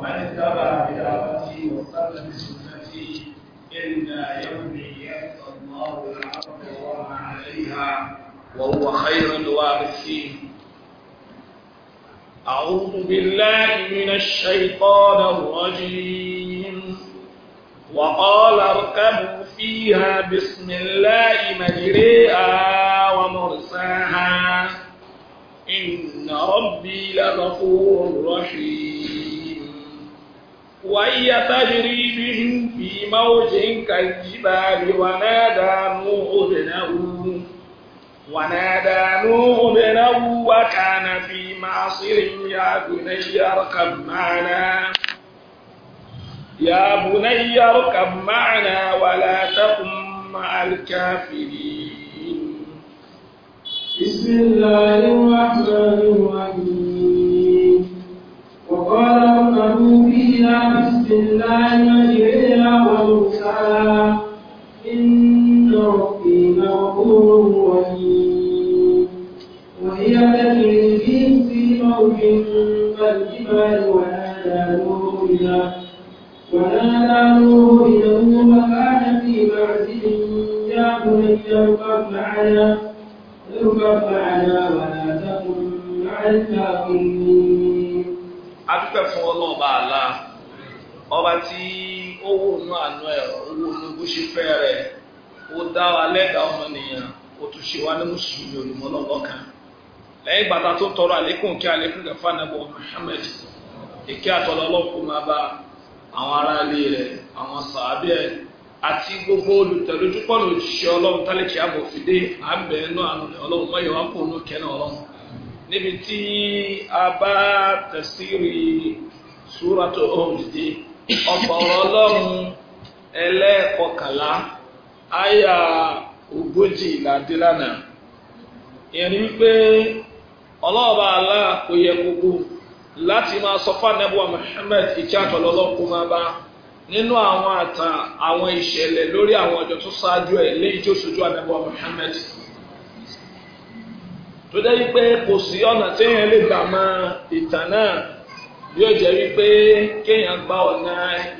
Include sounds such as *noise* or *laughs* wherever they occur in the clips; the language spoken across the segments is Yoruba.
ومن اتبع بدعوته واستنى بسنته إلا يوم يلقى الله العبد وما عليها وهو خير الوارثين أعوذ بالله من الشيطان الرجيم وقال اركبوا فيها بسم الله مجريئا ومرساها إن ربي لغفور رحيم وهي تجري بهم في موج كالجبال ونادى نوح ابنه ونادى نوح ابنه وكان في معصر يا بني اركب معنا يا بني اركب معنا ولا تكن مع الكافرين بسم الله الرحمن الرحيم وقال اركبوا فيها بسم الله مجريها ومرساها إن ربي غفور رحيم وهي تجري في في موج كالجبال ونادى نوح ونادى نوح ابنه وكان في معزل يا بني اركب معنا اركب معنا ولا تكن مع الكافرين adúpẹ́ fún ọlọ́run bá a la ọba tí ó wò nú àánú ẹ̀ ó wò nú bó ṣe fẹ́ rẹ̀ ó dá wa lẹ́dàá ọmọnìyàn ó tún ṣe wá ní mùsùlùmí olùmọ́lọ́gbọ́n kan lẹ́yìn gbàtà tó tọrọ àlékún kí àlékún kẹfà nàbọ̀ Muhammad èké àtọ̀lọ́ ọlọ́kùn máa bá àwọn aráalé rẹ̀ àwọn sàábì ẹ̀ àti gbogbo olùtẹ̀lójúpọ̀ lòjìṣẹ́ ọlọ́run tálẹ̀kì àbòfìdé àbẹ̀ẹ́nú àrùn ọlọ́run mọ́yọ̀ wá kó ònú kẹ́nà ọlọ́run níbi tí a bá tẹ̀síìrì súrátù Hud dé ọ̀pọ̀ ọ̀rọ̀ ọlọ́run ẹlẹ́ẹ̀kọkànlá àyà ogójì ìlàdé lánàá ìyẹn wípé ọlọ́ọ̀bá Allah kò yẹ gbogbo láti máa sọ fánẹ́bùwà Muhammad ìkẹ́ àtọ̀lọ́lọ́kùn máa bá nínú àwọn àtàn àwọn ìṣẹ̀lẹ̀ lórí àwọn ọjọ́ tó ṣáájú ẹ̀ léyìí tó ṣojú ànẹ́bùwà Muhammad. tó dẹ́ wípé kò sí ọ̀nà téèyàn lè gbà ìtàn náà bí jẹ́ wípé kéèyàn gba ọ̀nà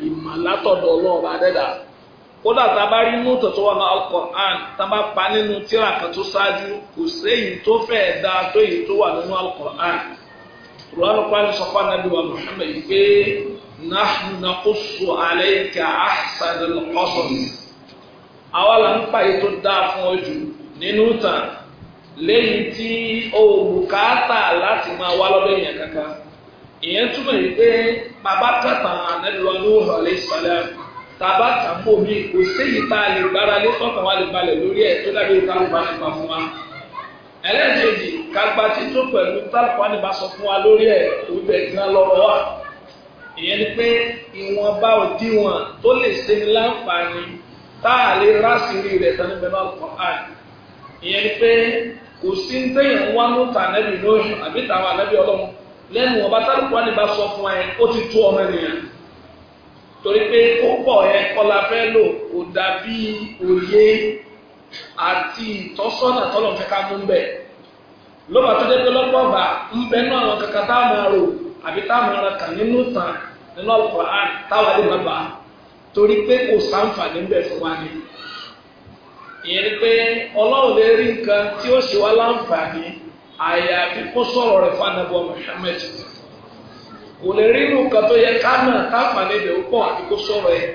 ìmọ̀ látọ̀dọ̀ bá dẹ́dà kódà tá a bá rí inú tòótọ́ wọn náà alukur'an tá a bá pa nínú tíra kan tó ṣáájú kò tó fẹ́ẹ̀ tó èyí tó wà nínú sọ fún anabi wa yìí pé àwa là fún ọ jù nínú tàn. lẹ́yìn tí o bùkátà láti máa wá lọ́dọ̀ èèyàn kankan ìyẹn túmọ̀ yìí pé bàbá kàtà ànẹ́lọ́ ní òhùn àlẹ́ ìsàlẹ̀ tàbá tàbó mi kò séyìí tá a lè gbára lé tọ́kàn wa lè balẹ̀ lórí ẹ̀ tó dàbí ìtàkùn bá nípa fún wa ẹlẹ́ẹ̀kejì kagbá títún pẹ̀lú tàbí àníbá sọ fún wa lórí ẹ̀ òbẹ̀ gan lọ́rọ̀ wa ìyẹn ni pé ìwọ̀nba òdiwọ̀n tó lè ṣe ní láǹfààní tá a lè rásìrì rẹ̀ tán níbẹ̀ bá kọ́ àná ìyẹn ni pé kò sí ń ta ànábì lóyún àbí tàwọn ànábì nye lẹ́nu ọba sálùkù wá nye bá sọ fún ẹ ó ti tó ọmọ ènìyàn torí pé ó ẹ kọ́lá fẹ́ lò kò dàbí òye àti ìtọ́sọ́nà tọ́lọ̀ fẹ́ ká mú lọ́ba a máa rò àbí tá a máa ra ìyẹn ni pé ọlọ́run lè rí nǹkan tí ó ṣe wá láǹfààní àyàfi kó sọ̀rọ̀ rẹ̀ fún anábọ̀ Muhammad kò lè rí nǹkan tó yẹ ká náà káfààní ibẹ̀ ó pọ̀ àti kó sọ̀rọ̀ ẹ̀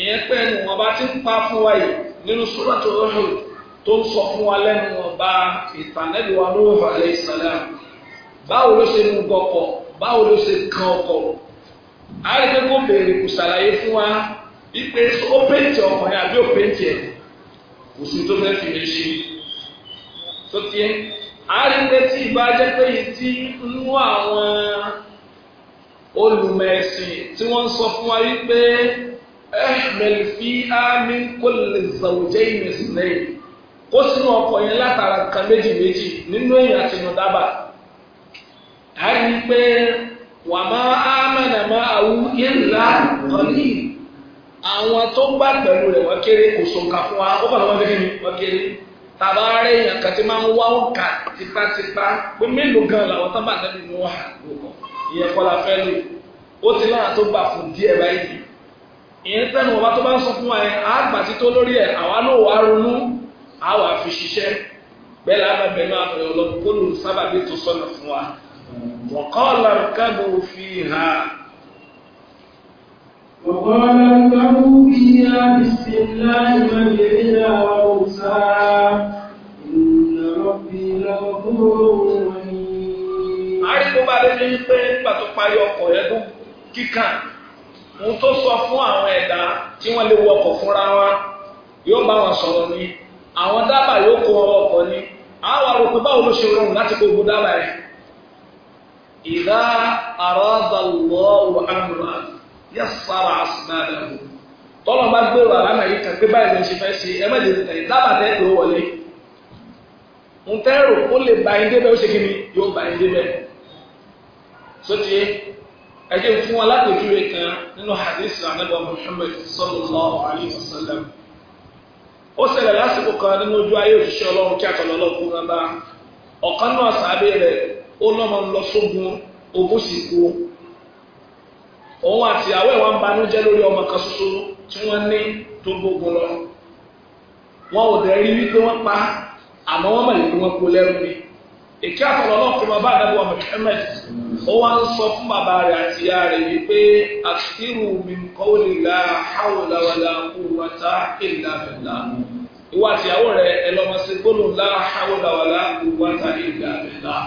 ìyẹn pé ẹnu wọn bá ti ń pa fún wa yìí nínú sóràtò Hud tó ń sọ fún wa lẹ́nu wọn bá ìtànẹ́bí lóhùn alayhi salam báwo ló ṣe ń gọkọ̀ báwo ló ṣe kan ọkọ̀ àyẹ̀kẹ́ kó béèrè kò ṣàlàyé fún wa wípé ó péǹtì ọkọ̀ yẹn àbí ó péǹtì ẹ̀ kò sí tó fẹ́ fi lè ṣe tó tiẹ́ àárín tí ìbá jẹ́ pé yìí ti nú àwọn olùmẹ̀sìn tí wọ́n ń sọ fún wa wípé ẹ̀ẹ́dẹ̀lì eh, fi ámì kò lè zàwùjẹ́ ìmẹ̀sìn lẹ́yìn kó sínú ọkọ̀ yẹn látara kan méjì méjì nínú èèyàn àti inú dábàá pé wàmọ́ ámẹ́nàmọ́ àwú yẹn là kọ́lí àwọn tó gbà pẹ̀lú rẹ̀ wọ́n kéré kò so nǹkan fún wa ó kàn lọ́wọ́ kékeré wọ́n kéré tàbá rẹ̀ èèyàn kan ti máa ń wá òǹkà tipátipá pé mélòó gan làwọn tán bá mú wà lóko ìyẹn kọ́ fẹ́ lò ó ti lára tó gbà fún díẹ̀ báyìí ìyẹn tẹnu ọba tó bá ń sọ fún wa yẹn àgbà tító lórí ẹ̀ àwa náà wà ronú àwa fi ṣiṣẹ́ bẹ́ẹ̀ lábẹ́ bẹ́ẹ̀ náà àbẹ̀rẹ̀ ọlọ́run kó lòun sábàbí tó sọ̀nà fún wa wọ́n kọ́ ọ̀la fi hàn وقال اركبوا فيها بسم الله مجرها ومرساها إن ربي لغفور رحيم. àárín ló bá dé ní pé nígbà tó parí ọkọ̀ yẹn tó kíkà òun tó sọ fún àwọn ẹ̀dá tí wọ́n lè wọ ọkọ̀ fúnra wa yóò bá wọn sọ̀rọ̀ ni àwọn dábàá yóò kó wọn ọkọ̀ ni àwọn àròpé báwo ló ṣe rọrùn láti kó gbogbo dábàá yẹn. إذا أراد الله أمرا yẹsàrà àsìmáàdàbò tọ́lọ̀ bá gbèrò àlànà yìí kan pé báyìí ló ṣe fẹ́ ṣe ẹ mẹ́jẹ tẹ̀yìn dábàtẹ́ ló wọlé ń tẹ́rù ó lè ba ẹni débẹ̀ ó ṣe kíni yóò ba ẹni débẹ̀ sóti ẹ jẹ́ fún wa lápèjúwe kan nínú hadith anabi Muhammad sallallahu alayhi wa sallam ó ṣẹlẹ̀ lásìkò kan nínú ojú ayé òṣìṣẹ́ ọlọ́run kí àtọ̀lọ́ lọ́kùn náà bá ọ̀kan náà sàábẹ̀ rẹ̀ ó lọ́mọ lọ sógun ogún sì kú òun àti ìyàwó ẹ̀ wọ́n ń banújẹ́ lórí ọmọ kan ṣoṣo tí wọ́n ní tó gbógun lọ wọn ò dẹ̀ rí wípé wọ́n pa àmọ́ wọ́n mọ̀ nípa wọn kó lẹ́rú ni èké àtọ̀rọ̀ náà fún bàbá àdàbò ọmọ kẹ́mẹ́t ó wá ń sọ fún bàbá rẹ̀ àti ìyá rẹ̀ wípé àṣírù mi kọ́ ó lè la hawla wala quwwata illa billah ìwọ àti ìyàwó rẹ̀ ẹ lọ máa ṣe gbólóhùn la hawla wala quwwata illa billah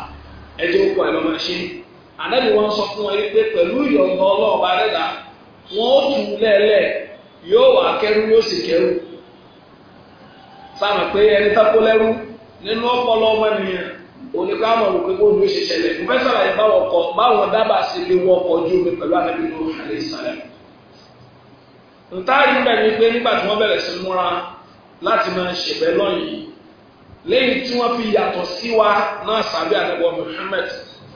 ẹjọ́ kọ́ ẹ lọ máa ṣe é ànábì wọn sọ fún wọn yìí pé pẹ̀lú ìyọ̀ǹda ọlọ́ọ̀bá dẹ́dà wọn ó tù ú lẹ́ẹ̀lẹ́ yóò wà kẹ́rù yóò sì kẹ́rù sáàmù pé ẹni tako lẹ́rú nínú ọpọlọ ọmọ ènìyàn oníkọ́ àmọ̀ rò pé kó ní oṣù ṣẹlẹ̀ mo fẹ́ sàlàyé báwọn ọkọ̀ báwọn dábàá sí ilé wọ ọkọ̀ ojú omi pẹ̀lú ànábì Nuhu alayhi salam ntaari mbẹ ni pé nígbà tí wọ́n bẹ̀rẹ̀ sí múra láti máa ṣèbẹ́ lọ́yìn lẹ́yìn tí wọ́n fi yàtọ̀ sí wa náà sàbí àdàbọ̀ Muhammad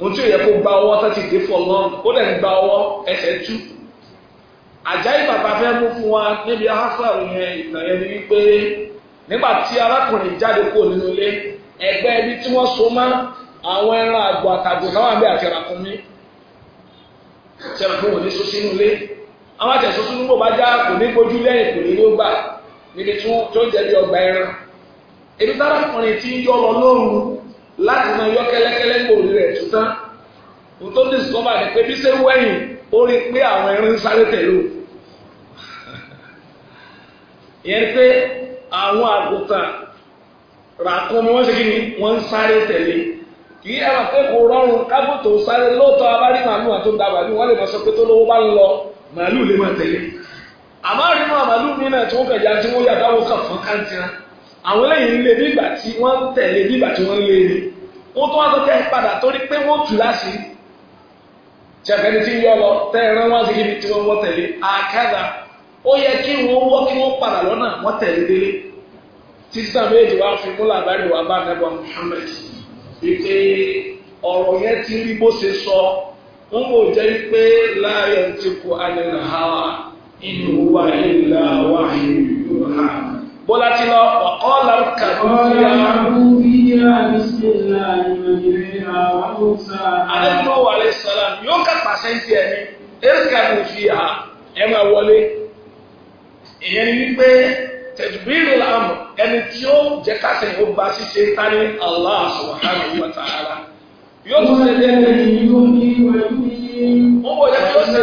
ntú yẹ kó gba ọwọ́ tẹ́tí dé fọ lọ́n ó dẹ̀ ń gba ọwọ́ ẹsẹ̀ tú. àjáyé bàbá fẹ́ mú fún wa níbi hasan yẹn ìtàn yẹn ni wípé nígbà tí arákùnrin jáde kó nínú ilé ẹgbẹ́ ibi tí wọ́n so mọ́ àwọn ẹran àgbò àtàgbò táwọn àgbẹ̀ àti ẹ̀ràkùnmí sẹ́wọ̀n fún òní so sínú ilé àwọn àti ẹ̀sọ́ sínú bò bá já kò ní gbójú lẹ́yìn kò ní ló gbà níbi tí wọ́n tó ọgbà ẹran ebi tárákùnrin ti ń yọ lọ lóru láti máa yọ kẹ́lẹ́kẹ́lẹ́ kò rí rẹ̀ tuntun nítorí discover ni pé bí ṣe ń wẹ̀yìn ó rí pé àwọn irin ń sáré tẹ̀lé o ìyẹn pé àwọn àgùntàn ràkún ni wọ́n ṣe kí ni wọ́n ń sáré tẹ̀lé kì í ẹ̀rọ pé kò rọrùn kábùtò sáré lóòótọ́ abárí màálù àti ọ̀dà màálù wọ́n lè máa sọ pé tó lówó bá ń lọ màálù lè máa tẹ̀lé àmọ́ àrínú àmàlù mi náà tí wọ́n kẹ̀jà tí wọ́n yà dáwọ́ kàn fún káńtì àwọn eléyìí ń bí ìgbà tí wọ́n ń tẹ̀lé bí ìgbà tí wọ́n ń lé ni wọ́n tó wá tó tẹ́ padà torí pé wọ́n tù láti tí ń yọ lọ tẹ́ ẹran wá sí ibi tí wọ́n wọ́n tẹ̀lé àkàdà ó yẹ kí wọ́n wọ́ kí wọ́n padà sọ jẹ́ pé láàyè ti kú alẹ́ nàá inú wa ìlà bọ́lá ti lọ ọ̀kọ́ làrúkà àdéhùn wà lè sọ́lá yóò ká pàṣẹ ti ẹ̀ ní ẹ̀ríkà ló fi hà ẹ̀ máa wọlé ìyẹn ni wípé tẹ̀dùbírì làmù ẹni tí ó jẹ́ káṣẹ̀ ó gba ṣíṣe tání Allah subhanahu wa ta'ala yóò tún ṣe dé ẹni yóò ní wẹ̀lú yìí ó wọlé tó ṣe.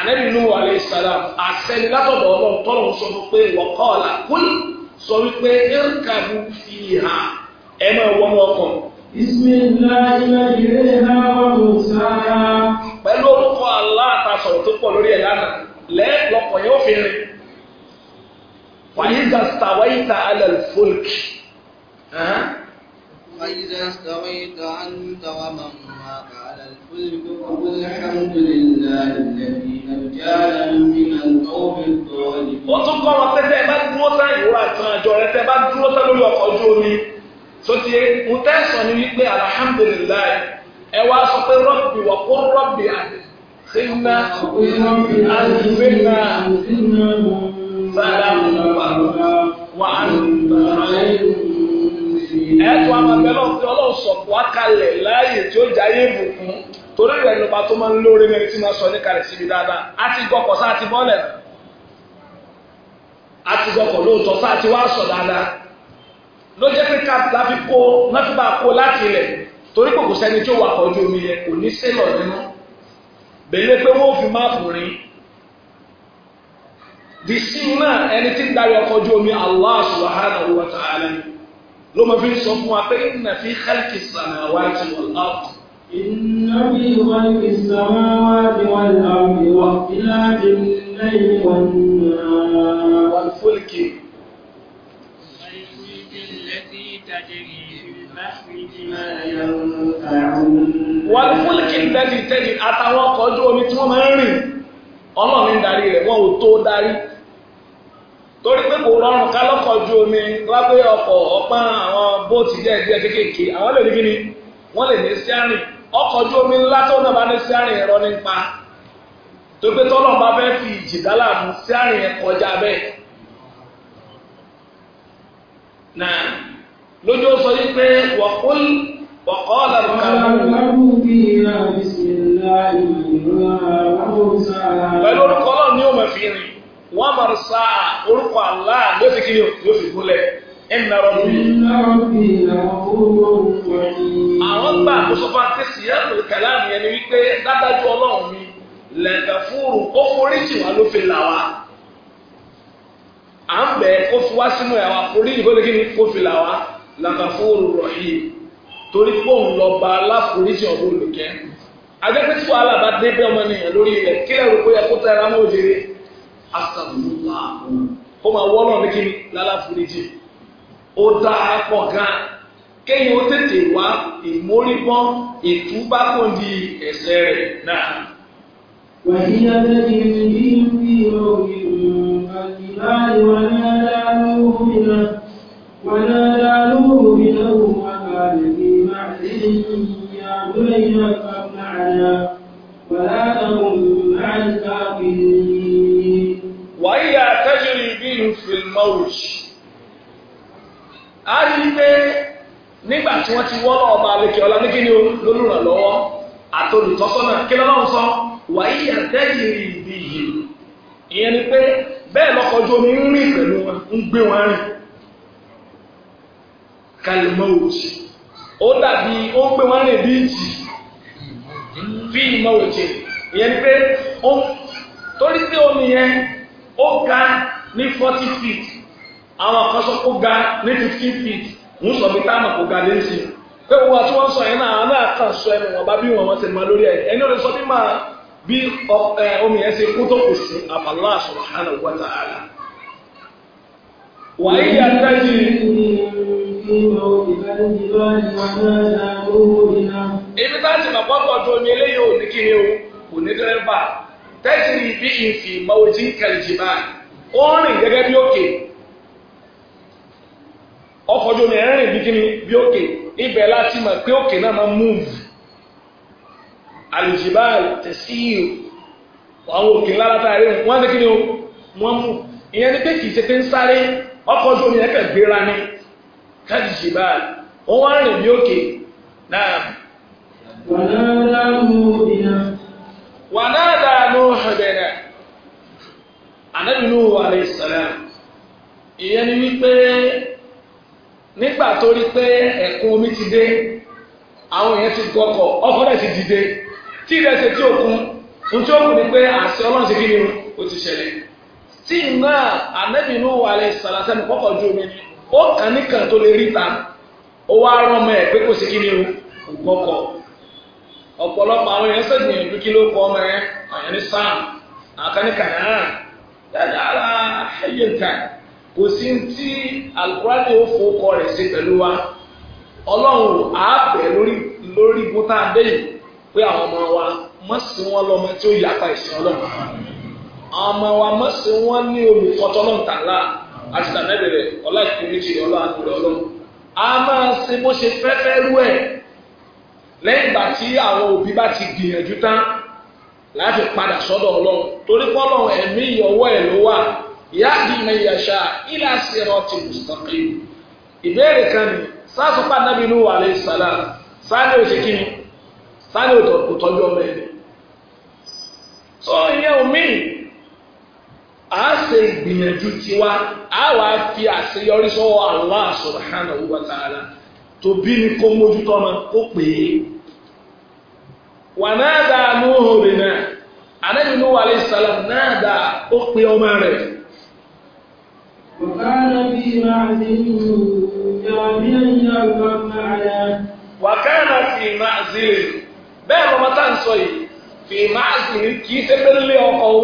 ànábì nù wàlẹ̀ sàlám àṣẹni látọ̀dọ̀ ọlọ́run tọ́lọ̀ sọ fún pé wọ́kọ́ọ̀lá kúl sọ wípé ẹ̀rkàbù fi hà ẹ máa wọ́n ọkọ̀. pẹ̀lú orúkọ aláàtàsọ̀rọ̀ tó pọ̀ lórí ẹ̀ lánàá lẹ́ẹ̀lọ́pọ̀ yóò fi rìn wàyí gàstàwáyìtà alẹ́ fólkì. فإذا استويت أنت ومن معك على الفلك فقل الحمد لله الذي أنجانا من القوم الظالمين. wọ́n tún kọ́ wọn tẹ́tẹ́ bá dúró tán ìwúrà tán àjọ rẹ tẹ́ bá dúró tán lórí ọkọ̀ ojú omi sọtí mo tẹ́sán ni wípé alihamudulilayi ẹ wá sọ pé rọ́bì wà kó rọ́bì àdìsínà àdìsínà sàlámù wà á nù ẹ̀ẹ́dùn amabẹ́lọ́ pé ọlọ́run sọ̀kù akalẹ̀ láàyè tí ó jáyé ìbùkún torí rẹ̀ nípa tó máa ń lóore mẹ́rin tí máa sọ ní kalẹ̀ síbi dáadáa a ti gbọ́kọ̀ sá ti bọ́ọ̀lẹ̀ a ti gbọ́kọ̀ lóòótọ́ ti wá sọ dáadáa ló pé kó omi kò ní nínú pé fi dìsí náà ẹni tí ń darí omi Allah wa ta'ala ló máa fi ń sọ fún wa pé inna fi khalqi samawati wal ard. inna fi khalqi samawati wal ard wa ikhtilafil layli wan nahar wal fulki. wal fulki alladhi tajri àtàwọn ọkọ̀ ojú omi tí wọ́n máa ń rìn ọlọ́run darí rẹ̀ wọ́n ò tó darí. torí pé kò rọrùn ká lọ́kọ̀ omi lábẹ́ ọkọ̀ ọpọ́n àwọn bóòtù díẹ̀ kéékèèké àwọn lè ní wọ́n lè ní sẹ́rìn ọkọ̀ ju omi ńlá tó bá ní sẹ́rìn ẹ̀rọ nípa tó pé tọ́lọ́ bá fẹ́ fi bẹ́ẹ̀. nà lójú ó sọ ni wọ́n mọ̀rọ̀ sáà orúkọ Allah ló fi kí ni ló fi gúnlẹ̀ ẹ̀nà rọ̀bì. àwọn gbà àkóso bá ti sì yá lórí kàlámù yẹn ni wípé dádájú ọlọ́run mi lẹ́gbẹ̀ fúru ó foríjì wá ló fi là wá. à ń bẹ̀ kó fi wá sínú ẹ̀ wá foríjì kó lè kí ni kó fi là wá lẹ́gbẹ̀ fúru rọ̀hìn torí pé òun lọ bá aláforíjì ọ̀dọ́ olùkẹ́. ajẹ́pẹ́tì wàhálà bá ọmọ nìyẹn lórí ilẹ̀ kílẹ̀ rò pé ẹ̀kú astagfirullah ó máa wọ́ náà ní ni lálá ó dáa pọ̀ gan kéèyàn ó tètè wá ìmórígbọ́n ìtúbákòndì ẹ̀ṣẹ̀ rẹ̀ náà. وهي تجري بهم في موج كالجبال ونادى نوح ونادى نوح له وقال في al a rí i pé nígbà tí wọ́n ti wọ́n ọba àlekè ọlá nígbà olùrànlọ́wọ́ àtolùtọ́sọ́nà kí sọ wàyí ìbí yìí ìyẹn ni pé bẹ́ẹ̀ lọ́kọ̀ omi ń rìn pẹ̀lú wọn ń gbé wọn rìn ó dàbí ó ni pé torí pé omi yẹn ó ga ní forty feet àwọn kan sọ kó ga ní fifteen feet ń sọ bí táwọn kò ga lé sí i pé àti wọ́n sọ yẹn náà àwọn náà kàn sọ wọn bá bí wọn wọn ṣe máa lórí ẹ ẹni òde sọ bí máa bí omi ta'ala. wàá yí ibi tá a ti mọ̀ pọ́pọ̀ ju omi eléyìí ò ní kí ni o kò ní dẹ́rẹ́bà tẹ́sí ó gẹ́gẹ́ bí òkè ọkọ̀ ojú omi ẹ̀ rìn bí òkè ibẹ̀ láti mọ̀ pé òkè náà máa te àlùjìbá tẹ̀síìl àwọn òkè ńlá látàrí wọn ní kíni wọn mú ìyẹn ní pé kìí ṣe pé ń sáré ọkọ̀ ojú omi gbéra ní na. ó wá rìn bí òkè náà. anabi wa alayhi salam ìyẹn ni wípé nígbà tó rí pé ẹ̀kún omi ti dé àwọn èèyàn ti gbọ́kọ̀ ọkọ̀ rẹ̀ ti dìde tí ìrẹsẹ̀ tí ó kún ohun tí ó kù ni pé àṣẹ ọlọ́run ti kí ni ó ti ṣẹlẹ̀ tí náà anabi nuhu alayhi salam sẹ́nu kọ́kọ́ ju omi ó kàn níkan tó lè ríta ó wá rán ọmọ ẹ̀ pé kò sí kí ni ó gbọ́kọ̀ ọ̀pọ̀lọpọ̀ àwọn èèyàn sẹ́gbìyànjú kí ló kọ ọmọ ẹ̀ àyàn ní sáà àkànníkànnà yàrá ara ẹyẹ nǹkan kò sí ti alukurani ó fò kọ rẹ̀ sí pẹ̀lú wa ọlọ́run àábẹ̀ lórí lórí bùtá adéyìn pé àwọn ọmọ wa mọ̀sí wọn lọ́mọ tí ó yàtọ̀ ìsìn ọlọ́run àwọn ọmọ wa mọ̀sí wọn ní olùkọ́tọ́ náà tààlà àti tànẹ́bẹ̀rẹ̀ ọlá ìpínlẹ̀ ọlọ́run ọlọ́run a máa ṣe bó ṣe fẹ́fẹ́ rú ẹ̀ lẹ́yìn ìgbà tí àwọn òbí bá ti gbìyànjú tán láti padà sọ́dọ̀ ọlọ́run torí pọ́lọ́run ẹ̀mí ìyọ̀wọ́ ẹ̀ ló wà yáàdì mẹ́yàṣá ilà sirati mustaqim ìbéèrè kan ní sásùpá nàbí inú wà lẹ́yìn sálà sáni òsì kíni sáni òtọ́jú ọmọ sọ ìyẹn omi à ṣe ìgbìyànjú tiwa á wà fi àṣeyọrí sọ́wọ́ Allah subhanahu wa ni kó mójútó ọmọ kó pè wà náà dà núhù rè náà ànábì Nuhu alayhi salam náà dà ó pe ọmọ rẹ̀. وكان في معزل جامعا يركب معنا وكان في معزل bẹ́ẹ̀ lọ́mọ tá à ń sọ yìí fi máàzì kì í ṣe pé nílé ọkọ̀ o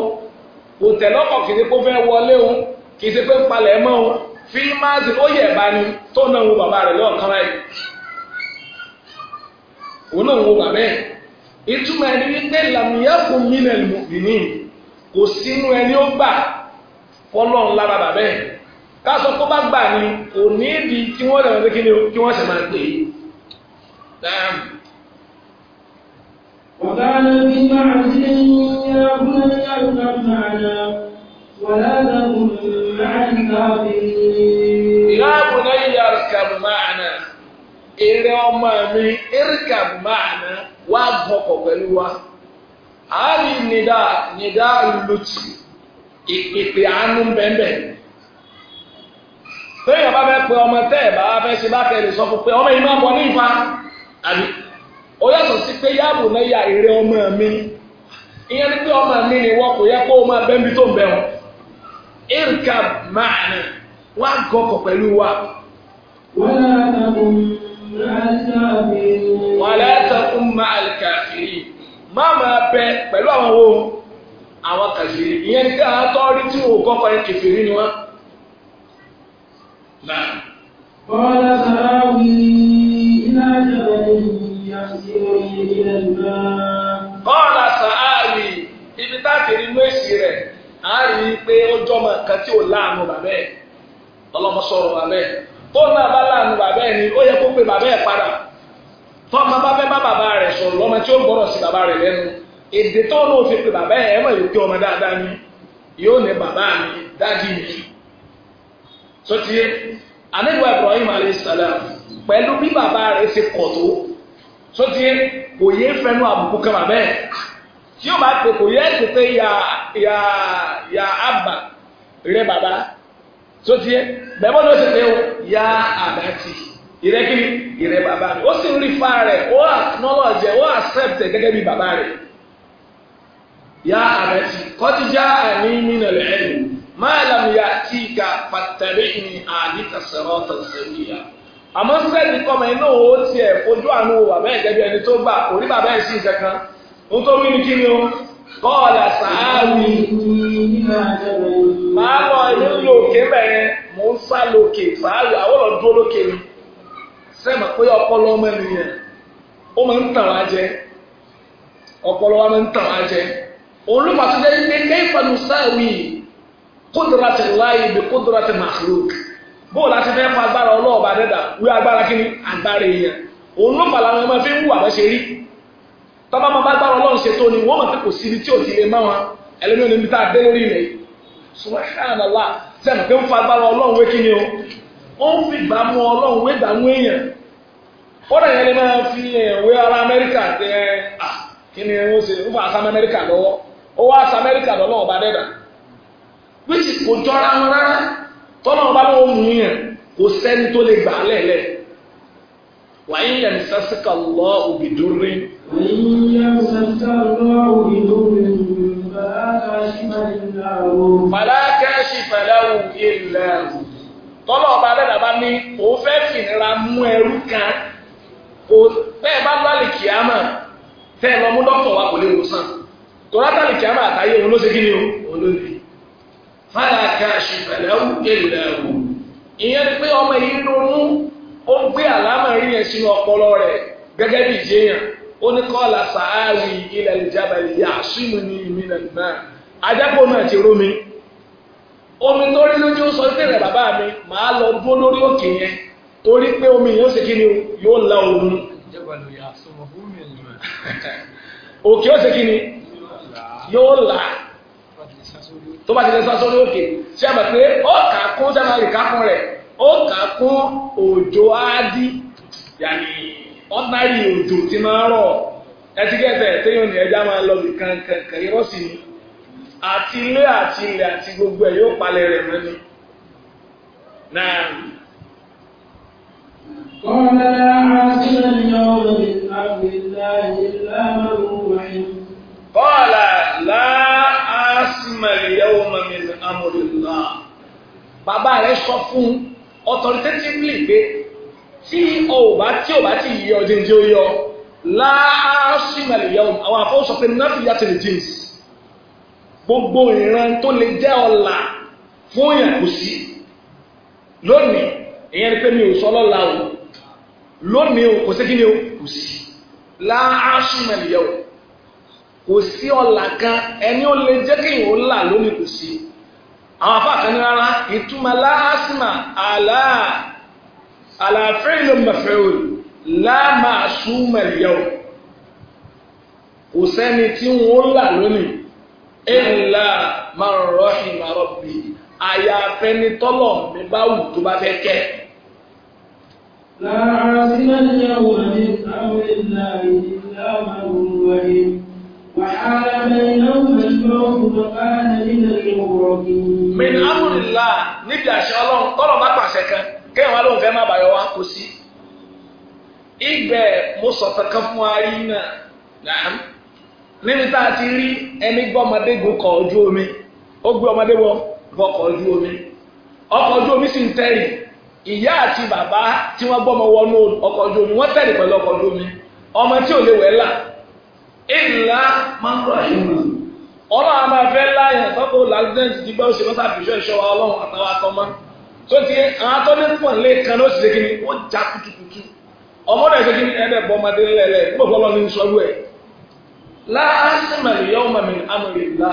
kò tẹ̀lé ọkọ̀ kì í ṣe pé fẹ́ wọlé o kì í ṣe pé ń palẹ̀ mọ́ o fi máàzì ó yẹ̀ bá ní tó náà wo bàbá rẹ̀ lọ́ọ̀kan báyìí òun náà wo bàbá yẹn ìtumọ̀ ẹni wípé làmìyàkùn mílẹ̀ lùmìnì kò sínú ẹni ó gbà fọlọ́run lára bàbá ẹ̀ káṣọ kó bá gbà ní kò ní ìdí tí wọ́n rẹ̀ wọ́n kíni kí wọ́n sì máa pè é. وقال في معزل يا بني اركب معنا ولا تكن مع الكافرين. يا بني اركب معنا Ere ọmọ mi erikab máàna wá gbọ́kọ̀ pẹ̀lú wa àárí nida nida lùtù ikpikpi àánú bẹ́ẹ̀ lẹ́yìn bá bẹ́ẹ̀ ọmọ tẹ́ bá fẹ́ ṣe bá sọ fún ọmọ yìí ní ya ere ọmọ mi ìyẹn pé mi ni yẹ kó o máa erikab pẹlu wa. wàlẹ́ a máa maa má máa bẹ pẹ̀lú àwọn wo àwọn kàfìrí ìyẹn ní káà tọ́ tí wò kọ́kọ́ ní kẹfìrí ni wọ́n. Bọ́lá Sàráwì iná jẹ̀bẹ̀rẹ̀ ìyàsí oyin ilẹ̀ náà. Bọ́lá Sàráwì ibi táàkì nínú èsì rẹ̀ á rí i pé ó tí ò láàánú bàbẹ́ ọlọ́mọ bàbẹ́. tó náà bá láàánú bàbá ẹ̀ ni ó yẹ kó pe bàbá ẹ̀ padà tọ́mọ bá fẹ́ bá bàbá rẹ̀ sọ̀rọ̀ lọ́mọ tí ó gbọ́dọ̀ sí bàbá rẹ̀ lẹ́nu èdè tó ló fi pe bàbá ẹ̀ mọ̀ yóò kí ọmọ dáadáa ni yóò ní bàbá mi dájú mi sọtí anigba Ibrahim alayhisalaam pẹ̀lú bí bàbá rẹ̀ ṣe kọ̀ tó sọtí kò yé fẹnu àbùkù kan bàbá tí ó bá pè kò yẹ tètè ya ya ya abba. rẹ bàbá tó ti yẹ bẹ́ẹ̀ bọ́ọ̀lù ó sì pé ya àbátì ìrẹ́ kí ni ìrẹ́ bàbá rẹ̀ ó sì ń rí fa rẹ̀ ó acknowledge ó accept gẹ́gẹ́ bí bàbá rẹ̀ ya àbátì kọ́tí já àní nínú rẹ̀ ẹ̀ máa làm ya kí ka pàtàkì ní àdìkà sọ̀rọ̀ tọ̀sẹ̀mí ya àmọ́ sẹ́ẹ̀dì kọ́mọ iná ó tiẹ̀ fojú àánú bàbá ẹ̀ gẹ́gẹ́ ẹni tó gbà kò rí bàbá ẹ̀ sí kankan nítorí ní kí ni ó kọ́ ọ̀là sàárì máa lọ ìlú òkè mẹ́rin mò ń sá lókè fàálù àwọn ọ̀rọ̀ lókè mi sẹ́mi pé ọpọlọ ọmọ ènìyàn ó máa ń tàn wá jẹ ni agbára èèyàn ọmọ fi ń wù àbẹ́ṣe rí tọ́ba máa bá agbára ni wọ́n mọ̀ pé kò tí ò ti lè má wọn ẹlẹ́mìí ò ní bí tá a dé lórí ilẹ̀ yìí subhanallah sẹ́nu pé ń fa agbára ọlọ́run wé kí ni o ó ń fi gbà mú ọlọ́run wé gbà mú èèyàn ó dàgbẹ́ ni máa fi ara amẹ́ríkà tẹ à kí ni ó ṣe ń fa àṣà amẹ́ríkà lọ́wọ́ ó wá amẹ́ríkà lọ́wọ́ ọba dẹ́dà wíṣì kò jọra wọn rárá ọba ló ń mú yàn kò sẹ́ni tó lè gbà á wàyí yẹn òbí dúró rí. wàyí yẹn òbí dúró rí. fàlá kẹ́ṣì fàláwù ilẹ̀ ẹ̀rù tọ́lọ̀ ọba dẹ́dà bá ní kò fẹ́ fìnira mú ẹrú kan kò bẹ́ẹ̀ bá lálẹ́ kìámà tẹ́ ẹ lọ mú dọ́kítọ̀ wa kò lè wò sàn tó látàlẹ́ kìámà àtàyè òun ló ṣe kí ni o òun ló lè fàlá kẹ́ṣì fàláwù ilẹ̀ ẹ̀rù ìyẹn ni pé ọmọ yìí ronú ó gbé àlámà rí yẹn ọpọlọ rẹ̀ gẹ́gẹ́ bí ìjẹyàn ó ní kọ́ọ̀lá sàárì ilẹ̀ ìjábàlì yà símù ní ìmìnà náà ajápò náà ti rú mi omi tó rí lójú sọ pé rẹ̀ bàbá mi màá lọ dúró lórí òkè yẹn torí pé omi yóò ṣe kí ni yóò la òun *laughs* òkè ó ṣe kí ni yóò là tó bá ti lè sá sórí òkè ṣé àmọ̀ pé ó kà kún sábà rì kákún rẹ̀ ó kà kún òjò áádí yàní. ọ̀nàrí òjò ti máa ń rọ̀ ẹtíkẹ́tẹ̀ ẹja máa lọ bí kankankan irọ́ sì ni àti ilé àti gbogbo e yóò palẹ̀ rẹ̀ mẹ́ni. náà. kọ́ńtà àṣìlẹ̀ ni ọ̀rọ̀ mi àbí láàyè láàrú wáyé. bọ́ọ̀lá láàásìmọ̀ ìyàwó mọ̀mí sọ fún tí o bá tí o bá ti yí ọ jíǹde ó yọ láàásìmẹ̀lì yẹn àwọn àfọwọ́sọ pé náfìyà ti lè jíǹs gbogbo ìran tó lè jẹ́ ọ̀la fún yẹn kò sí lónìí ìyẹn ni pé mi ò sọ lọ́la o lónìí o kò sí kí o kò sí láàásìmẹ̀lì yẹn kò sí ọ̀la kan ẹni ó lè jẹ́ kí ìhò là lónìí kò sí àwọn afọ àkànní rárá ìtumọ̀ láàásìmà àlàá. على فعل مفعول لا معصوم اليوم kò sẹ́ni tí wọ́n là lónìí illa man rahima rabbi àyàfẹ́ ni tọ́lọ̀ mi bá wù tó bá fẹ́ kẹ́. lára sílẹ̀ ní àwọn ní àwọn ìlà ìlà màrún wáyé wàhálà bẹ́ẹ̀ náà mẹ́tọ́ ọ̀gbọ̀nká nílẹ̀ ìwọ̀rọ̀ kìí. bá pàṣẹ kéèyàn alóhùn fẹ́ má bàyọ̀ wá kó sí mo sọ̀tàn kan fún wa rí náà níbi tá a ti rí ẹni gbọ́ ọmọdé omi ó gbé ọmọdé wọ omi ọkọ̀ ojú omi sì ń tẹ̀rì ìyá àti bàbá tí wọ́n gbọ́ ọmọ wọnú ọkọ̀ omi wọ́n pẹ̀lú ọkọ̀ omi ọmọ tí ò lè wẹ̀ là ìlà máa ń rọ ọlọ́run a máa fẹ́ tọ́kọ̀ dígbà so ti àwọn atọ́ni pọ̀ nílé kan ló sì ṣe kíni ó já kutukutu ọmọ náà ṣe kíni ẹ̀ẹ́dẹ̀ bọ́ ọmọdé laa gbọ́dọ̀ lọ́ni ń sọ́wọ́ ẹ̀ láásìmọ̀lì ma mi ìlà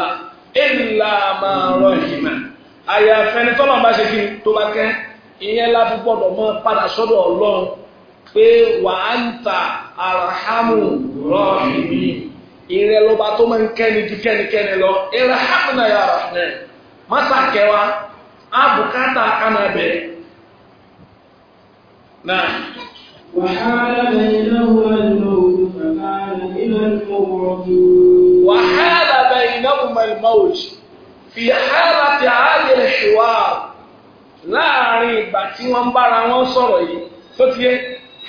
rọ ìhìnà àyàfẹ́ni tọ́lọ̀ bá ṣe kíni tó bá kẹ́ ìyẹn mọ́ padà sọ́dọ̀ ọlọ́run pé wà á ń ta tó máa ń kẹ́ni abùkátà kánàbẹ̀ náà wàhálà bẹ̀yìn náà mẹ́lmọ́ọ̀jì fi hálà ti ààyè ṣùwà láàrin ìgbà tí wọ́n bára wọn sọ̀rọ̀ yìí tó ti yé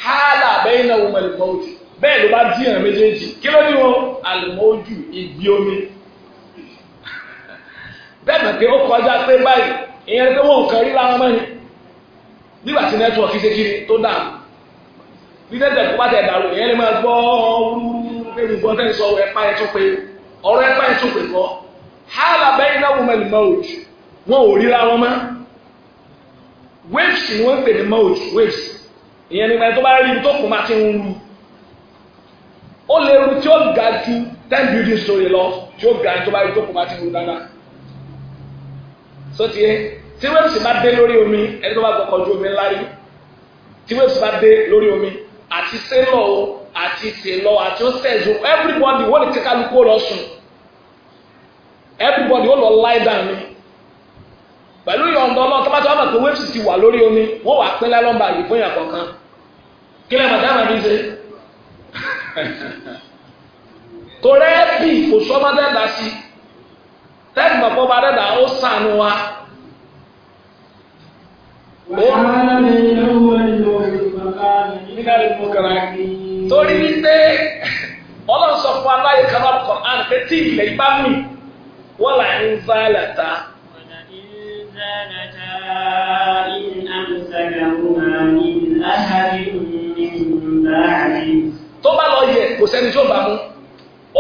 hálà bẹ́yìn náà mẹ́lmọ́ọ̀jì bẹ́ẹ̀ ló bá díyàn méjèèjì kí ló ní wọn àlùmọ́ọ̀jù ìgbì omi bẹ́ẹ̀ mọ̀ pé ó kọjá pé ìyẹn pé wọn kàn ríra wọn mẹ́rin nígbà tí nẹ́tíwọ̀kì ṣe kiri tó dà bí nẹ́tíwọ̀kì bá tẹ̀ dàrú ìyẹn lè máa gbọ́ wúrúwúrú pé mi gbọ́ tẹ́ ń sọ ẹ̀pá ẹ̀ tó pé ọ̀rọ̀ ẹ̀pá waves ni wọ́n waves ìyẹn nígbà tó bá rí ibi tó kù máa ti ń rú ó lè rú tí ó ga ju ten sótìyẹ tí wẹ́ẹ̀sì bá dé lórí omi ẹni tó bá gbọ́kọ̀ ju omi ńlá rí tí wẹ́ẹ̀sì bá dé lórí omi àti sẹ́lọ̀ o àti tèlọ̀ àti ọ̀sẹ̀zù everybody wọ́n lè kíkà lóko lọ sùn everybody wọ́n lọ lie down ni pẹ̀lú ìyọ̀ǹda ọlọ́run tó bá tó wà mọ̀ pé wẹ́ẹ̀sì ti wà lórí omi wọ́n wà pínlẹ̀ lọ́mbà yìí fún ìyàkọ̀ kan kí lẹ́ màdá màdí ṣe torẹ́ẹ̀bì *laughs* kò sọ́mọ́dẹ́gbà sí i tẹ́lẹ̀ mọ̀ pọ́ba dẹ́dà ó sànù wa. torí wípé ọlọ́run sọ fún aláyé kan ọkọ̀ án pé tí ilẹ̀ ibá mì wọ́n là ń zá lẹ́ta. tó bá lọ yẹ kò sẹ́ni tí ó bá mú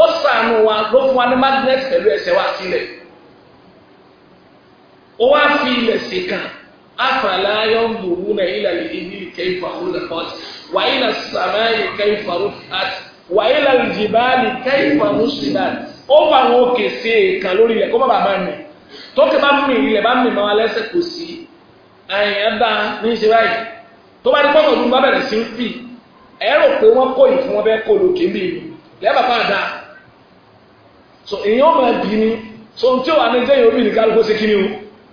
ó sànù wa ló fún wa ní magnet pẹ̀lú ẹsẹ̀ wa sílẹ̀ ó wá fi ilẹ̀ ṣèkà afàlà ayọ̀ǹgbòrú náà ilẹ̀ ìdí kẹfà olùkọ́t wà ilẹ̀ sàmáyé kẹfà rúfàt wà ilẹ̀ jìbáàlì kẹfà rúṣìlá ó fà wọn òkè sí èèkàn lórí ilẹ̀ kó bàbá máa nì tókè bá mi ilẹ̀ bá mi máa lẹ́sẹ̀ kò sí àyàn bá ní ṣe báyìí tó bá ní pọ́n ọdún bá bẹ̀rẹ̀ sí ń fì ẹ pé wọ́n kó ìfún wọn bẹ́ẹ̀ kó lókè ni so èèyàn máa bì ní so ohun tí ó wà ní ṣe kí ni o.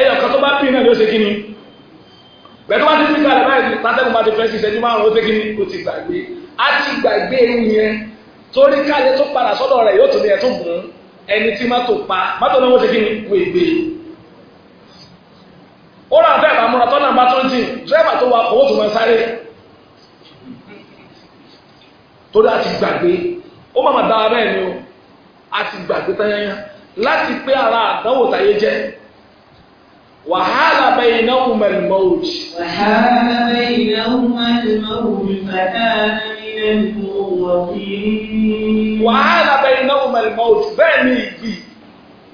ẹyọ tó bá pín náà ló ṣe kí ni bẹ́ẹ̀ bá ti pín kalẹ̀ báyìí bá ti fẹ́ sí ìṣẹ́jú márùn ni ó ti gbàgbé á ti gbàgbé ewu yẹn torí káyé tó padà sọ́dọ̀ rẹ̀ yóò tún ní ẹ̀tún ẹni tí pa náà ṣe kí ni ó rà bá múra tọ́nà bá tó ń jìn dírẹ́bà tó torí a ti gbàgbé ó dára bẹ́ẹ̀ ni o a ti gbàgbé láti وحال بينهما الموج وحال بينهما الموج فكان من المغرقين وحال بينهما الموج bẹ́ẹ̀ ni ìjì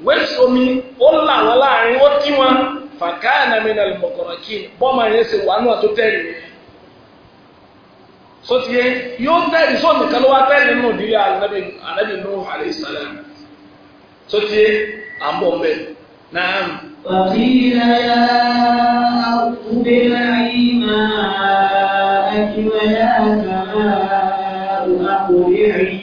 wẹ́ẹ̀sì omi ó là wọ́n láàrin ó kí wọn fàkàánà mi nà lùmọ̀kọ̀rọ̀kì bọ́ọ̀mà yẹn ṣe wà náà tó tẹ̀lé yẹn sotie yóò tẹ̀lé sọ́ọ̀nù kan ló wá tẹ̀lé nínú ìdílé anabi anabi nuhu alayhi salam sotie à ń bọ̀ mbẹ́. نعم وقيل يا أرض بلعي ماءك ويا سماء أقلعي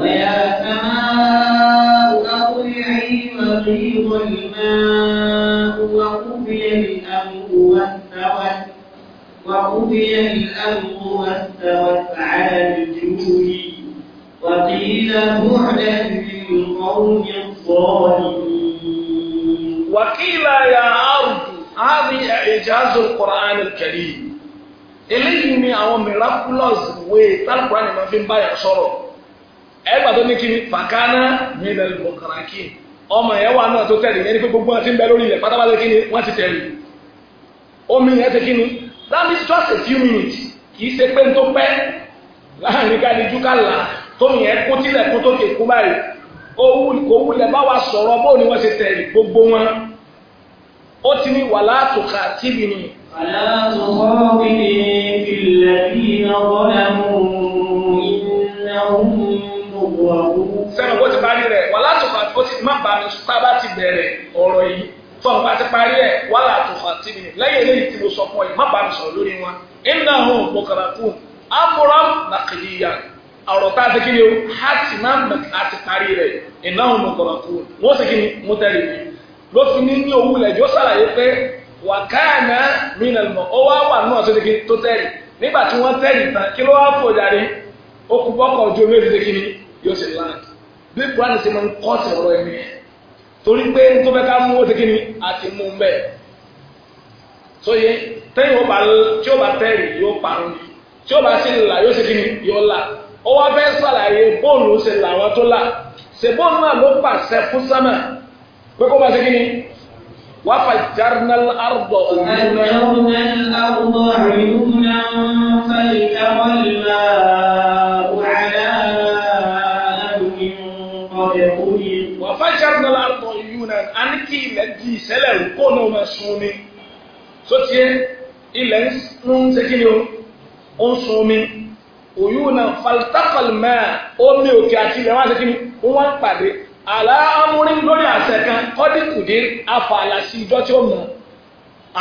ويا سماء أقلعي وغيظ الماء وقضي الأمر واستوت وقضي الأمر واستوت على الجود وقيل بعدا للقوم الصالحين ìjázul Qur'an al-Karim eléyìí ni àwọn miraculous way tálùkùrá ni màá fi ń báyà sọ̀rọ̀ ẹgbà tó ní kí ni fàkánà mílẹ̀ lùmọ̀kàràkì ọmọ yẹn wà to tó tẹ̀lé yẹn ní pé gbogbo wọn ti ń bẹ lórí ilẹ̀ pátápátá kí ni wọ́n ti tẹ̀lé omi yẹn ti kí ni that is just a few minutes kì í ṣe pé n tó pẹ́ láàrin ká ní júkà là tó yẹn kó tilẹ̀ kó tó kéku báyìí kó wulẹ̀ bá wa sọ̀rọ̀ bóun ni wọ́n ti tẹ̀lé gbogbo wọn ó ti ní wàlá àtùkà tíbi ni. wàlá àtùkọ́ bíi ìfìlẹ̀ bíi iná bọ́lá mú iná òun gbogbo àwọn. sẹ́nu bó ti parí rẹ̀ wàlá àtùkà bó ti má bàa ní sùpá bá ti bẹ̀rẹ̀ ọ̀rọ̀ yìí fún ọ̀pá ti parí ẹ̀ ni lẹ́yìn a ti kiri o hàtì àti parí rẹ̀ iná òun wọ́n sì kí ni mo tẹ́lẹ̀ mi ló fi ní ní owó lẹ̀ yóò ṣàlàyé pé wàkàánà mìíràn mọ̀ ó wá wà náà tó ti tó tẹ́rì nígbà tí wọ́n tẹ́rì tán kí ló wá fò jáde ó kú bọ́kọ̀ ojú omi èdè kí ni yóò ṣe láàkì bí buhari ṣe máa ń kọ́ sí ọ̀rọ̀ ẹ̀mí ẹ̀ torí pé tó fẹ́ ká mú ó ti kí ni mú un bẹ́ẹ̀ sóye tẹ́yìn ó tí ó tẹ́rì yóò parun ni tí ó bá là yóò ṣe kí ni yóò là ó wá fẹ́ ṣàlàyé bóòlù ṣe làwọn tó là ṣe bóòlù náà ló pàṣẹ fún sámà pé kó máa ṣe kí ni wá fàjárínà àrùbọ̀ òun. àjọyọ̀nà àrùbọ̀ àyùnà fàlìkà wàlúwà wàhálà àdùnìn ọ̀dẹ̀ òní. wà fàjárínà àrùbọ̀ àyùnà á ní kí ilẹ̀ di ìṣẹ̀lẹ̀ kó náà máa sun ni sotie ilẹ̀ ń ṣe kí ni ó ń sun omi òyùnà fàlìtàfàlìmẹ́ omi òkè àti ilẹ̀ wá ṣe kí ni wọ́n pàdé. ala amúrin lórí àṣẹ kan kọ́díkùdé afa ala si ìjọ tí ó mọ̀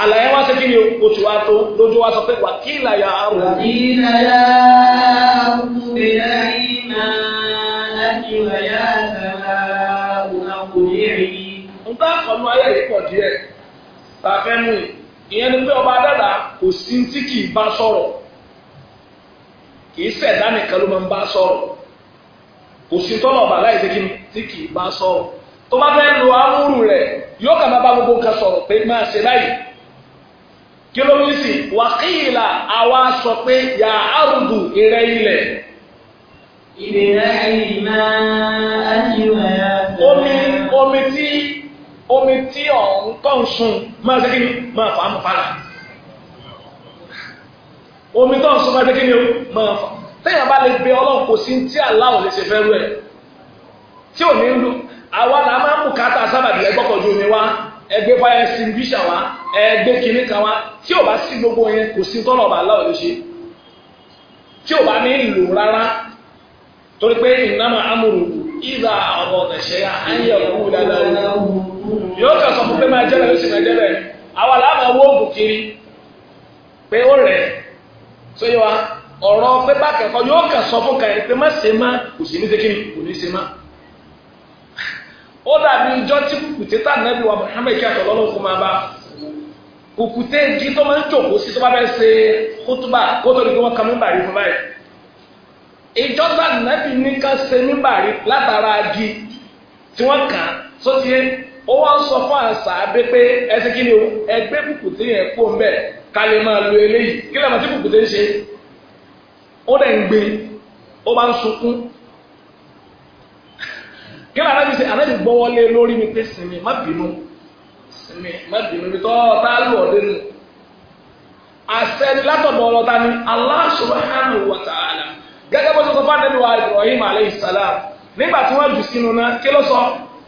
àlà yẹn kí ni wa tó lójú wa sọ pé kí ìlà yà á ní rí. n ayé yìí ọba dada kò sí tí kì í bá sọ̀rọ̀ kì í nìkan ló máa ń sọ̀rọ̀. kò sí tọ́lọ̀ ọba láì ṣe kí ni tí kì í bá sọ̀rọ̀ tó bá fẹ́ lo amúrù rẹ̀ yóò kà má bá gbogbo nǹkan sọ̀rọ̀ pé máa ṣe báyìí kí ló ń sìn wàkìlà àwa sọ pé yà áwùdù ìrẹ́ ilẹ̀. ìrẹ́ ìmọ̀ àjùmọ̀ omi omi tí omi tí ọ̀hún kàn sun máa ṣe kí ni máa fà á mọ̀ fara omi tó ń sun máa ṣe kí ni máa fà á. téèyàn bá lè gbé ọlọ́run kò sí tí lè ṣe ẹ̀ tí ò ní ń lu àwa là máa ń mú kátà sábàbí ẹgbọ́kọ̀jú omi ẹgbẹ́ fire extinguisher ẹgbẹ́ kìíní kan tí ò bá sí gbogbo yẹn kò sí tọ́lọ̀ tí ò bá rárá torí pé ìnáma ìlà ọ̀rọ̀ yóò sọ fún ọ̀rọ̀ pé bákẹ́kọ̀ọ́ yóò kà sọ fún kàyẹ́ pé má ṣe má kò sí ní ṣe kíni kò ní ṣe má. ó dàbí tí kùkùté nàbí wa Muhammad kí àtọ̀lọ́lọ́ fún máa bá kùkùté jí tó máa ń jòkó sí tó bá bẹ́ẹ̀ ṣe kótóbà kótó wọ́n ka fún báyìí. nàbí sọ fún àṣà pé kí ni o ẹgbẹ́ kùkùté yẹn ká lè máa lo eléyìí kí lè máa ti ó dẹ̀ ń gbé ó bá ń sunkún kí ni anábì ṣe anábì gbọ́wọ́lé lórí mi pé sinmi má bínú sinmi má bínú ibi tó tá a lù ọdẹ nù àṣẹ ni látọ̀dọ̀ ọlọ́ta ni Allah subhanahu wa ta'ala gẹ́gẹ́ bó ṣe sọ fún anábì wa Ibrahim alayhi nígbà tí wọ́n jù sínú náà kí ló sọ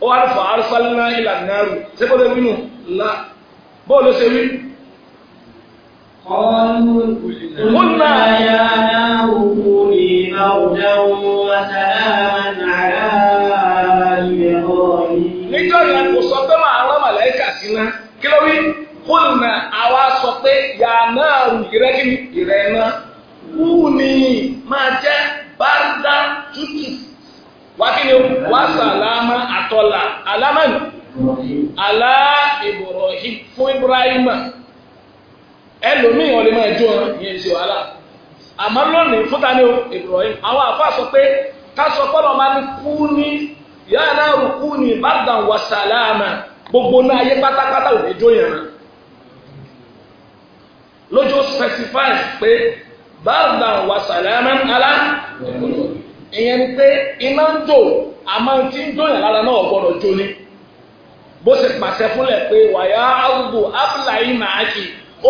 ó wà fà arsalna ila an-nar ṣé kó lè wí la bó ló ṣe wí. قلنا يا نار كوني بردا وسلاما على إبراهيم níjọ́ yẹn kò sọ pé màá rán màláìkà síná kí ló wí kólùmọ̀ àwa sọ pé yà náà rù ìrẹ́kìnì ìrẹ́ náà wù ní máa jẹ́ bárúdá tútù wákìlì wàsàlámà àtọ́là alámà àlá Ibrahim fún Ibrahim. ẹlòmíì wọn máa jó wọn ìyẹn ṣe wàhálà àmọ́ lónìí fúta ní Ibrahim àwọn àfa sọ pé ká sọ pé ọlọ́mọ ní kú ní ìyá náà rò kú ní wà sàlámà gbogbo náà ayé pátápátá ò jó yẹn rán pe specify pé ìbàdàn wà sàlámà alá ìyẹn ni pé iná ń jò àmọ́ tí ń jó yẹn lára náà gbọ́dọ̀ jó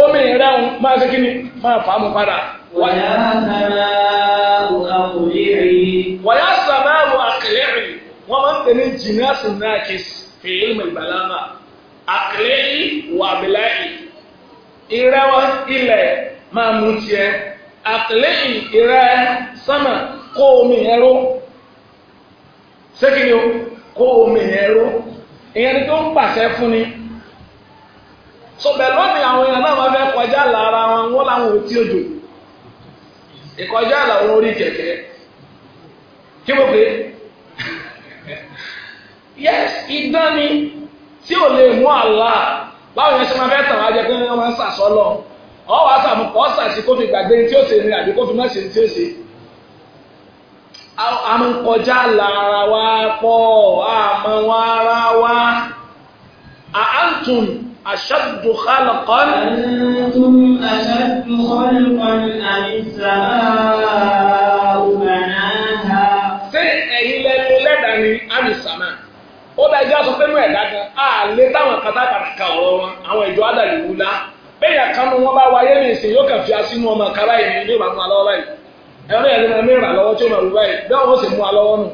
omi rẹ̀hún máa ṣe kí ni máa fà á mú padà. wàyà sàmáwò àkùrẹ́rì. wàyà sàmáwò àkùrẹ́rì wọ́n máa ń pè ní jìnnàsì náà kì í fi ilmu ìbàlámà àkùrẹ́rì wà bìláì. ìrẹ́wọ́ ilẹ̀ máa mú tiẹ̀ àkùrẹ́rì ìrẹ́ sánmà kó omi ẹ̀rọ ṣé kí ni o kó omi ẹ̀rọ ìyẹn tó ń pàṣẹ fún ni. so bẹ̀rù ọ̀nì àwọn èèyàn náà máa fẹ́ kọjá là ara wọn wọ́n làwọn ò tí ò jò ìkọjá là wọn orí kẹ̀kẹ́ kí mo *laughs* yes yes ìdání tí ò lè mú àlá báwọn yẹn ṣe máa fẹ́ tàn wá pé wọ́n máa ń sàsọ́lọ̀ ọ̀ sàmù kọ́ sàṣì kó fi gbàgbé tí ó ṣe kọjá là ara wa pọ̀ àmọ́ wọn ara wa أشد خلقا أنتم أشد خلقا أم السماء بناها ṣé ẹ̀yin lẹ́nu lẹ́dàá ni àmì sàmà ó dájú aṣọ pé mú ẹ̀dá kan á lé táwọn kan tábàtà ka ọ̀rọ̀ wọn àwọn ìjọ ádàlú wù lá bẹ́ẹ̀ yà kánú wọn bá wáyé ní ìsìn yóò kàn fi asínú ọmọ kárá yìí ní ìbámu alọ́wọ́ báyìí ẹ̀rọ yẹn ló mẹ́rin àlọ́wọ́ tí ó máa wù báyìí bẹ́ẹ̀ wọ́n sì mú alọ́wọ́ nù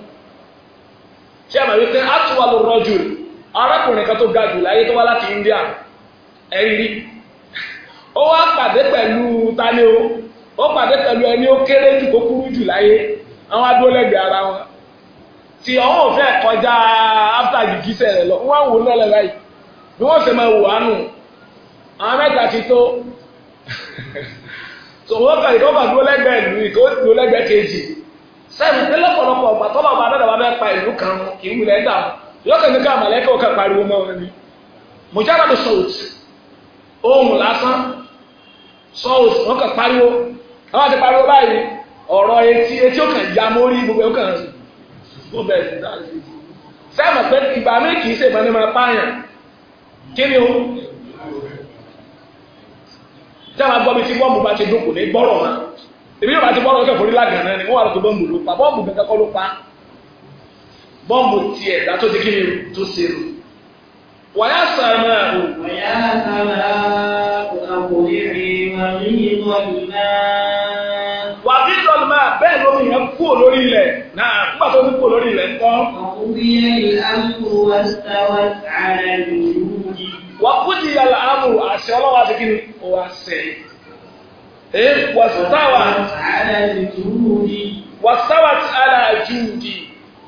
ṣé àmàlí pé àtúwà ló rọ́jò arákùnrin kan tó ga jù láyé tó bá láti India ẹ̀rí rí ó wá pàdé pẹ̀lú tani o ó pàdé pẹ̀lú ẹni ó kéré jù kó kúrú jù láyé àwọn adólẹ́gbẹ̀ẹ́ ara wọn tí ọ̀hún fẹ́ kọjá after gìgísẹ̀ rẹ̀ lọ wọ́n wò lọ́lẹ̀ báyìí bí wọ́n ṣe máa wò á nù àwọn mẹ́ta ti tó bá ìlú ìkó kejì sẹ́yìn bá lọ́kàn ní ká mọ̀lẹ́kẹ́ ọkà pariwo mọ́ wọn ni mujabadu salt ohun lásán salt wọn kàn pariwo àwọn àti pariwo báyìí ọ̀rọ̀ etí etí ó kàn ya mórí gbogbo ó kàn ó bẹ̀rẹ̀ sí dáhùn sẹ́wọ̀n pé ìgbà mi kì í ṣe ìbọn máa pààyàn kí ni o sẹ́wọ̀n agbọ́ mi ti bọ́ọ̀mù bá ti dúnkù ní gbọ́rọ̀ wọn èmi yóò bá ti bọ́ọ̀rọ̀ kẹfọ́ ní lágànnà ni wọ́n wà lọ́kọ̀ bọ́ọ̀mù ló pa bọ́ọ̀mù gẹ́gẹ́ ló pa bọ́ọ̀mù ti ẹ̀dá tó ti kí ni tó ṣe rò. wàyà sàmà o. wàyà sàmà o àkòyèrè wà ní ìlú ọ̀nà. wà á bí lọ́lù máa bẹ́ẹ̀ lómi yẹn kú lórí ilẹ̀ náà nígbà tó ti kú lórí ilẹ̀ ńkọ́. ọ̀kùnrin ìlànà wa sáwà sàrẹ̀ lòlù. wà á kú di yàrá àmù àṣẹ ọlọ́wà ti kí ni ó wá sẹ̀. wà sáwà. wà sáwà ti àlà jùdì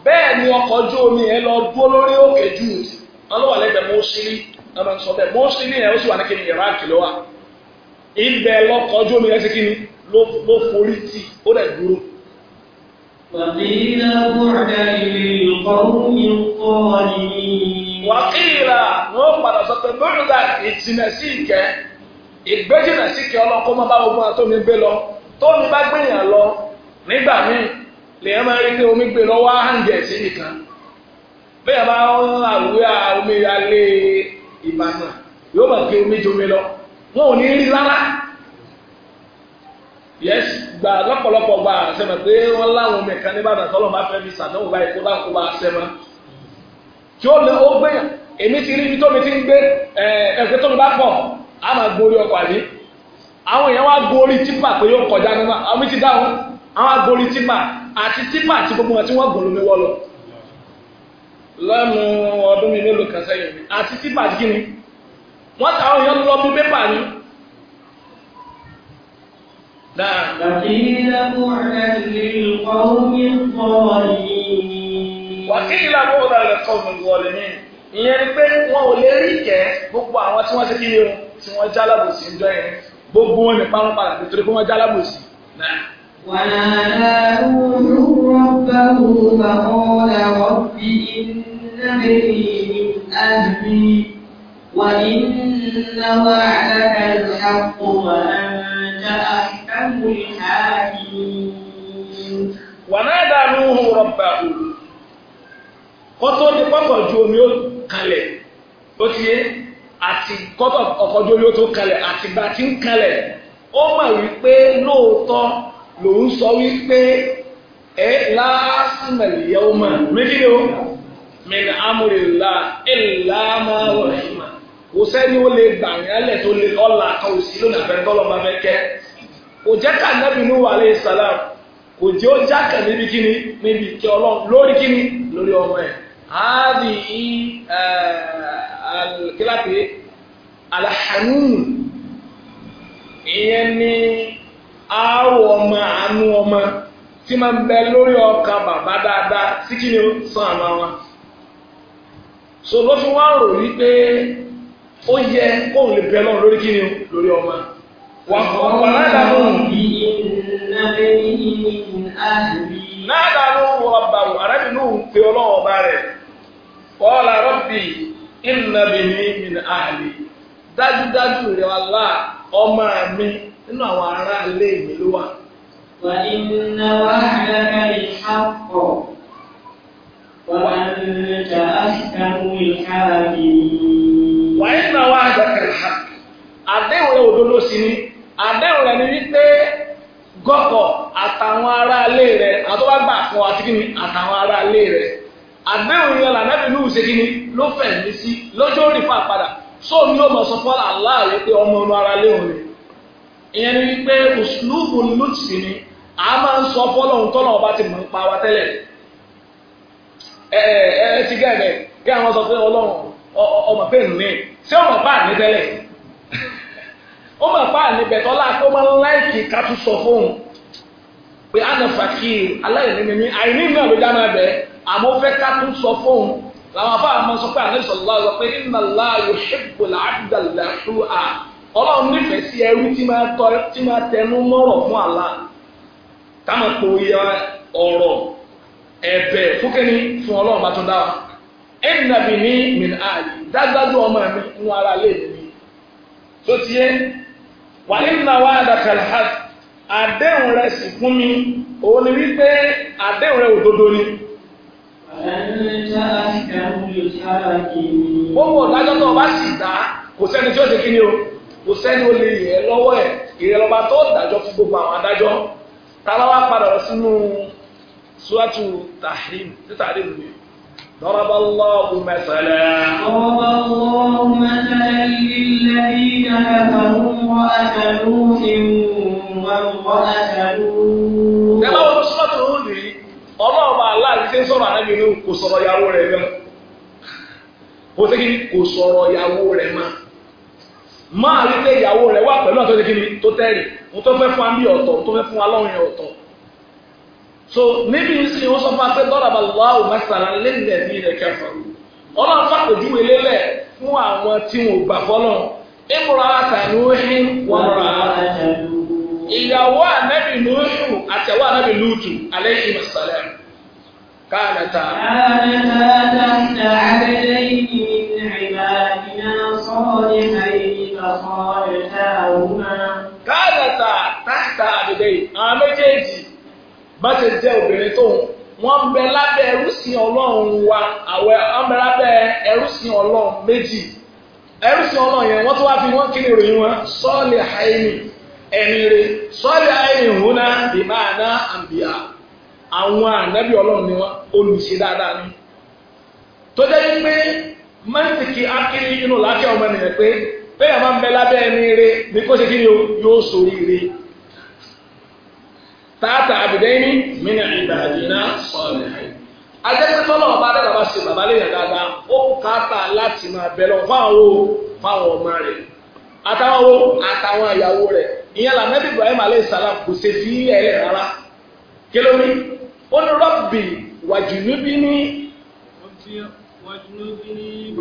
bẹ́ẹ̀ ni ọkọ̀ ojú omi yẹn lọ dúró lórí òkè Júùd ọlọ́wà lẹ́gbẹ̀ẹ́ mọ́sílì ọmọ sọ bẹ́ẹ̀ mọ́sílì yẹn ó sì wà ní kíni yàrá kìlọ́ wa ibẹ̀ lọkọ̀ ojú omi yẹn ti kíni ló forí tì ó dẹ̀ dúró. wàkìlá bùrọ̀dà ìlú ìkọ̀rún ìkọ́ ni. wàkìlá wọn padà sọ pé bùrọ̀dà ìtìnà sí ìkẹ́ ìgbéjìnà sí ìkẹ́ ọlọ́kọ́ máa bá gbogbo àtọ́ni gbé lọ tóun lèyàn máa rí pé omi gbé lọ́wọ́ áhàǹjẹ̀ sí nìkan bẹ́ẹ̀ bá àwúrẹ́ omi alẹ́ ìbànú yóò bá gbé omi jomi lọ wọn ò ní rí rárá yes gba lọ́pọ̀lọpọ̀ gba àṣẹmọ̀ pé wọ́n láwọn omi kan fi sàdánwò láǹkó bá tí ó lè ó gbé èmi ti rí ibi tómi ti ń gbé tómi bá á máa àbí àwọn èèyàn wá yóò kọjá nínú àwọn àwọn agbórí tipa àti tipa àti gbogbo wọn tí wọ́n gùn lómi wọ́ lọ lẹ́nu ọdún mi mélòó kan sẹ́yìn àti tipa àti kíni wọ́n ta àwọn èèyàn lọ mú pépà ni. وقيل بعدا للقوم الظالمين وقيل بعدا للقوم الظالمين ìyẹn ni pé wọn ò lè rí ìkẹ́ gbogbo àwọn tí wọ́n ti kí ni o tí wọ́n jálábòsí ń jọ yẹn gbogbo wọn ní pàápàá nítorí pé wọ́n jálábòsí náà. ونادى نوح ربه فقال رب إن ابني من أهلي وإن وعدك الحق وأنت أحكم الحاكمين ونادى نوح ربه kótó ti kọ́kọ́ ju omi ó kalẹ̀ ó ti yé àti kọ́kọ́ ọkọ̀ ju omi ó tó kalẹ̀ àtìgbà tí ń kalẹ̀ ó mọ̀ wípé lóòótọ́ lòun sọ wípé ẹ láásìmẹ̀lì yẹwò mọ̀ méjìlè o min amúrìlá ìlà máa wọ̀ ìmọ̀ kò sẹ́ni ó lè gbà yín alẹ̀ tó lè ọ̀là kan ò sí lónìí abẹ́rẹ́ tọ́lọ́ máa fẹ́ kẹ́ kò jẹ́ ká nẹ́bí ní wàhálà sàlám kò jẹ́ ó jákè níbi kíni níbi kí ọlọ́run lórí kíni lórí ọmọ ẹ̀ áàbì í eh, kílápì alahanun ìyẹn ní. aáwọ̀ ọmọ àánú ọmọ tí máa ń bẹ lórí ọkà bàbá dáadáa tí kí ni ó sàn àná wọn. so ló fi wá rò pé ó yẹ kóun lè bẹ lọ́run lórí kí ni ó lórí ọmọ. wà á wà ládàánú. ládàánú ọba àrẹ́bìnú pé ọlọ́wọ́ ọba rẹ̀ rọ́bì dájúdájú rẹ̀ wà láà nínú àwọn ará ilé mi ló wà. wà iná wà lẹ́kẹ̀rì àpọ̀ wà níta àṣìkàmù ìhàbí. wà iná wà lẹ́kẹ̀rì àpọ̀ àdéhùn rẹ̀ òdodo sí ni àdéhùn rẹ̀ ni wípé gọ́kọ̀ àtàwọn ará ilé rẹ̀ àtọ́wágbà fún wa tí kí ni àtàwọn ará ilé rẹ̀ àdéhùn yẹn lànàbì ní ìṣe kí ni ló fẹ̀ mí sí lójó rí fà padà sóòmí ó mọ̀ sọ fọ́lá aláàlẹ́ pé ọmọ ọmọ ara léhùn rẹ̀. ìyẹn ni wípé òṣùlùmù lùtì ni a máa ń sọ fọlọ́hún tọ́nà ọba ti mọ̀ ń pa wa tẹ́lẹ̀ ẹ ẹ ti gẹ́gẹ́ kí àwọn sọ pé ọlọ́run ọmọ pé nìyí ṣé ọmọ pa àní tẹ́lẹ̀ ó *laughs* mọ̀ pa àní bẹ̀tọ́ láàpẹ́ ó máa ń láìkì ká tún sọ fóun pé àna fàkìr aláìní àìní náà ló máa bẹ̀ àmọ́ fẹ́ ká tún sọ fóun làwọn afáàmọ́ sọ pé àní sọ̀rọ̀ pé ọlọ́run nífẹ̀ẹ́ sí ẹrú tí máa tẹnu mọ́rọ̀ fún àlá táwọn kò ya ọ̀rọ̀ ẹ̀bẹ̀ fúnkẹ́ni fún ọlọ́run bá tún dá wa ẹ̀nàbì ní ọmọ mi ń ara lè mi tó ti yé wà nínú wa si àdéhùn rẹ sì fún mi òun ni wípé àdéhùn rẹ òdodo ni. gbogbo ìdájọ́ tó o bá sì dá kò sẹ́ni tí ó ṣe kí ni o. kò sẹ́ni ó lè yẹ lọ́wọ́ ẹ̀ ìrẹ̀lọ́ba tó dájọ́ fún gbogbo àwọn adájọ́ tábà wá padà lọ sínú suratu tahrim títà rí mi. ضرب الله مثلا ضرب الله مثلا للذين كفروا امرأة نوح وامرأة لوط. ẹ bá wọn sọ́ọ̀tù ń rí ọlọ́ọ̀bà sí kí kò sọ̀rọ̀ ìyàwó rẹ̀ mọ́. máa rí pé ìyàwó rẹ̀ wà pẹ̀lú àtọ́jú kí ni tó tẹ́rì mo tó fẹ́ fún wa tó fẹ́ fún so níbi ìsìn ó sọ fún wa dọ́là bá lọ́wọ́ àwọn mẹ́sàlá lẹ́yìn ẹ̀mí rẹ̀ kẹfà ọlọ́run fàkójúwe lélẹ̀ fún àwọn tí wọn ò gbà fọ́lọ́ ìmúra káàdàtà táàtà àdìdẹ yìí àwọn méjèèjì eji ṣe jẹ obìnrin tóun wọ́n ń bẹ lábẹ́ ẹrúsìn Ọlọ́run wa àwẹ wọ́n bẹ lábẹ́ ẹrúsìn Ọlọ́run méjì ẹrúsìn Ọlọ́run yẹn wa tún wá fi wọn kí ìròyìn wọn sọọlì àìní ẹni rẹ sọọlì àìní hùnà ìmáàná àǹbíà àwọn ànábì Ọlọ́run ni wọ́n dáadáa ni tó jẹ́ pé mẹ́tìkì inú làákẹ́ ọmọ nìyẹn bẹ́ẹ̀ máa ń bẹ lábẹ́ ẹni ní kó ṣe kí ni yóò sórí rẹ tààtà àbìdẹ́ni mìíràn ìbàdìnà sọ̀rọ̀ ajẹ́pẹ́tọ́lọ́ ọba dẹ́gbà bá ṣe bàbá lè yàn ó kàtà láti máa bẹ lọ fáwọn o fáwọn ọmọ rẹ àtàwọn o àtàwọn ìyàwó rẹ ìyẹn Ibrahim aleyhi kò ṣe fi ẹlẹ́ rárá ní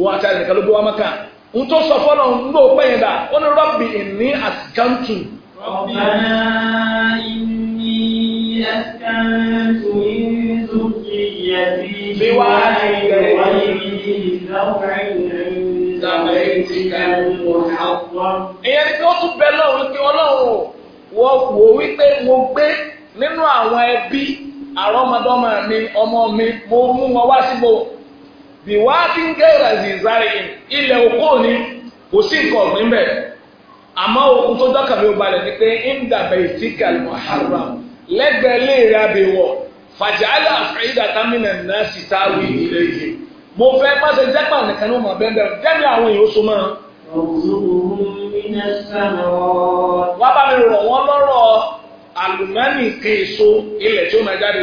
òun àti àyẹ̀kẹ́ ló gbé wá mọ́kà ń tó sọ fọ́nà ń lò pẹ́ dà ó ní rọ́bì ìní àsìkántù. Rabbana inni askantu min zurriyyati bí wá ẹgbẹ́ wáyé ìdáwọ̀ ìyẹn ni tún bẹ pé wọ́n gbé nínú àwọn ẹbí àrọ́mọdọ́mọ mi ọmọ mi mo mú wọn wá síbò. bíwáàdì ń gẹ́rẹ̀ zizari ilẹ̀ oko ni kò sí nǹkan ọ̀gbìn bẹ́ẹ̀ àmọ́ okun tó dọ́kà mi ò balẹ̀ ni pé ndàbẹ̀ ìtìkà muharram lẹ́gbẹ̀ẹ́ léèrè abẹ́wọ̀ fàjálà àfẹ́yìdà náà sì ilé yìí mo fẹ́ má ṣe jẹ́ ọmọ bẹ́ẹ̀ jẹ́mi àwọn èèyàn so máa. bá mi rọ̀ wọ́n lọ́rọ̀ àlùmánì èso ilẹ̀ tí ó máa jáde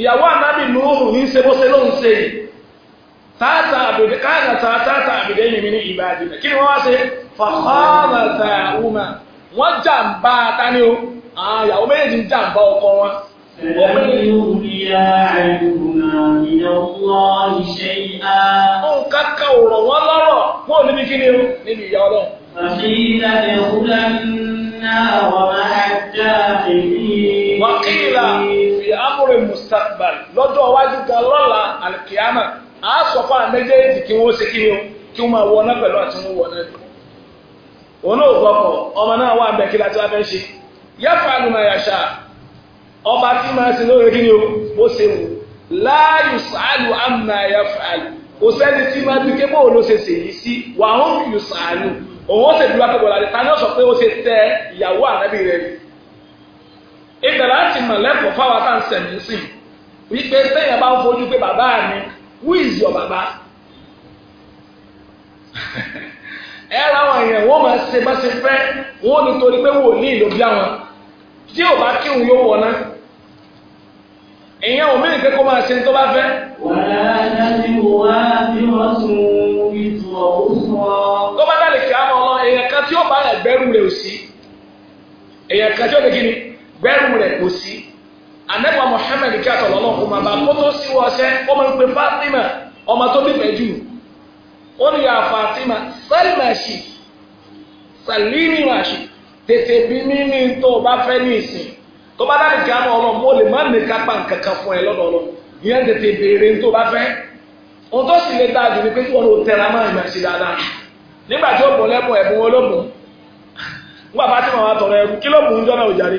ìyàwó ànábì lóòrù ní ṣe bó ṣe ló ń ṣe tààtà àbèdè káàdà tààtà àbèdè yìí ní ìbàdìmẹ kí ni wọn wá ṣe fàkọọlà tààwùmà wọn jàǹbá tani o àwọn ìyàwó méjèèjì jàǹbá ọkọ wọn. wọ́n lọ́rọ̀ kó amúre mustaqbal lọ́jọ́ iwájú gan lọ́la alikiyama a sọ kí wọ́n ṣe o kí wọ́n wọ náà pẹ̀lú àti wọ ọmọ náà wà bẹ́ẹ̀ kí ọba tí màá kí ni o ó ṣe wò láàyò sàálù àmà yẹ́fà yìí kò sẹ́ni tí màá bí kébò ló ṣe ṣe yìí ibẹ̀ láti mọ̀ lẹ́kọ̀ọ́ fáwọn tá à ń sẹ̀mí sí i wípé téèyàn bá ń fojú pé bàbá Baba. who is your bàbá *laughs* ẹ ra àwọn èèyàn wọ́n máa ṣe bá ṣe fẹ́ wọ́n nítorí pé wòlíì ló bí àwọn tí ò bá kírun yóò wọ̀ náà èèyàn òmìnir pé kó máa ṣe tó bá fẹ́. tó bá dálè kí á mọ̀ ọ́ èèyàn kan tí ó bá ẹgbẹ́rú rẹ̀ ò sí èèyàn kan tí ó lè kí ni gbẹ́rù rẹ̀ kò sí anẹ́gbà Muhammad kí àtọ̀lọ́lọ́ kò máa bá kó tó sí wọ́ṣẹ́ ó máa ń Fatima ọmọ tó bí pẹ̀jù ó ní ya Fatima sálìmàṣì sàlìmìmàṣì tètè bí mí ní tó o bá fẹ́ ní ìsìn tó bá dárí kí á mọ ọlọ́run mo lè má ní kápá nǹkankan fún ẹ lọ́dọ̀ ọlọ́run ìyẹn tètè béèrè tó o bá fẹ́ ohun tó sì lè dáa jù ní pé kí wọn ò tẹra mọ́ ìmọ̀ṣẹ́ dáadáa nígbà tí ó bọ̀ lẹ́bùn ẹ̀bùn olóbùn nígbà Fatima wa tọrọ ẹrú kí ló bùn jọ́nà òjàre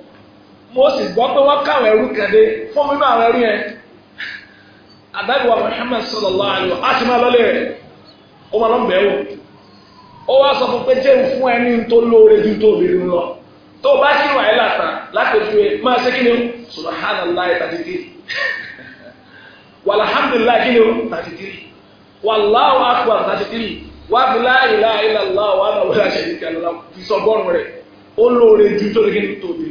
mo sì gbọ́ pé wọ́n káwọn ẹrú kẹ́dé fún mi náà rẹ́rú yẹn àdáyéwà Muhammad sallallahu alayhi wa sallam á sì máa lọ́lẹ̀ rẹ̀ ó máa lọ́n bẹ̀ẹ́ wò ó wá sọ fún pé jẹ́ fún ẹni tó lóore ju tó lè rìn lọ tó o bá kí wà ẹ́ làtà lápẹ̀fẹ́ máa ṣe kí ni subhanallah tàdídì *laughs* wàlàhàmdùlá kí ni o tàdídì wàláwù akbar tàdídì wàbílá ìlà ìlà láwù ànàwó làṣẹ ìkàlà fi sọ bọ́ọ̀rù rẹ̀ ó lóore ju tó lè rìn tó lè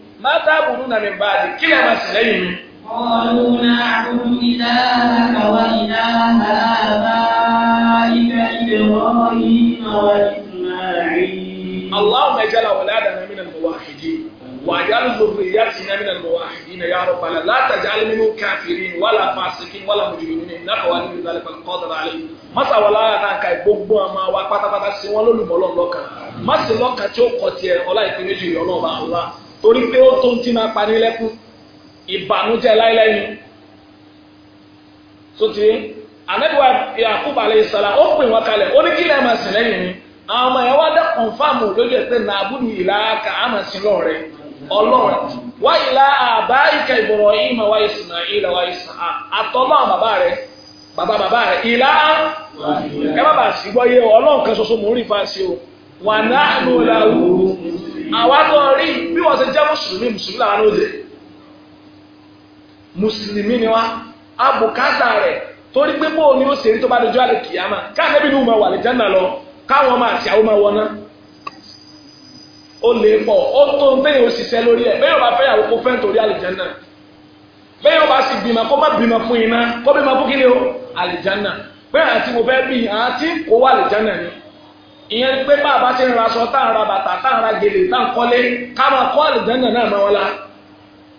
máa tábùrú nà lè báàdì kí lè máa sì lẹ́yìn mi. ọ̀run náà àbúrú ìlà àkàwà ìlà àbá ìgbà ìgbẹ̀wọ̀ yìí náà wà nítorí. اللهم اجعل اولادنا من الموحدين واجعل ذرياتنا من الموحدين يا ربنا لا تجعل منهم كافرين ولا فاسقين ولا مجرمين انك ولي ذلك القادر عليه masa wàlá àtàkà ìgbógbó àmà wa pátápátá sí wọn lólùmọ́ lọ́kàn má sì lọ́kàn tí ó kọ̀ tiẹ̀ ọlá ìpínlẹ̀ jù yọ̀ náà bá torí pé ó tó ń tí máa parí lẹ́kún ìbànújẹ́ láíláí ni tó ti anabiwa Yakub alayhi salam ó pè wọn kalẹ̀ ó ní kí lẹ́ẹ̀ máa sìn lẹ́yìn mi àwọn ọmọ yẹn wá dá kọ̀nfàmù lójú ẹ̀ pé nàbùdù ìlà ká á máa sìn lọ́rẹ̀ ọlọ́rẹ̀ wá ìlà àbá ìka Ibrahim wá Ismail wá Ismail àtọ́lọ́ bàbá rẹ̀ bàbá bàbá rẹ̀ ìlà ẹ má sí gbọ́ yé ọlọ́run ṣoṣo mò ń rí fa sí o wà náà ló la wù ú àwa tó rí bí wọ́n ṣe jẹ́ mùsùlùmí mùsùlùmí làwọn ló mùsùlùmí ni wá abùkátà rẹ̀ torí pé bóun ni ó ṣe rí tó bá dojú àlè kìyàmà káàdé bí nìhùn máa wà lè jẹ́nà lọ káwọn ọmọ àti àwọn máa wọná ó lè pọ̀ ó tó ń bẹ́ẹ̀ òṣìṣẹ́ lórí ẹ̀ bẹ́ẹ̀ ò bá fẹ́ yàwó kó fẹ́ nítorí àlè jẹ́nà bẹ́ẹ̀ ò bá sì bímọ kó má bímọ fún iná kó bímọ fún kíni o àlè jẹ́nà bẹ́ẹ̀ àti mo fẹ́ bí àti kó wà àlè jẹ́nà ni ìyẹn pé bá a bá ṣe ń ra aṣọ tá à ń ra bàtà tá à ń ra gèlè tá à ń kọ́lé ká máa kọ́ àlùjànnà náà máa wọlá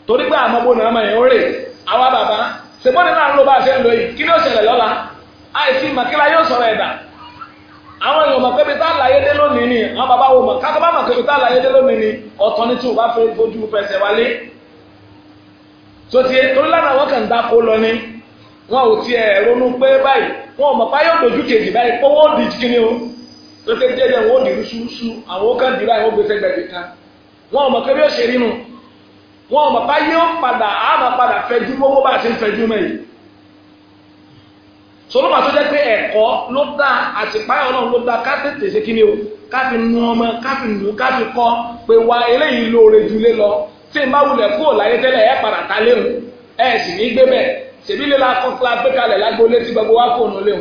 torí pé àmọ́ bó náà máa yẹn ó rè àwa bàbá ṣèbọ́n náà ń lo bá a ṣe ń lo yìí kí ni ó ṣẹlẹ̀ lọ́la àìsí màkìlá yóò sọ̀rọ̀ ẹ̀dà àwọn èèyàn mọ̀kẹ́bi tá láyé dé lónìí ni àwọn bàbá wo mọ̀ kákọ́ bá mọ̀kẹ́bi tá láyé dé lónìí ni ọ̀tọ̀ ni tí o bá fẹ́ fojú fẹsẹ̀ wálé sotie torí lánàá wọn kàn ń dáko lọ ni wọn ò tiẹ̀ ronú pé báyìí wọn ò mọ̀ páyọ̀ dojú kejì báyìí pé wọ́n kíni o pépé díẹ̀ díẹ̀ wọn ò di rúṣurúṣu àwọn ó kàn dì báyìí wọn gbèsè gbẹ̀gbẹ̀ kan wọn ò mọ̀ pé bí ó ṣe rí nu wọn ò mọ̀ bá yóò padà á máa padà fẹjú mọ́wó bá a ṣe ń fẹjú mọ́ yìí sọlọ́mà tó jẹ́ pé ẹ̀kọ́ ló dá àtìpáyọ̀ náà ló dá ká tètè ṣe kí ni o ká fi nu ọmọ ká fi nù ká fi kọ́ pé wa eléyìí lóore ju lé lọ tí n bá wulẹ̀ kúrò láyé tẹ́lẹ̀ ẹ̀ padà ta léwu ẹ̀ sì ní gbé bẹ́ẹ̀ ṣèbí lè la kọ́ la gbé kalẹ̀ lágbó létí gbogbo wa fóònù léwu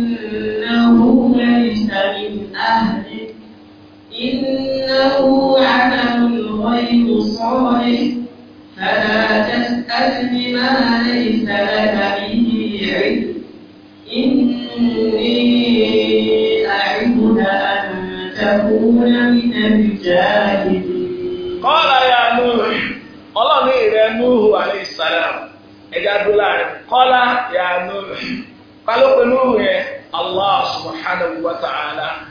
إنه على الغيب صالح فلا تسأل ما ليس لك به علم إني أعبد أن تكون من الجاهلين قال يا نوح قال لي نوح عليه السلام ẹja dúró láàrin يا نوح، nù kálópin الله سبحانه وتعالى.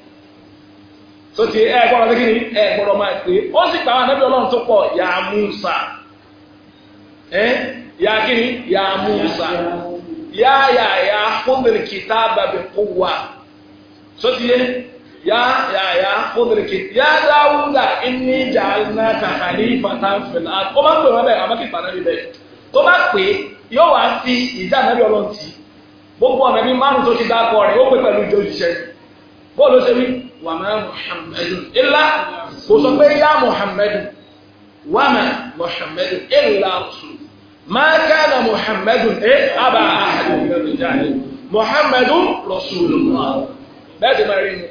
So ti ẹ gbọ́dọ̀ sí kíni ẹ gbọ́dọ̀ máa pè é ó sì gbà wọn ànábì ọlọ́run tó pọ̀ yà á Musa ẹ yà á kíni yà á Musa yà á yà yà á fúnbìrì kìtà bàbí kó wà tó ti yẹ yà á yà yà á fúnbìrì kìtà yà á Dáwúdà inni ja'alnaka khalifatan fil ard kó má pè wọn bẹ́ẹ̀ àmọ́ kí ìpàdé mi bẹ́ẹ̀ tó bá pè é yóò wá fi ìjà ànábì ọlọ́run tì gbogbo ọ̀nà bíi márùn tó ti dá akọ rẹ̀ ó pè pẹ̀lú ìjọ òṣìṣẹ́ bóòlù ó ṣe wí wàmà muhammadu ilà kò sọ pé yá muhammadu wàmà muhammadu ilà rasul máa kánà muhammadu ẹ eh, abà ahadu mẹrin jáde muhammadu rasulullah bẹ́ẹ̀ ti máa rí mi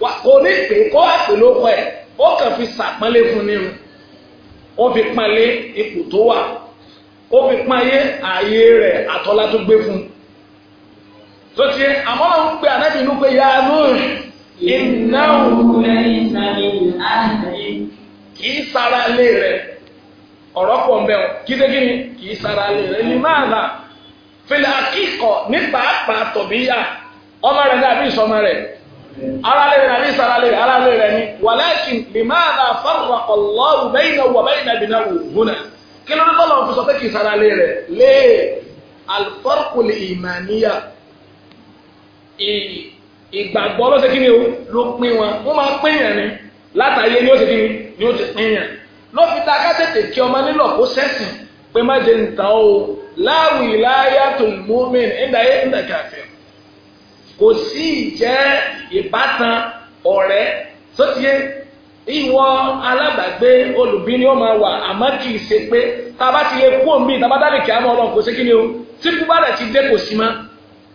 wa kò ní pè kó àpèló kọ ẹ ó kàn fi sàpọ́nlé fún ni o ó fi pọ́nlé ipò tó wà ó fi pọ́nlé ààyè rẹ̀ àtọ́lá tó gbé fún un tó ti yẹ àmọ́ àwọn ń pe ànábì inú pé yá lóòrùn iná òkú kì í sara lé rẹ̀ ọ̀rọ̀ pọ̀ mbẹ́ wọn kì í ṣe kí ni kì í sara lé rẹ̀ ní máa là fìlà kíkọ̀ ní pàápàá tọ̀bíyà ọmọ rẹ̀ ní àbí ìsọmọ rẹ̀ arálẹ̀ rẹ̀ àbí lè máa là fárùwà ọ̀lọ́rù bẹ́yìn náà bẹ́yìn náà bìnnà kí ló dé tọ́lọ̀ fi sọ pé kì í sara lé rẹ̀ lé ìmàníyà ìgbàgbọ́ lọ́sẹ̀ kí ni o ló pín wọn wọ́n máa pín yàn ni látàyè ni ó ti kí ni ni ó ti pín yàn ló fi ta ká tètè kí ọmọ nílò kó sẹ́sìn pé má jẹ nǹkan o láwùí láyà tó mọ́mìn ẹ̀dá ẹ̀dá kò wà àmọ́ kì í ṣe pé tá a bá ti yẹ kú òmí tá a bá kí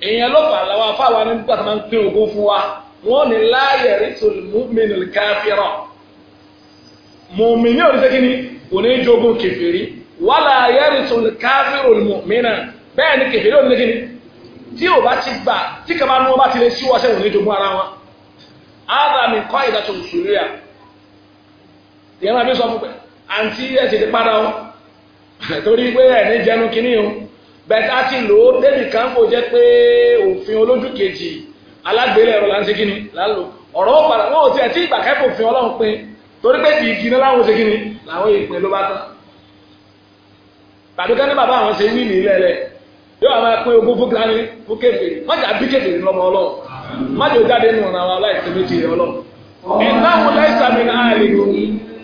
èèyàn ló fà lọ́wọ́ fáwọn nígbà tó máa ń pín ogún fún wa wọ́n ní láàyè rítòlù múmìnì káfíràn mùmìnì òrìṣẹ́ kí ni kò ní jogún kẹfìrí wà láàyè rítòlù káfíràn mùmìnà bẹ́ẹ̀ ni kẹfìrí òrìṣẹ́ kí ni tí ò bá ti gbà tí kàbá ní wọ́n bá ti lè ṣíwọ́ sẹ́wọ̀n ní jogún ara wọn. ábà mi kọ́ ìdájọ́ òṣèlú yà ìyẹn máa bí sọ fún pẹ̀ àǹtí ẹ̀ *laughs* beta a ti lò ó débì kan kò jẹ́ pé òfin olójú kejì alágbélé ẹ̀rọ láti kíni lálò ọ̀rọ̀ padà wọ́n ò tiẹ̀ tí ìgbà kẹ́kọ̀ọ́ òfin ọlọ́run pin torí pé kì í kí iná láwọn ṣe làwọn ìpín ló bá tán ní bàbá àwọn ṣe yóò ogún fún kíláni fún má jà bí má jò jáde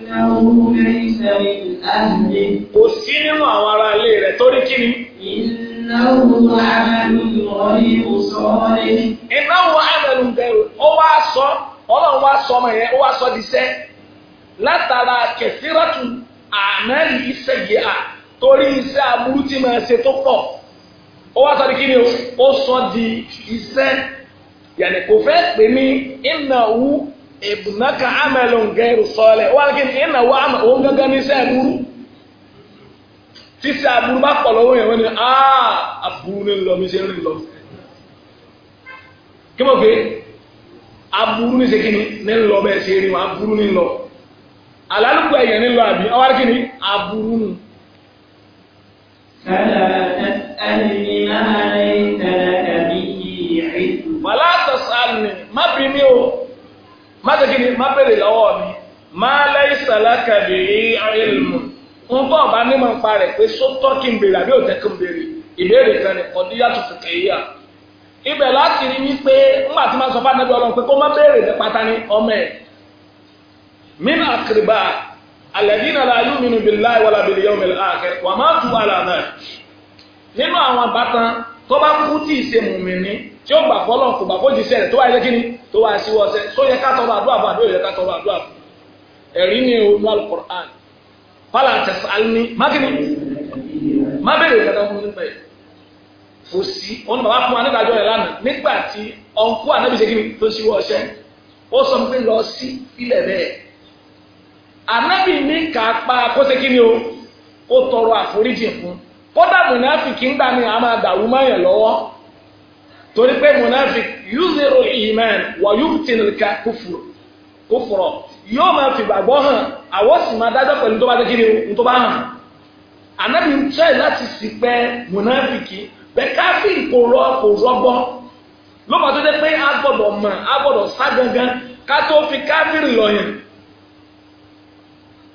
Kò sí nínú àwọn ará ilé rẹ̀ torí kí ni? Ìnáwó àmàlùm bẹ̀rù, ó wá sọ, ọlọ́run wá sọ ọmọ yẹn, ó wá sọ di sẹ́. Látara kẹ̀sírọ́tù àmàlì iṣẹ́ yìí à, torí iṣẹ́ aburú tí máa ṣe tó pọ̀. Ó wá sọ di kí ni o? Ó sọ di iṣẹ́. Yàní kò fẹ́ pè mí, ìnáwó ibnaka amalun gairu salih walakin ina wa ama òun gangan ní iṣẹ́ aburu títí aburu aburu pọ̀ lọ́wọ́ yẹn ah, ni áà àbúrú ní mi ṣe rìn lọ kí mo pé àbúrú ní ṣe kíni ní aburu. má bèrè lọ́wọ́ mi máa láì sàlákà lè rí ilmu ń bọ̀ bá nímọ̀ nípa rẹ̀ pé sótọ́ kí n bèrè àbí òtẹ́ kí n bèrè ìbéèrè kan ní kọ̀díyà tó fìkè yíyà ibẹ̀ láti rí wípé ńgbà tí máa sọ fún anábì ọlọ́run pé kó má bèrè ní pátá ní ọmọ ẹ̀ min akriba alladhina la yu'minu billahi wala bil yawmil akhir wa matu ala dhalik nínú àwọn àbátan tó bá kú tí ì ṣe mùmìnì tí ó gbà fọlọ́n kò gbà kó di sẹ́rẹ̀ tó wáyé lẹ́kí ni tó wáyé sí wọ́sẹ̀ tó yẹ ká tọrọ àdúrà àdúrà ẹ̀rí ni o nu alukur'an fala tẹ̀sán-ní mákìní má bèrè fún nípa yẹ kò sí bàbá fún wa nípa lánàá nígbà tí ọ̀nkú kí ni tó sí wọ́sẹ̀ ó sọ pé lọ sí ilẹ̀ bẹ́ẹ̀ ànábì ní kí ni torí pé monafik yúzẹ̀rù ìmán wà yúbùtìnì kúfùrù kúfùrọ̀ yóò máa fi gbàgbọ́ hàn àwọn sì máa dájọ́ pẹ̀lú tó bá dékiri ohun tó bá hàn anabi ń tẹ́ láti sì pẹ́ monafiki bẹ́ẹ̀ káfíìn kò rọ kò rọgbọ́ ló bá tó dé pé a gbọ́dọ̀ mọ̀ a gbọ́dọ̀ sá gangan ká tó fi káfíìn lọ yẹn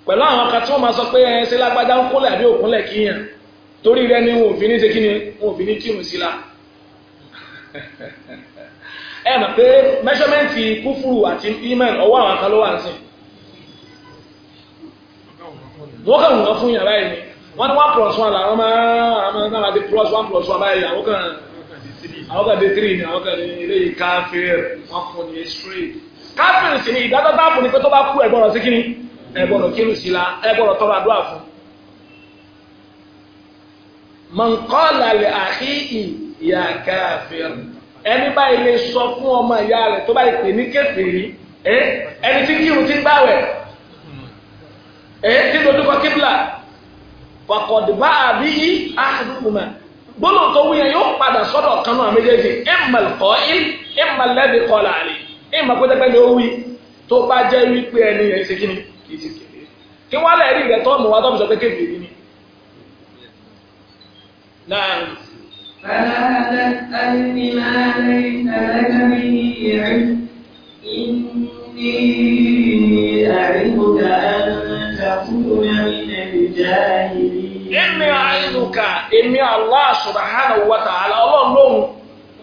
pẹ̀lú àwọn kan tí wọ́n máa sọ pé ẹ lágbájá ń kólẹ̀ àbí òkúnlẹ̀ kíyàn torí rẹ ni wọn ò fi ní ṣe kí ni wọn ò fi ní kírun *laughs* ẹ mọ̀ pé mẹ́ṣọ́mẹ́ǹtì kúfùrù àti iman ọwọ́ àwọn kan wà ń sìn fún yàrá yìí wọ́n ní one plus one làwọn máa náà plus one plus one báyìí àwọn kan ni àwọn ilé káfíìr wọ́n fún ní straight káfíìr sì ni ìdájọ́ táàpù ni pé tó bá kú ẹ̀gbọ́n sí kíni ẹ̀gbọ́n kírù sí la ẹ̀gbọ́n tọrọ àdúrà fún. mọ̀nkọ́ ya káfíìn ẹni báyìí lè sọ fún ọmọ ìyá rẹ̀ tó báyìí pè ní kèfèrí ẹni tí kírun ti gbàwẹ̀ tí dojúkọ kíbla kọkọdùbá àbí àdúgbòmá gbọ́dọ̀ tó wúyẹn yóò padà sọ́dọ̀ kan náà méjèèjì ìmàlì kọ́ il ìmàlì lẹ́bi kọ́ làálẹ̀ ìmàlì kó dẹ́gbẹ́ ni ó wí tó bá jẹ́ wípé ẹni yẹn ṣe kíni kì í ṣe kébìrì kí wọ́n lè rí ìrẹ́tọ́ mọ̀ wá tó fi sọ pé kébìrì ni. فلا تسألني ما ليس لك به علم إني أعظك أن تكون من الجاهلين إني أعظك إني الله سبحانه وتعالى الله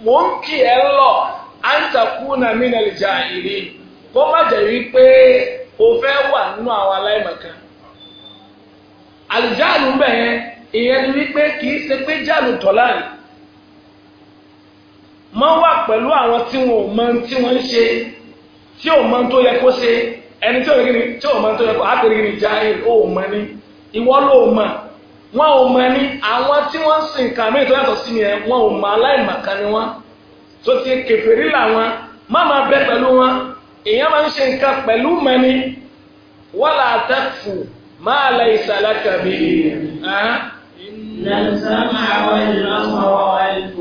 ممكن الله أن تكون من الجاهلين kó má wípé o fẹ wà nínú àwọn aláìmọ̀kan àlùjáàlù ń bẹ̀ yẹn ìyẹn ni wípé kì í ṣe pé jáàlù tọ̀láàrin máa wà pẹ̀lú àwọn tí wọn ò mọ tí wọ́n ń ṣe tí ò mọ tó yẹ kó ṣe ẹni tí ò yẹ tí ò mọ tó yẹ kó àtẹ̀rẹ̀ ni jáì ó ò mọ ní ìwọ ló ò mọ wọn ò mọ ní àwọn tí wọ́n ń sin nǹkan mí tó yàtọ̀ sí mi yẹn wọn ò mọ aláìmọ̀kan ni wọn tó ti kèfèrí làwọn má máa bẹ pẹ̀lú wọn èèyàn máa ń ṣe nǹkan pẹ̀lú mẹ́ni wala taqfu ma laysa laka bihi. Ìnàsámà wal basara wal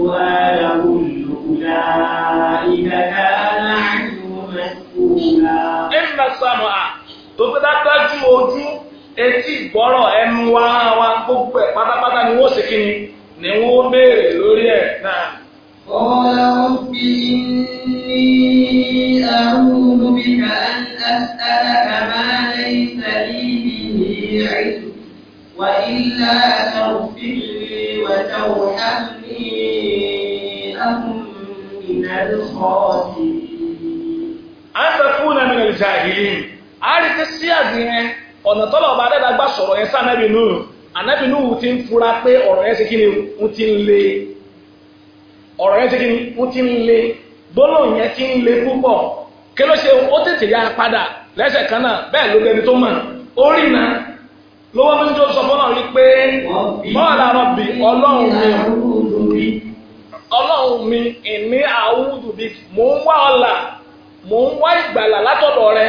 kíni ni wọ́n béèrè lórí ẹ̀ náà. Qala rabbi inni a'udhu bika an as'alaka ma laysa li bihi 'ilm wa illa taghfir li wa tarhamni akun minal khasirin. An takuna minal jahilin, a rí ti sí àgbìyẹn ọ̀nà tọ́lọ̀ ọba adẹ́dàgbà sọ̀rọ̀ yẹn sáà náà bí nù. ànábìnúhù ti ń fura pé ọ̀rọ̀ yẹn kí ni ó ti ń le ọ̀rọ̀ yẹn ki kí ni ti ń le gbólóhùn yẹn ti ń le púpọ̀ kí ló ṣe ó tètè padà lẹ́sẹ̀ kan náà bẹ́ẹ̀ ló dẹni tó mọ̀ ó rì lọ́wọ́ bí tó sọ fọ́nà rí pé bọ́ọ̀lù àrọ̀bì ọlọ́run mi ọlọ́run mi ìní àwùjù bí mò ń wá ọ̀la mò ń wá ìgbàlà látọ̀dọ̀ rẹ.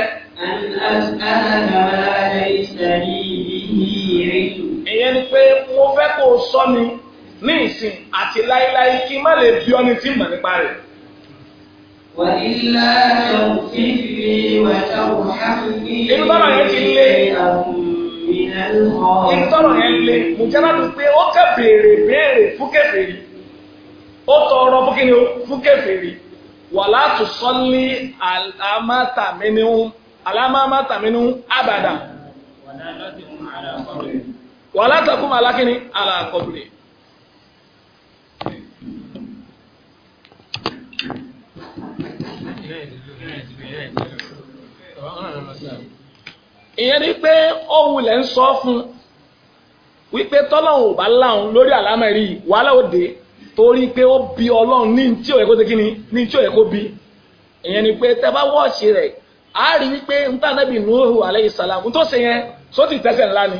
ìyẹn ni pé mo fẹ́ kó o sọ mi ní ìsìn àti láíláí kí n má lè bí ọ́ ní tí mọ̀ nípa rẹ̀. wàhálà tó fi fi wàtá wàhálì. inú bàbá yẹn ti lé inú tọrọ yẹn lé mo jẹ́ láti pé ó kẹ́ béèrè béèrè fún kèfèrí ó tọrọ fún kíni fún kèfèrí wàlá tó sọ́lé alámátàmínú alámátàmínú abàdà. wàlá lọ́sìn fún àlàkọ́rẹ́. wàhálà takùn alákìní alákọ̀bìrì. ìyẹn ni pé ohun lẹ́ ń sọ fún wípé tọ́lọ́hún ò bá láhùn lórí àlámẹ́rí wàhálà òde torí pé ó bí ọlọ́run ní tí òye kó ṣe kíni ní tí òye kó bí ìyẹn ni pé tẹ́ bá wọ́ọ̀ṣì rẹ̀ á rí wípé ntànàbì Nuhu alayhi salam tó ṣe yẹn sótì tẹ́sẹ̀ ńlá ni.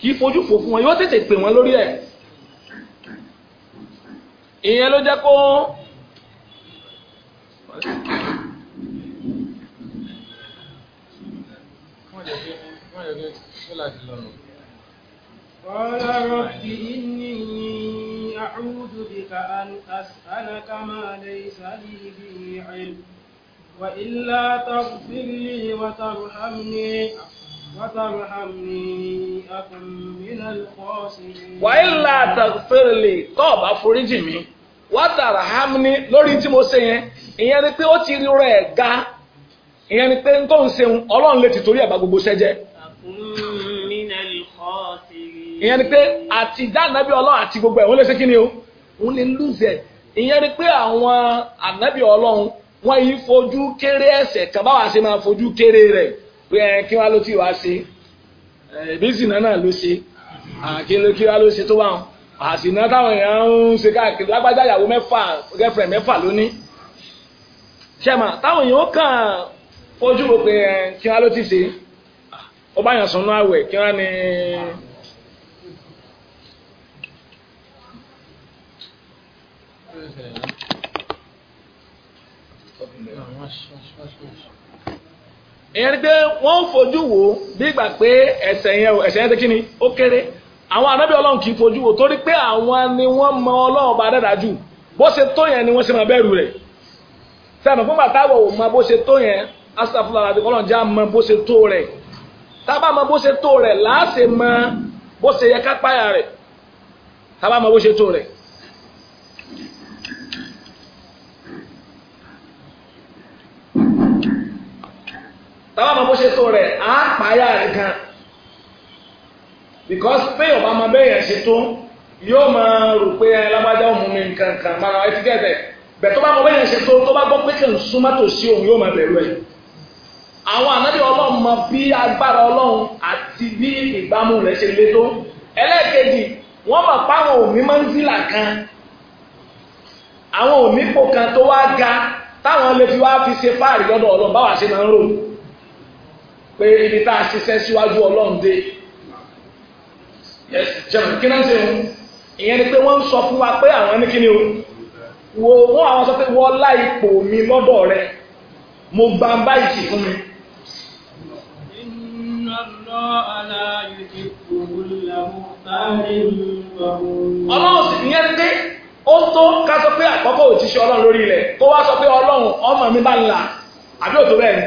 kì í fojú fò fún wọn yóò tètè pè wọn lórí ẹ̀ ìyẹn ló jẹ́ kó قال رب إني أعوذ بك أن أسألك ما ليس لي به علم وإلا تغفر لي وترحمني wàhálà tàfẹ́rẹ̀lẹ̀ tó foríjì mi wátàrà hamni lórí tí mo ṣe yẹn ìyẹn ni pé ó ti rí rẹ̀ ga ìyẹn ni pé n tó ń ṣeun ọlọ́run lè ti torí gbogbo ṣẹ́jẹ́ ìyẹn ni pé àti ọlọ́run àti gbogbo ẹ̀ wọ́n lè ṣe kí ni o wọ́n lè lùzẹ̀ ìyẹn ni pé àwọn ànábì ọlọ́run wọ́n fojú kéré fojú kéré pé ẹ kí wá ló ti wá ṣe ẹbí ìsìnà náà ló ṣe àkí ló kí wá ló ṣe tó bá wọn àsìnà táwọn èèyàn ń ṣe káàkiri lágbájá ìyàwó mẹ́fà girlfriend mẹ́fà lóní ṣẹ́mà táwọn èèyàn kàn fojú wo pé ẹ kí wá ló ti ṣe ó bá yàn sọnù àwẹ̀ kí wá ní. Thank you ìyẹn ni pé wọ́n fojú wò ó bí ìgbà pé ẹ̀ṣẹ̀ yẹn ẹ̀ṣẹ̀ yẹn ti kí ni ó kéré àwọn ànábì ọlọ́run kì í fojú wò torí pé àwọn ni wọ́n mọ ọlọ́run bá dáadáa jù bó ṣe tó yẹn ni wọ́n ṣe máa bẹ̀rù rẹ̀ sẹ́nu fún bàtà wò ó mọ bó ṣe tó yẹn asàfúlàlà àti ọlọ́run já mọ bó ṣe tó rẹ̀ tábà mọ bó ṣe tó rẹ̀ láàṣẹ mọ bó ṣe yẹ ká páyà rẹ̀ tábà mọ bó ṣe tó rẹ̀ táwọn ọmọ bó ṣe tó rẹ̀ á pààyà rẹ̀ because pé ọba máa bẹ́yẹn ṣe tó yóò máa rò pé ẹ òun mi nǹkan kan máa ẹ ti gẹ̀ẹ́dẹ̀ bẹ̀ tó bá mọ bẹ́yẹn ṣe tó tó bá gbọ́ pé kí n súnmọ́ tòsí òun yóò máa bẹ̀rù ẹ̀ àwọn ànábì ọlọ́run mọ bí agbára ọlọ́run àti bí ìbámu rẹ̀ ṣe lé tó ẹlẹ́ẹ̀kejì wọ́n mọ̀ páwọn òní máa ń zìlà kan àwọn òní pò kan tó wá ga táwọn lè fi wá fi ṣe fáàrí lọ́dọ̀ ọlọ́run báwa ṣe máa ń ròyìn pé ibi tá a ṣiṣẹ́ síwájú ọlọ́run dé jẹ̀mọ̀ kí náà ṣe wọn ìyẹn ni pé wọ́n ń sọ fún wa pé àwọn ní kíni o wo wọ́n àwọn sọ pé wọ́n lá ipò mi lọ́dọ̀ rẹ mo gba báyìí sì fún mi. ọlọ́run sì ìyẹn ni pé ó tó ká sọ pé àkọ́kọ́ òjíṣẹ́ ọlọ́run lórí ilẹ̀ kó wá sọ pé ọlọ́run ọmọ mi bá ń là àbí òtó bẹ́ẹ̀ ni.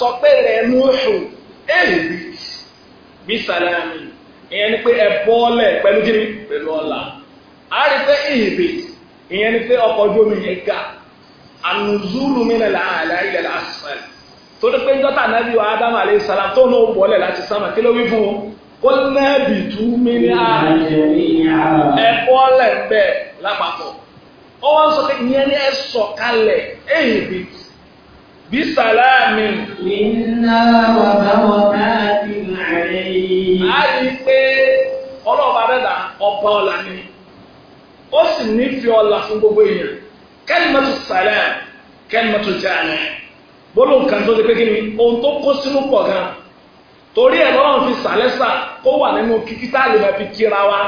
sọ pé rẹ̀ núhù èyí bí sàlámì ìyẹn ni pé ẹ bọ́ọ̀lẹ̀ pẹ̀lú kíni pẹ̀lú ọ̀la a rí pé ìhìbì ìyẹn ni pé ọkọ̀ ojú omi yẹn ga ànùzúlù mi nàlá àlá ilẹ̀ lásìfẹ̀lì tó ní pé dọ́tà nàbí wa ádámù alayhi salam tó náà bọ́ọ̀lẹ̀ láti sámà kí ló wí fún un kó nẹ́ẹ̀bì tú mi ní ààyè ẹ bọ́ọ̀lẹ̀ bẹ́ẹ̀ lápapọ̀ ó wá sọ pé ìyẹn ni ẹ sọ̀kalẹ̀ èyí bìtì bisalamin. Iná wà báwọ̀ káàdì láàrin yìí. A rí i pé ọlọ́ọ̀bá dẹ́dà ọba ọ̀la ni. Ó sì nífẹ̀ẹ́ ọ̀la fún gbogbo èèyàn. Kalimatu salam, kalimatu jàlá. Bólú nǹkan tó ti pé kí ni ohun tó kó sínú pọ̀ gan. Torí ẹ̀ lọ́wọ́ fi sàlẹ́sà kó wà nínú kíkítà lè máa fi kíra wa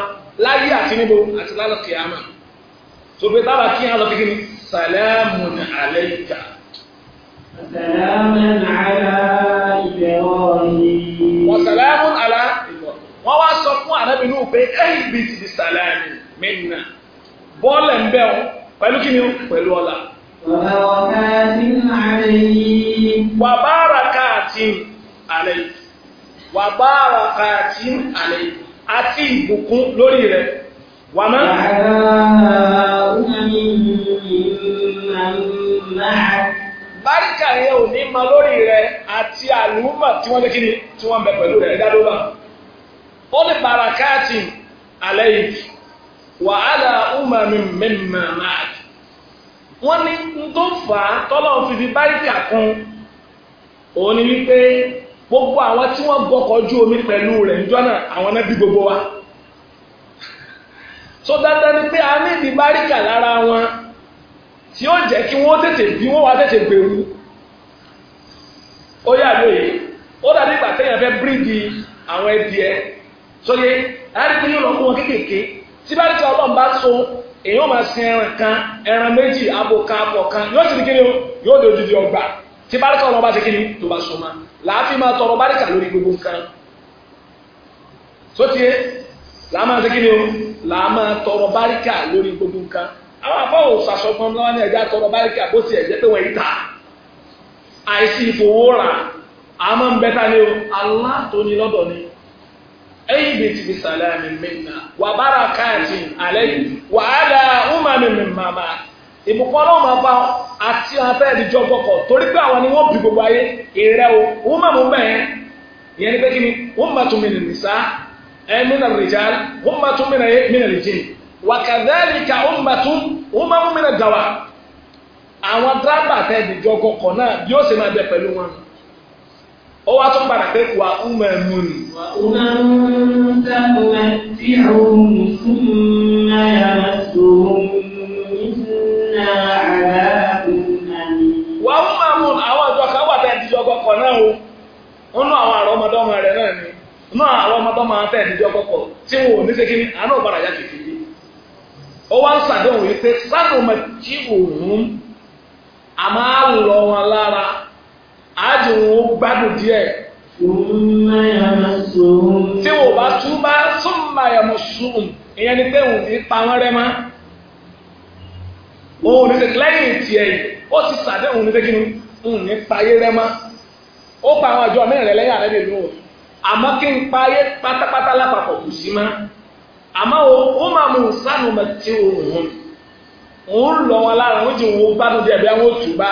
láyé àti níbo àti lálẹ́ kìámà. Sọ̀bẹ̀ tábà kí á lọ kí ni salamun alayka. Sàlámàn àlá Ibrahim. Wọ́n sàlámàn àlá Ibrahim. Wọ́n wá sọ fún ànábì Nuhu pé ẹ̀yìn bíi ti di sàlámì minna. Bọ́ọ̀lù ń bẹ̀ wọ́n pẹ̀lú kí ni ó pẹ̀lú ọ̀la. Wàbárakàtín àlẹ́ Wàbárakàtín àlẹ́ àti ìbùkún lórí rẹ̀. Wàmọ́. Wàhálà ó ní ìlú náà. báríkà yẹn ò ní ma lórí rẹ àti àlùmọ̀ tí wọ́n lékiri tí wọ́n bẹ pẹ̀lú rẹ̀ dádúrà ó ní bàràkáàtì alẹ́ wà la ọmọ mi mẹ́mà máa wọ́n ní n tó fà á tọ́lọ́ fi báríkà kún òun ni wípé gbogbo àwọn tí wọ́n gbọ́kọ̀ omi pẹ̀lú rẹ̀ àwọn náà wa so dandan ni pé a ní ìdí báríkà lára wọn. tí ó jẹ́ kí wọ́n tètè bí wọ́n wá tètè gbèrú ó yà lóye ó dàbí ìgbà téèyàn fẹ́ bíríìdì àwọn ẹdìẹ sóye aláàdìpé yóò lọ fún wọn kéékèèké tí bá dìtà ọlọ́run bá so èèyàn máa sin ẹran kan ẹran méjì abo kan apọ kan yóò sì ní kí ni yóò dojú di ọgbà tí bá dìtà ọlọ́run bá ṣe kí ni tó bá so ma làáfi máa tọrọ bá dìtà lórí gbogbo nǹkan sótìyé làá máa ṣe kí ni o làá máa tọrọ báríkà lórí gbogbo nǹkan àwọn afọwò sàṣọgbọn náà ní ẹjẹ àtọrọ báríkì àbótì ẹjẹ pé wọn yìí tà àìsí ìfowó rà ń o Allah tó ni ẹ̀yìn bíi ti fi àmì mẹ́ta wà bára káàtì alẹ́ yìí wà á da ọmọ mi mi màmá ìbùkún ọlọ́run máa bá àti àtẹ́ẹ̀dì jọ gbọ́kọ̀ torí pé àwọn ni wọ́n bí gbogbo ayé ìrẹ́ o wọ́n bẹ́ẹ̀ pé wakadhalika ummatun umamun min ad-dawa àwọn dírábà tẹ ìdìjọ kọkọ náà bí ó ṣe máa bẹ pẹ̀lú wọn ó wá tún padà pé wà úmọ̀ ẹ̀mú ni. wà úmọ̀ ẹ̀mú tí òun fún náírà tòun nínú àdáàbùn àmì. wà úmọ̀ ẹ̀mú àwọn ìjọ kan wà tẹ ìdìjọ kọkọ náà o nínú àwọn àrọ́mọdọ́mọ rẹ̀ náà ni nínú àwọn àrọ́mọdọ́mọ tẹ ìdìjọ kọkọ tí wọn ò ní ṣe kí ni ò padà yá kékeré. ó wá ń ṣàdéhùn wípé sádùnmọ̀ tí òun a máa lọ wọn lára àjò wọn ó gbádùn díẹ̀. tí wò bá túbá súnmọ́ ẹ̀mọ́ sùn ìyẹn ni pé òun ní pa wọ́n rẹ́ mọ́ òun ní lẹ́yìn tiẹ̀ yìí ó sì ṣàdéhùn ní pé kí ni òun ní payé rẹ́ mọ́ ó pa àwọn àjọ mẹ́rin rẹ̀ lẹ́yìn àrẹ́bìnrin o àmọ́ kí n payé pátápátá lápapọ̀ kù sí mọ́. àmọ́ ó máa mú sánú mẹ́tí òun hùn òun lọ wọn lára wọn bá àwọn bá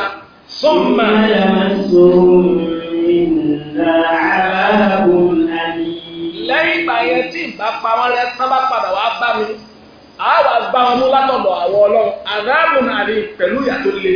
lẹ́yìn ìgbà yẹn tí ìgbà pa wọn rẹ tán padà wá bá mi a wà wọn mú látọ̀dọ̀ àwọn ọlọ́run àdáàbùn àrí pẹ̀lú tó le.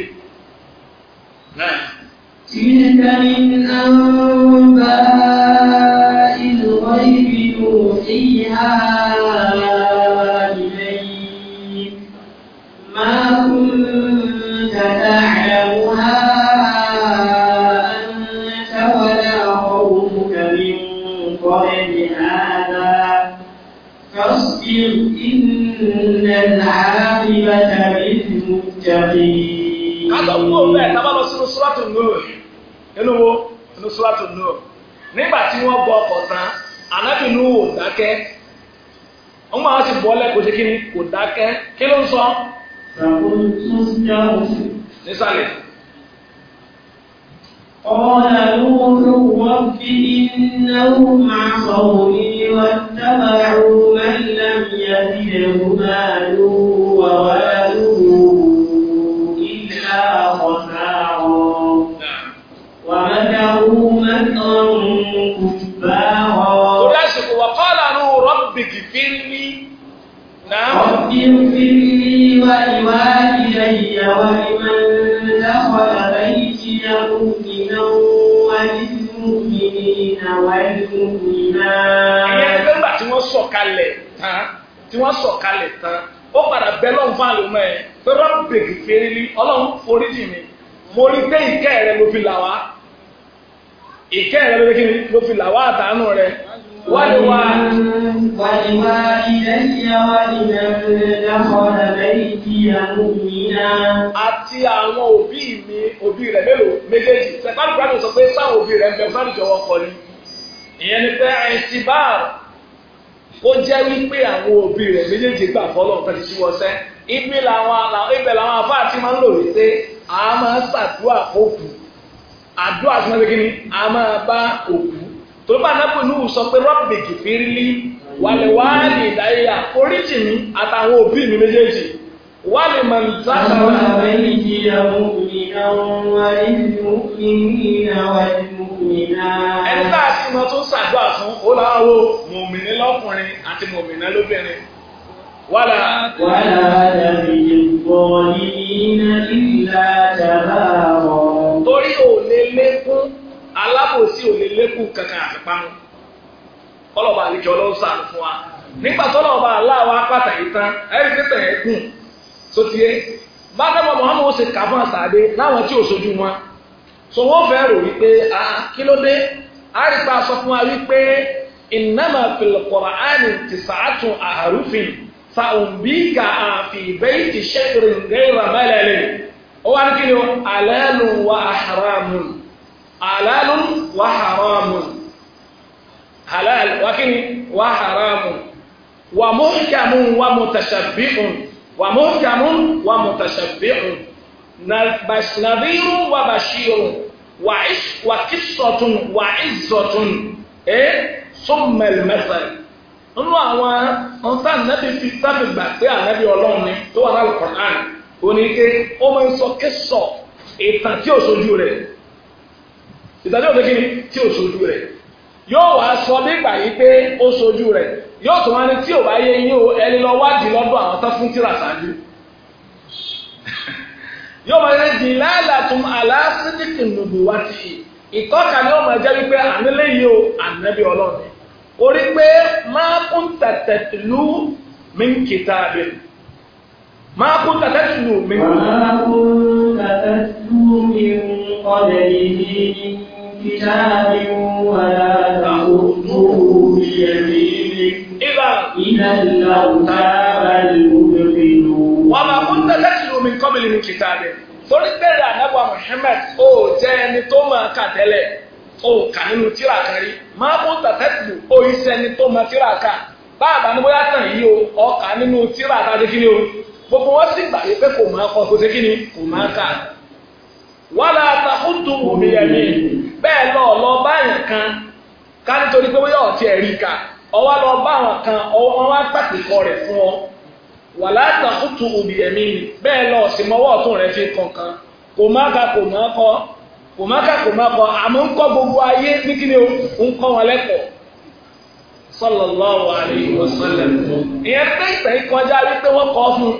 المتقين kátó kú òun bẹ́ẹ̀ tábà lọ sínú sùlátù nùrù nínú wo nínú sùlátù nùrù nígbà tí wọ́n bọ ọkọ̀ tán ànábì nù wò dákẹ́ máa ti ni kò dákẹ́ kí ló ń sọ. nísàlẹ̀. قال نوح رب إنهم عصوني واتبعوا من لم يزده ماله ووالدي ولمن دخل بيتي مؤمنا وللمؤمنين والمؤمنات. ẹ̀yẹ́ ẹgbẹ́ ìkẹ́ rẹ ló fi là wá ìkẹ́ ولوالدي ولمن دخل àti àwọn òbí mi òbí rẹ̀ mélòó méjèèjì sẹ̀kọ́n sọ pé sáwọn òbí rẹ̀ ń bẹ fún kọ ni ìyẹn ni pé ẹ̀sìn jẹ́ wípé àwọn òbí rẹ̀ méjèèjì gbà fọ́lọ́ ti sẹ́ ibi làwọn ibẹ̀ làwọn afá àti máa ń lò a máa ń òkú àdúrà kí ni a máa bá òkú torí pé anábì Nuhu sọ pé rọ́bì kìfìrílì wàlíwàlì ìdáyà oríṣi mi àtàwọn òbí mi méjèèjì wàlí màmí sábà wà ní ẹni tá a ti mọ tó ń ṣàdúrà fún ó láwọ mòmìnì lọkùnrin wàlá. wàlá dàbí ìbọn ní iná ìlà jàmbá torí ò lè lékún. alábòsí bụ lè lékùn kankan àfipánu ọlọ́ba àlejò ọlọ́run sànù fún wa nígbà tó lọ́ba aláwa pàtàkì tán ẹ̀rí tètè ẹ̀ gùn sotie bákan náà Muhammadu ṣe kà fún àṣàdé láwọn tí ò sojú wọn so wọ́n fẹ́ rò wípé kí ló dé sọ fún wa wípé ìnáma fìlọ̀kọ̀rọ̀ àní ti sàátùn àrùfin fàùnbíkà àfi bẹ́ẹ̀ ti ṣẹ́kìrì ń gẹ́rù ó wá ní kí ni alẹ́ lù wá àhàrà halalun wa haramun halal wakini wa haramun wa muhkamun wa mutashabbihun wa muhkamun wa mutashabbihun nadhirun wa bashirun wa is wa qissatun wa izzatun eh summa al-mathal nínú àwọn ọ̀tá nàbí fi sábì gbà pé ànábì ọlọ́run ni tó wà ní Al-Qur'an òní ké ó máa ń sọ kí sọ ìtàn tí ìdájọ́ òde kíni tí ò sojú rẹ̀ yóò wá sọ nígbà yìí pé ó sojú rẹ̀ yóò tún wá tí ò bá yé yín o ẹni lọ wádìí lọ́dọ̀ àwọn tán fún tíra ṣáájú *laughs* yóò máa yẹ di láàlàtún aláṣídìkì nùbí wá ti ìtọ́ka ni ó máa jẹ́ wípé ànílé yìí o ànábì ọlọ́run orí pé máa kún tẹ̀tẹ̀ lù mí kìtà rẹ̀ máa kún tẹ̀tẹ̀ lù mí. máa kún tẹ̀tẹ̀ lù mí kọ́lẹ̀ yìí. كتاب ولا تخطه بيمينك إذا لارتاب المبطلون وما كنت تتلو من قبل من كتاب torí bẹ́ẹ̀rẹ̀ ànábọ̀ Muhammad ó jẹ́ ẹni tó máa kà tẹ́lẹ̀ ó kà nínú tíra kan rí máa bó tàtẹ́tù ó iṣẹ́ ẹni tó máa tíra kà báàbá ní bóyá tàn yí o ọkà nínú tíra àtàdé kí ni o gbogbo wọn sì gbà wípé kò máa kọ kó ṣe kí kò máa kà wàlá àtàkùn tó wù mí ẹ̀mí bẹ́ẹ̀ lọ lọ báyàn kan ká nítorí pé bóyá ti ẹ̀rí ka ọwọ́ lọ kan wá pàtìkọ rẹ̀ fún ọ wà látàkùtù òbí ẹ̀mí mi bẹ́ẹ̀ lọ sí mọ́wọ́ ọ̀tún rẹ̀ fi kankan kò má ka kò má kọ kò má ka kò má kọ àmọ́ gbogbo ayé ní kí ni ń kọ́ wọn lẹ́kọ̀ọ́ sallallahu alayhi wa sallam ìyẹn pé ìtàn ìkọjá wọ́n kọ́ fún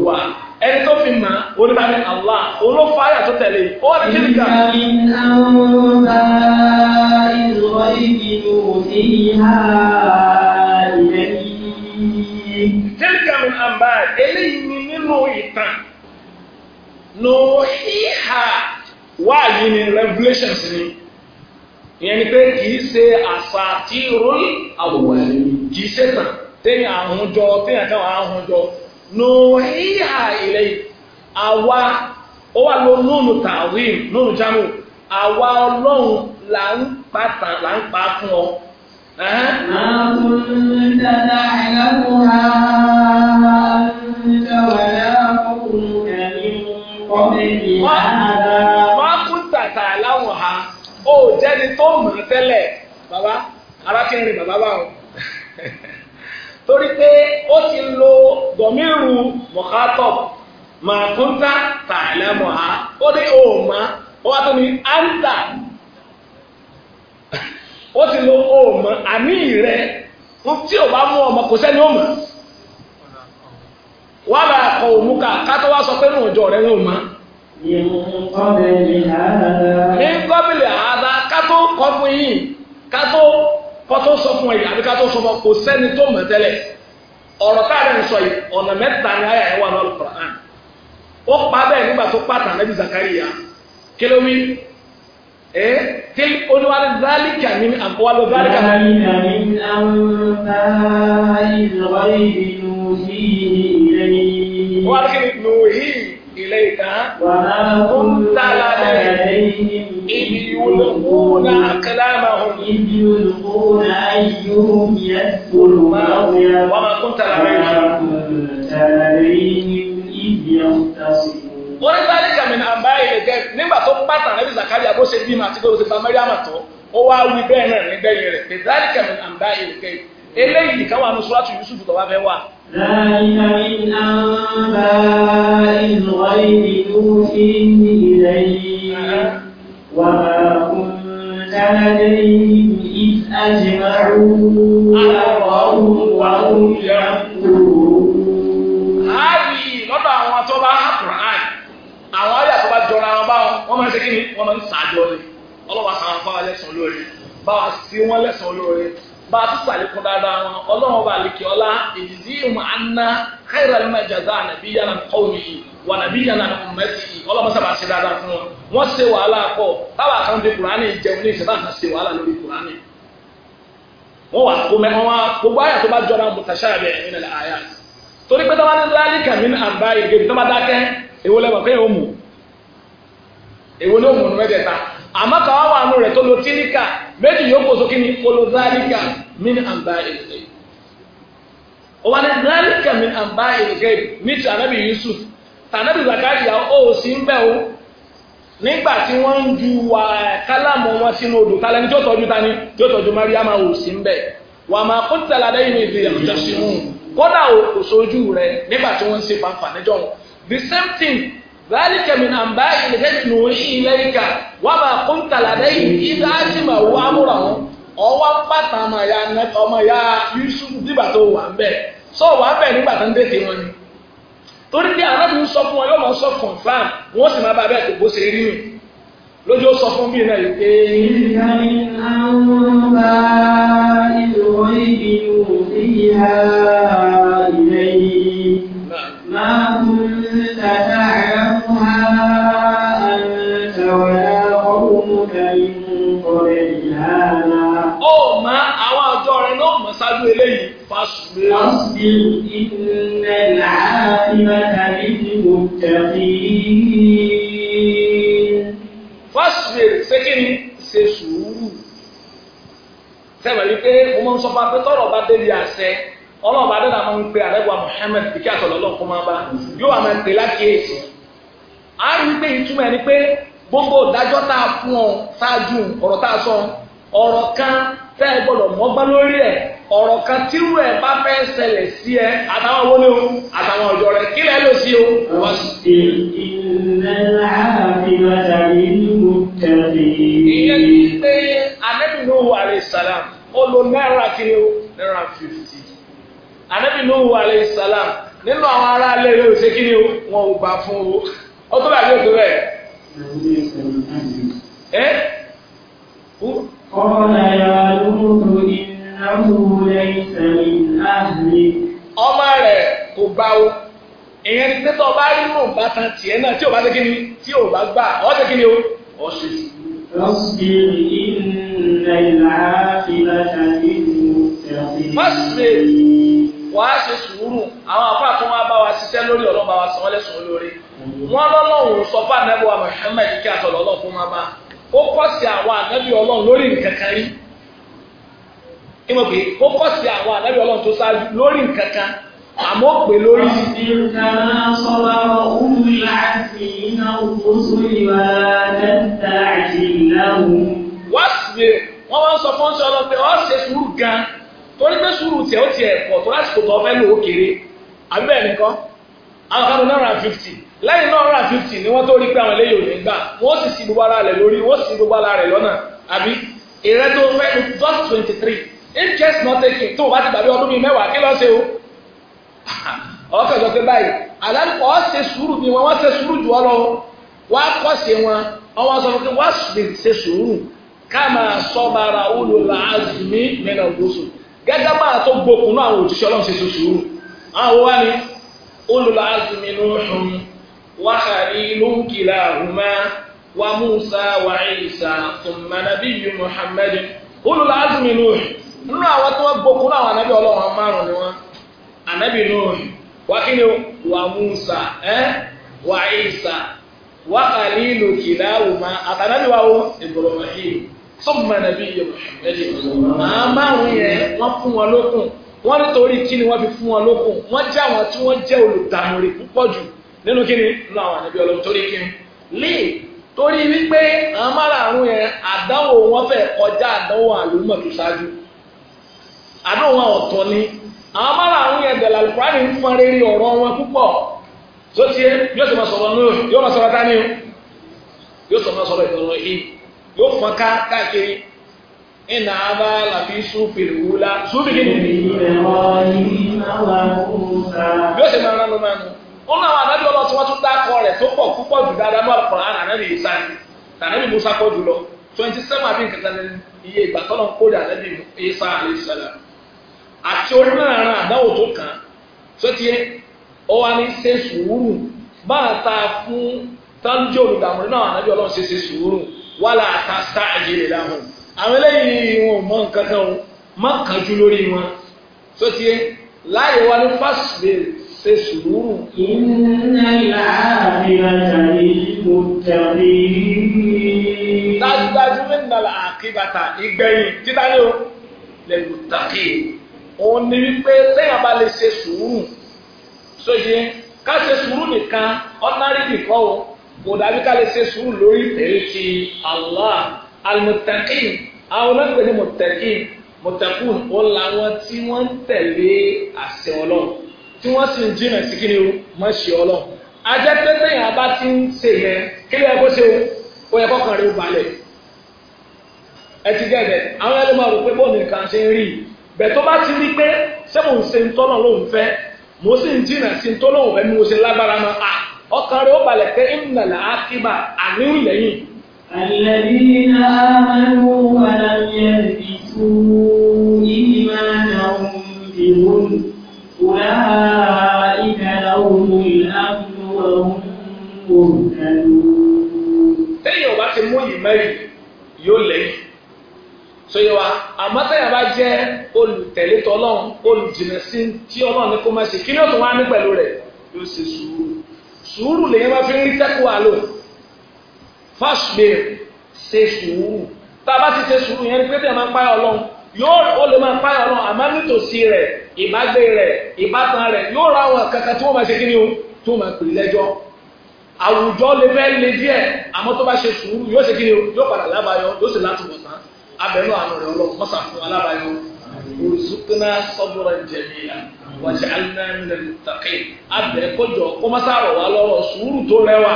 ó ẹni tó fi mà oníbàárẹ̀ àlá olófa tó tẹ̀lé ó wà ní kíríkà. ìyá mi bá ìlọ ibi òde ìhà ilẹ̀ yìí. kíríkà mi àmbá eléyìí ni nínú ìtàn ló híhà wáyé ni revelations ni ìyẹn ni pé kì í ṣe àṣà tí rúlì àwòrán kì í ṣe tàn téèyàn àhùn jọ téèyàn táwọn àhùn jọ nùhíhà ilẹ̀ àwa ó wà ló nùnù tàwíìm nùnù jámù àwa ọlọ́run là ń pa tàn là ń pa fún ọ. Wọ́n kún tàtà láwọn ha, ó jẹ́ni tó mọ̀ tẹ́lẹ̀, bàbá, arákùnrin bàbá báwọn. *laughs* torí pé ó ti lo gọ̀míìrù mọ̀kátọ̀ màkúntà tààlẹ́ mọ̀há ó dé òòmá ó wá tó ní áńtà ó ti lo òòmá àní rẹ̀ tí ò bá mú ọmọ kò sẹ́ni ó mọ̀ wà bá kọ òmùkà kátó wá sọ pé ní ọjọ́ rẹ̀ ní òmá. ní àádá kátó kọ́ fún yìí kátó kọ́tọ́ sọ fún ẹ̀yà àbíká tó sọ fún kò sẹ́ni tó mọ̀ tẹ́lẹ̀ ọ̀rọ̀ táàrẹ ń sọ yìí ọ̀nà mẹ́ta ni àyà ẹ̀ wà ní Al-Qur'an ó pa bẹ́ẹ̀ nígbà tó pàtà nàbí Zakariya kí ló wí ẹ́ tí oníwàlẹ̀ zálìkà ní àkọwàlọ̀ zálìkà ní wàlẹ́kì nù hí ilẹ̀ ìka منهم يدخل ماضيا وما كنت لديهم إذ يختصمون wọ́n ní sáré kàmí náà bá ilé gẹ́ nígbà tó pàtà nàbí Zakaria bó ṣe bímọ àti bó ṣe fa Mẹ́ríàmà tó ó wá wí bẹ́ẹ̀ náà nígbẹ̀yìn rẹ̀ pé sáré kàmí náà bá ilé gẹ́ eléyìí kan wà ní Suratu Yusuf tó wá fẹ́ wà. láyìnká mi à ń bá ìlú ìlú sí ilẹ̀ yìí wà á kún sáré yìí. أجمعون وهم ينظرون هذه lọ́dọ̀ àwọn tó bá há Quran àwọn ayé àtọ́bá jọra wọn bá wọn máa ń ṣe kí ni wọn máa ń ṣàjọ ni ọlọ́wà sàn fún wa lẹ́sàn-án lórí bá wa sí wọn lẹ́sàn-án lórí bá a tún sàlékún dáadáa wọn ọlọ́wọ́n bá àlekè ọlá ìdìdí ìmọ̀ àná káyọ̀rọ̀ ní màjàdá ànàbí yàrá kọ́wé yìí wà nàbí yàrá mẹ́tì yìí ọlọ́wọ́n sábà ṣe dáadáa fún wọn wọ́n ṣe wàhálà pọ̀ táwa kan dé Kùránì jẹun ní ìṣẹ̀dá kan ṣe wàhálà lórí Kùránì wọ́n wà kó mẹ́ wọn gbogbo àyà tó bá jọra mutashabiha min al-ayat torí pé tọ́wọ́n ní láyé kàmí àbá ìgbèbí tọ́wọ́n dákẹ́ èwo lẹ́wọ̀n pé yóò mú èwo ló mú mẹ́tẹ̀ẹ̀ta àmọ́ kàwá wà nù rẹ̀ tó lo tíríkà méjì yóò kó sókè ní olùdáríkà mí àbá ìgbèbí wọn dáríkà mí àbá ìgbèbí ní ti ànábì Yusuf tànábì Zakariya ó sì ń bẹ̀ nígbà tí wọ́n ń ju kálámù wọn sínú odò kálẹ́ni tí ó tọ́jú tani tí ó tọ́jú mariam ò sí ń bẹ̀ wà máa kó tẹ̀lé adáyìn ìdè ẹ̀kúta sínú kódà kò sojú rẹ̀ nígbà tí wọ́n ń ṣe fanfa níjọ́ wọn. the same thing ذلك من أنباء الغيب نوحي إليك وما كنت لديهم إذا أجمعوا أمرهم ọwọ́ ń pàtàkì ọmọ ya Yusuf dìgbà tó wà ń bẹ̀ sọ wà ń bẹ̀ nígbà tó ń dé torí pé arábì sọ fún wọn yóò máa sọ confam wọ́n sì máa bá bẹ́ẹ̀ tó ṣe rí nù lójú ó sọ fún bí náà yìí pé. ni àwọn bá ìlú ìbí òfìyà ilẹ̀ yìí máa kún tàtà àrẹ́kùn ha àtàwẹ̀ ọ̀húnmùkà inú ọ̀rẹ́ ìhàlá. ó máa àwọn àjọ rẹ̀ náà mọ̀ ṣáájú eléyìí fásùlẹ̀. العاقبة للمتقين فاصبر سكن سسور sẹ́wọ̀n yìí pé mo máa ń sọ fún wa pé tọ́rọ̀ bá débi Muhammad bí kí àtọ̀lọ́ ọlọ́run kó máa bá yóò i pé ìtumọ̀ ẹni pé gbogbo ìdájọ́ tá a fún ọ ṣáájú ọ̀rọ̀ tá sọ ọ̀rọ̀ kan tẹ́ gbọ́dọ̀ mọ́gbá lórí ẹ̀ ọ̀rọ̀ kan tí irú ẹ̀ bá fẹ́ ṣẹlẹ̀ sí ẹ àtàwọn owó ni o àtàwọn ọ̀dọ́ rẹ kí lẹ́ lò sí o. wọ́n ṣe ìlànà àfihàn ìlú tẹ̀lé. ìyẹn ti pé Ànábì Nuhu alayhi salam náírà kiri o náírà fifty Ànábì Nuhu alayhi nínú àwọn ará ilé rẹ̀ ò ṣe kí ni wọn ò gbà fún o ó tó bàjẹ́ òtún rẹ̀. ẹ. ọ̀rọ̀ ẹ̀yà ló ń ọmọ rẹ̀ kò gbà o ìyẹn ni pẹ́tọ́ bá rí mọ̀ bá tan tiẹ̀ náà tí ò bá ṣe kíni tí ò bá gbà ọ́ ṣe kíni o ọ́ ṣe sí. lọ́sibẹ̀ ìnà ìlànà ìlànà ìlú. lọ́sibẹ̀ wàá ṣe wá bá wa ṣiṣẹ́ lórí ọ̀rọ̀ bá àwọn ànábì ìmọ̀ pé ó kọ́ sí àwọn àdábì ọlọ́run tó ṣáájú lórí nǹkan kan àmọ́ pé lórí. wọ́n sì ń sọ fún ọ́nṣẹ́ ọlọ́pẹ́ ọ́ ṣe sùúrù gan torí pé sùúrù tiẹ̀ ó tiẹ̀ pọ̀ tó lásìkò tó fẹ́ lò ó kéré àbí bẹ́ẹ̀ àwọn kan náírà fifty lẹ́yìn náírà fifty ni wọ́n tó rí pé àwọn eléyìí ò ní gbà wọ́n sì sí gbogbo ara rẹ̀ lórí wọ́n sì sí gbogbo ara rẹ̀ lọ́nà àbí ìrẹ́ tó fẹ́ just twenty three interest náà tẹ̀kẹ̀ tó o bá ti gbàgbé ọdún mi mẹ́wàá kí o *laughs* ọkọ̀ ìjọ báyìí àlálùkọ́ ṣe sùúrù bí wọn wọ́n ṣe sùúrù jù ọ lọ wá kọ́ sí wọn ọwọ́ sọ pé wá ṣe sùúrù ká máa sọ́bara olùlàázùmí mẹ́nà ògbóṣù gẹ́gẹ́ bá tó gbókun náà àwọn òjíṣẹ́ ọlọ́run ṣe sùúrù àwọn wa Musa wa Isa thumma nabiyyu nínú àwọn tí wọ́n gbókun náà àwọn ànábì márùn ni wọ́n ànábì Nuh wá kí ni wà Musa ẹ́ wà Isa wà Khalilu kilahuma àtànábì wa wo Ibrahim sọ́mùmá yẹ márùn yẹn wọ́n fún wọn lókun wọ́n nítorí kí ni wọ́n fi fún wọn lókun àwọn tí wọ́n jẹ́ púpọ̀ jù nínú torí wípé kọjá àdánwò àdó wọn ọ̀tọ̀ ni àwọn mara àwọn yẹn dẹ̀lẹ̀ alukurani ń fọn rere ọ̀rọ̀ wọn púpọ̀ tó tiẹ̀ yóò sọ ma sọ̀rọ̀ nù yóò ma sọ̀rọ̀ dání yóò sọ ma sọ̀rọ̀ ìtọ̀rọ̀ yìí yóò fọn ká káàkiri ìnà abá làbí sùfìrì wúlá sùfìrì nìyí. yóò sọ ma ránu mánu wọn náà wọn àdájọ́ lọ́sọ̀ wọn tún dákọ rẹ̀ tó pọ̀ púpọ̀ jù dáadáa mọ́ alukurani ànábì yìí sáré tànábì musa kọ́ jùlọ twenty seven àbí nkàtà iye ìgbà tọ́lọ̀ ń kó àti onímọ̀ràn àdáwò tó kàn án tó ti yẹ ọ wá ní ṣe sùúrù máa ta fún tálùjọ olùdàmúrí náà ànájọ ọlọ́run ṣe ṣe sùúrù wà láta sá àjèrè láhùn àwọn eléyìí wọn ò mọ nǹkan kan o má kánjú lórí wọn tó ti yẹ láyé wa ní fásitì ṣe sùúrù. iná làákìlá tàbí mo tàbí. dájúdájú mẹ́ta làákìlá ìgbẹ̀yìn títà ní o lẹ́yìn òun ni wípé lẹ́yìn abá lè ṣe sùúrù sóye ká ṣe sùúrù nìkan ọ̀nàrí nìkan o kò dàbí ká lè ṣe sùúrù lórí ìtẹ̀lé ti Allah al-muttaqin àwọn ọlọ́pẹ̀ ní muttaqin muttaqun ó làwọn tí wọ́n ń tẹ̀lé àṣẹ ọlọ́run tí wọ́n sì ń jìnà sí kí ni o mọ̀ ṣe ọlọ́run ajẹ́ pé lẹ́yìn abá ti ń ṣe yẹn kí ló yẹ kó ṣe o ó yẹ kọ́kàn ẹ ti gẹ̀gẹ̀ àwọn ẹlẹ́mọ̀ pé bóun nìkan ṣe ń rí i bẹ̀tọ́ bá ti rí pé ṣé mò ń ń fẹ́ mo sì ń jìnnà sí òun fẹ́ mi ṣe lágbára mọ́ a ọkàn rẹ̀ ó balẹ̀ pé ìnàlá akíba àníwì lẹ́yìn. الذين آمنوا ولم يلبسوا إيمانهم بظلم أولئك لهم الأمن وهم مهتدون. téèyàn bá ti mú ìmẹ́rì yóò lẹ́yìn sóyè wa àmọ́ tẹ̀yà bá jẹ́ olùtẹ̀lé tọ́lọ́run olùjìnà sí tí ọlọ́run ní kó má ṣe kí ni ó tún wá ní pẹ̀lú rẹ̀ yóò ṣe sùúrù sùúrù lèyìn bá fi ń rí tẹ́kọ̀ọ́ àlò fásbẹ̀rẹ̀ ṣe sùúrù tá a bá ti ṣe sùúrù yẹn ni pé tẹ̀yà máa ń páyà ọlọ́run yóò ó lè máa páyà ọlọ́run àmọ́ nítòsí rẹ̀ ìbágbé rẹ̀ ìbátan rẹ̀ yóò ra àwọn kankan tí wọ́n máa ṣe kí ni o tí máa pè lẹ́jọ́ àwùjọ lè fẹ́ le díẹ̀ àmọ́ tó bá ṣe sùúrù yóò ṣe kí ni o yóò padà lábàáyọ yóò sì láti wọ̀ta abẹ́lú àánú rẹ̀ ọlọ́run mọ́sà fún alábàáyọ òrùsùkúná sọ́bùrọ̀ jẹ̀míyà wàjà alínàmínà tàkì abẹ́ kọjọ kó mọ́sà rọ̀ wá lọ́rọ̀ sùúrù tó rẹwà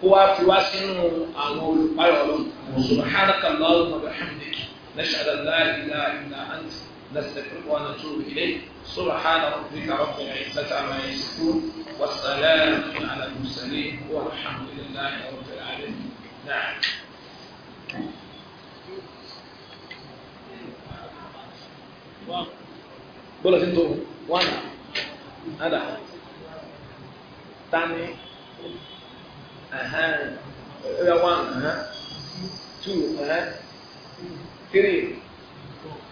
kó wá fi wá sínú àwọn olùpáyọ̀ ọlọ́run subhanaka allahumma wa bihamdika nashhadu an la ilaha illa anta نستغفرك ونتوب إليك سبحان ربك رب العزة عما يصفون والسلام على المرسلين والحمد لله رب العالمين نعم bọ́lá ti ń tó wọ́n nà ádà tani ẹ̀yà wọ́n two three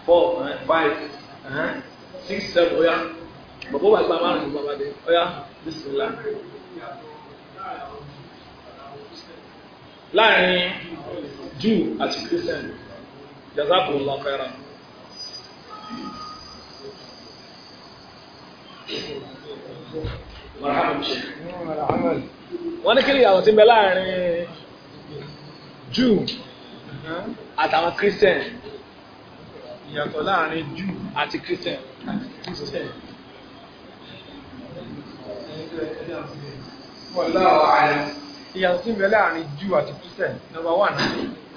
four five six seven ọ̀yà bàbá wà gba márùn-ún bàbá dé ọ̀yà bisimilá láàrin Jew àti Christian jazakumullahu khairan wọ́n ní kí ni ìyàwó ti ń bẹ láàrin Jew àtàwọn Christian ìyàtọ̀ láàrin Jew àti Christian ìyàtọ̀ ti ń bẹ láàrin Jew àti Christian number one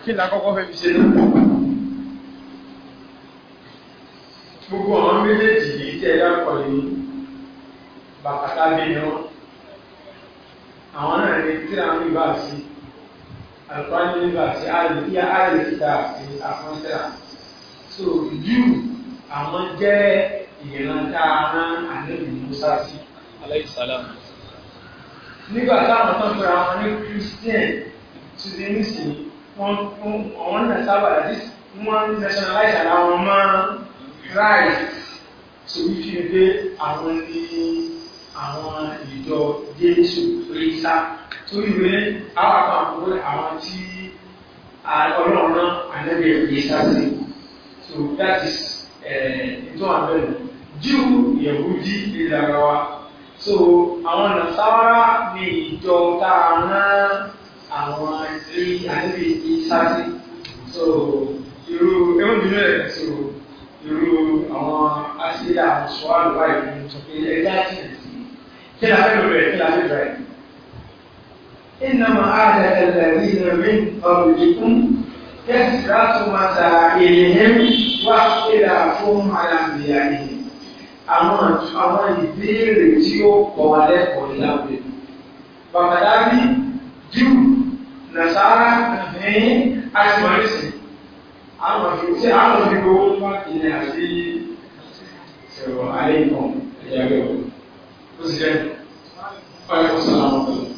kí ni àkọ́kọ́ fẹ́ fi ṣe gbogbo àwọn méjèèjì yìí tẹ́ dákọ̀ ní bàkàtà bí ní wọn àwọn náà ní tíra ń bá sí alùpàdé ń bá sí àyè àyè kíta àti àfọ́nsẹ́ra so yíù àwọn jẹ́ ìrántá rán àlejò musa sí. alayhi salam. nígbà táwọn tó ń pera wọn ní christian ti di nísìnyí wọn àwọn náà sábà wọ́n nationalize ara wọn máa Christ torí fi pé àwọn ní àwọn ìjọ Jésù Rísá torí pé àwọn àpapọ̀ àwọn tí ọlọ́run àlẹ́bẹ̀ Rísá sí so that is eh, ìtọ́ àbẹ̀rẹ̀ Jíù Yẹ̀húdí ilẹ̀ ara wa so àwọn Nàsárà ní ìjọ tá a rán àwọn àlẹ́bẹ̀ Rísá sí so irú ẹ̀wọ̀n nínú ẹ̀ so irú àwọn aṣíyà sọ àlùbá ìlú sọ pé ẹjá jì kí la fẹ́ bẹ̀rẹ̀ kí la fẹ́ bẹ̀rẹ̀. إنما أهل الذين من قبلكم كثرة مسائلهم واختلافهم على أنبيائهم àwọn àwọn ìbéèrè tí ó pọ̀ lẹ́kọ̀ọ́ ìlàwé bàbá dábí jù nàṣàrà ní àtìmọ́lẹ́sìn àwọn ṣe àwọn fi gbowó ìrìn àti ẹ̀rọ ayé kan ẹ̀yà rẹ̀ o. Ó sì jẹ́ fáyọ̀ fún sọ̀rọ̀ àwọn ọ̀gbìn.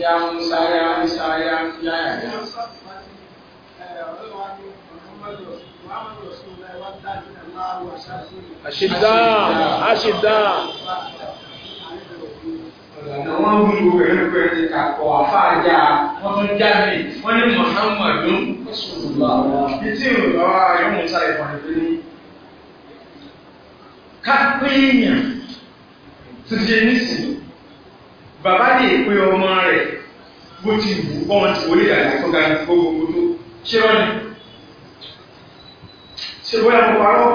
Ya Musa ya Musa ya ya ya àṣìdá àṣìdá. ọ̀nà wọn ń lu pẹ̀lúpẹ̀lú kàkọ́ àfáàjà wọn tún jáde wọn ní Muhammadu títí ìrọ̀lá yóò sá ìfọ̀n ìpínlẹ̀ ká pé èèyàn ti ṣe nísìnyí bàbá lè pe ọmọ rẹ̀ bó ti wù bọ́n ti wọlé àgbà tó ga ṣe bóyá mo parọ́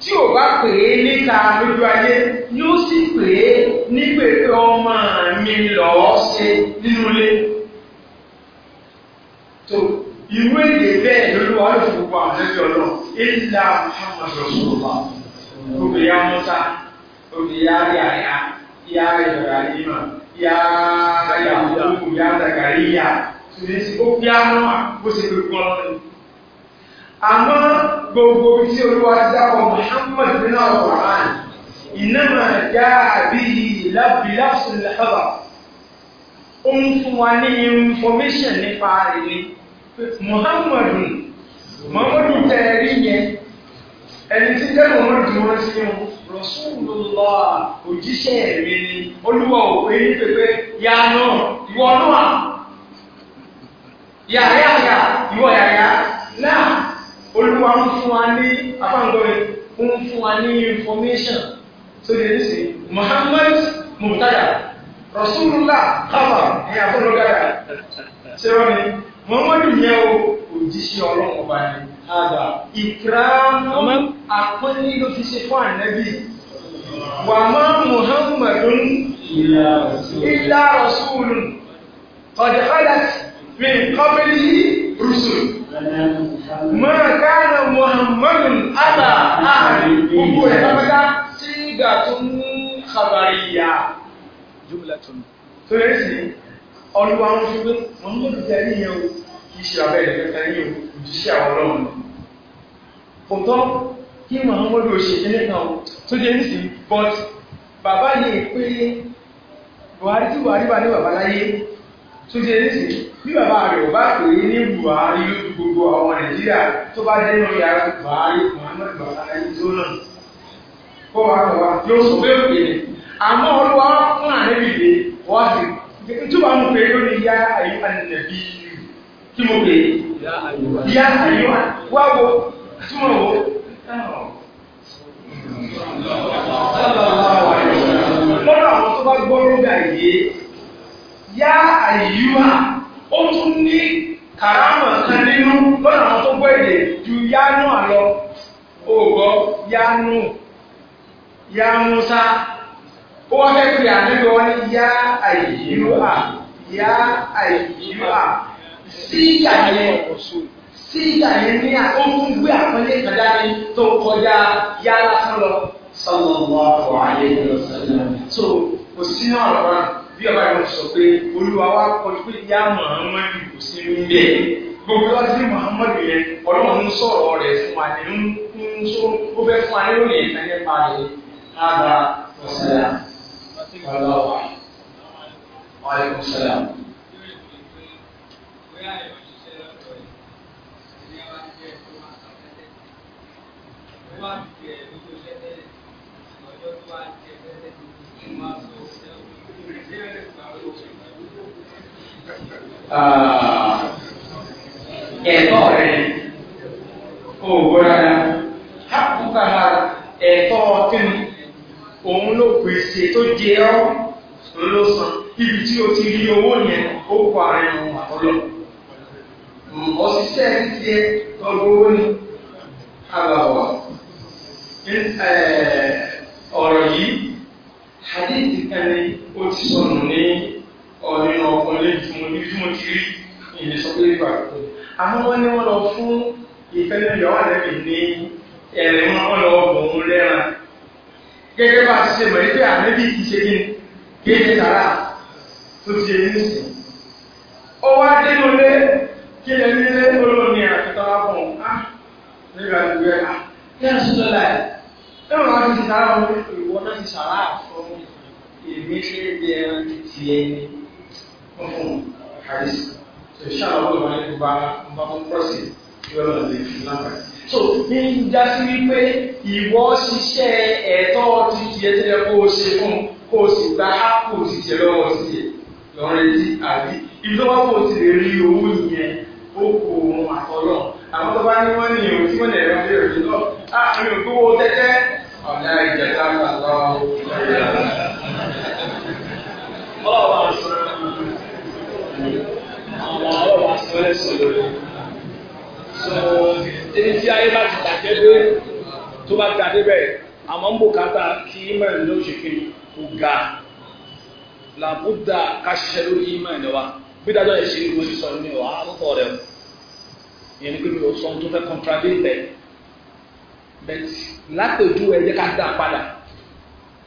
tí ò bá pè é níta lójú ayé yóò sì pè é nígbè pé ọmọ mi lọ́ọ́ ṣe nínú ilé tó irú èdè bẹ́ẹ̀ lórí wa lóṣù gbogbo àwọn ẹgbẹ́ ọlọ́ ìlà Muhammad rasulullah obìyá Musa obìyá yàyà yà yàrá yìmà yà yàwó yà Zakariya tùdí sí ó bí àwọn àkókò sí gbogbo ọlọ́run àmọ́ gbogbo tí olúwa ti dákọ̀ Muhammad nínú Al-Qur'an ìnáma já àbí ìlàbìlàsùn lẹ́fà ó ń fún wa ní information nípa rẹ̀ ni Muhammad Muhammad tẹ̀rí yẹn ẹni tí jẹ́ Muhammad wọn sí wọn Rasulullah òjíṣẹ́ mi ni olúwa ò ní pépé yá náà ìwọ náà yàyà yà ìwọ yàyà náà olúwa ń fún wa ní afáǹgọ́rin ń fún wa ní information so they say Muhammad mubtada Rasulullah kaba ní afọ́nlọ́gàdà ṣé wọ́n ni Muhammad yẹn o òjíṣẹ́ ọlọ́run ọba ni àgbà ìkìrámọ́ àpọ́nlé ló fi ṣe fún ànábì wà má Muhammadun illa rasulun qad mi min qablihi. رسل ما كان محمد أبا أحد gbogbo ẹ̀ lápẹ́ká sí ìgbà tó mú kàbàríyà tó yẹ́ sí ọlúwa ń fi pé wọ́n mú ìjẹ́ níyàn iṣẹ́ abẹ́rẹ̀ mẹ́ta ní òjíṣẹ́ àwọn ọlọ́run kò tọ́ kí Muhammadu òṣèlú kan tó jẹ́ ní tó jẹ́ nísì bí bàbá rẹ̀ ò bá pè é ní Buhari gbogbo àwọn Nàìjíríà tó bá dé lórí ara Buhari Muhammad Buhari tó náà kó wa kọ̀ wa yóò sọ pé òkè ni àmọ́ olúwa fún àrẹ́bìdè wọ́n sì tí wàá mú pé ó ní yá ayé ànàbí kí mo pè é yá ayé wá wo tí mo wò ó. yá àyíwá ó tún ní kàrámà kan nínú lọ́nà àwọn tó gbọ́ èdè ju yánú àlọ ògbọ́ yánú yámúsá ó wá fẹ́ pè àdúgbò wọn ní yá àyíwá yá àyíwá sí ìyàyẹ sí ìyàyẹ ní àkókò gbé àpọ́nlé kan dání tó kọjá yá lásán lọ sallallahu alaihi wasallam so kò sí náà lọ́rọ̀ bí ọba yẹn sọ pé olúwa wa kọ pé yá Muhammadu kò sí níbẹ̀ gbogbo wa sí Muhammadu yẹn ọlọ́run sọ̀rọ̀ rẹ̀ fún wa ní ń tó ó fẹ́ fún wa ní òye ìfẹ́yẹ́ pa rẹ̀ lára ọ̀sẹ̀lá ọlọ́wà ọ̀sẹ̀lá. Thank you. Ah, ẹ̀tọ́ rẹ o gbọ́dọ̀ náà hákùnkà ẹ̀tọ́ kíni òun ló pèsè tó jẹ ọ́ ló san ibi tí o ti rí owó yẹn ó kọ àárín ohun àtọ́lọ́ ọ̀sísẹ́ hmm, ti ẹ tọ́lú owó ní àbàwọ̀ ọ̀rọ̀ yìí hadith kan ó ti sọnù ní ọ̀rẹ́ ọkùnrin lẹ́yìn tí mo ní tí mo ti rí ìlẹ̀ sọ pé ìgbà tó àmọ́ wọ́n ní wọ́n lọ fún ìfẹ́lẹ́ ìyàwó àlẹ́bì ní ẹ̀rẹ̀ wọn wọ́n lọ bòun lẹ́ran gẹ́gẹ́ bá a ti ṣe mọ̀ wípé àlẹ́bì ti ṣe kí kéde sàrà tó ti ṣe ní sìn ó wá dénú lé kí lè ní lé olóòní àtúntà wá bọ̀ á ah, nígbà ìwé à ah, kí á sọ láì ẹ̀rọ wọn ti sàrà wọn ìwọ fún èmi ṣe ti ẹni fúnfún àrísí so iṣẹ́ àwọn ọmọ ìwọ̀n nípa bá fún pọ́sì tí wọ́n lọ lè fi lápàá. so ní jásí wípé ìwọ ṣiṣẹ́ ẹ̀tọ́ ti tiẹ̀ tẹ́lẹ̀ kó o ṣe fún kó o sì gba ápù ti tiẹ̀ lọ́wọ́ sí ẹ̀ lọ́rẹ́ tí àbí ibi tó bá kó o ti lè rí owó yẹn ó kó ohun àtọ́lọ́ àwọn tó bá ní wọ́n ní ìròyìn tí wọ́n lè rẹ́ ọdẹ òjò náà á mi ò gbówó tẹ́tẹ́ ọ̀nà ìjẹ̀dá àgbà lọ́wọ́. bọ́ọ̀ bá a sọ̀rọ̀ tó lè sùn lórí. so ẹni tí ayé bá ti dàjẹ́ dé tó bá ga débẹ̀ àmọ́ ń bùkátà kí ìmọ̀ràn ló ṣe kí kò ga làbúdà ká ṣiṣẹ́ lórí ìmọ̀ràn wa bí dájọ́ yẹn ṣe ń gbé sísọ ní ọ̀ àtọ́tọ̀ rẹ̀ o ìyẹn ni pé mi sọ ohun tó fẹ́ contradict ẹ̀ bẹ́ẹ̀ látòjú ẹ̀ ká dá a padà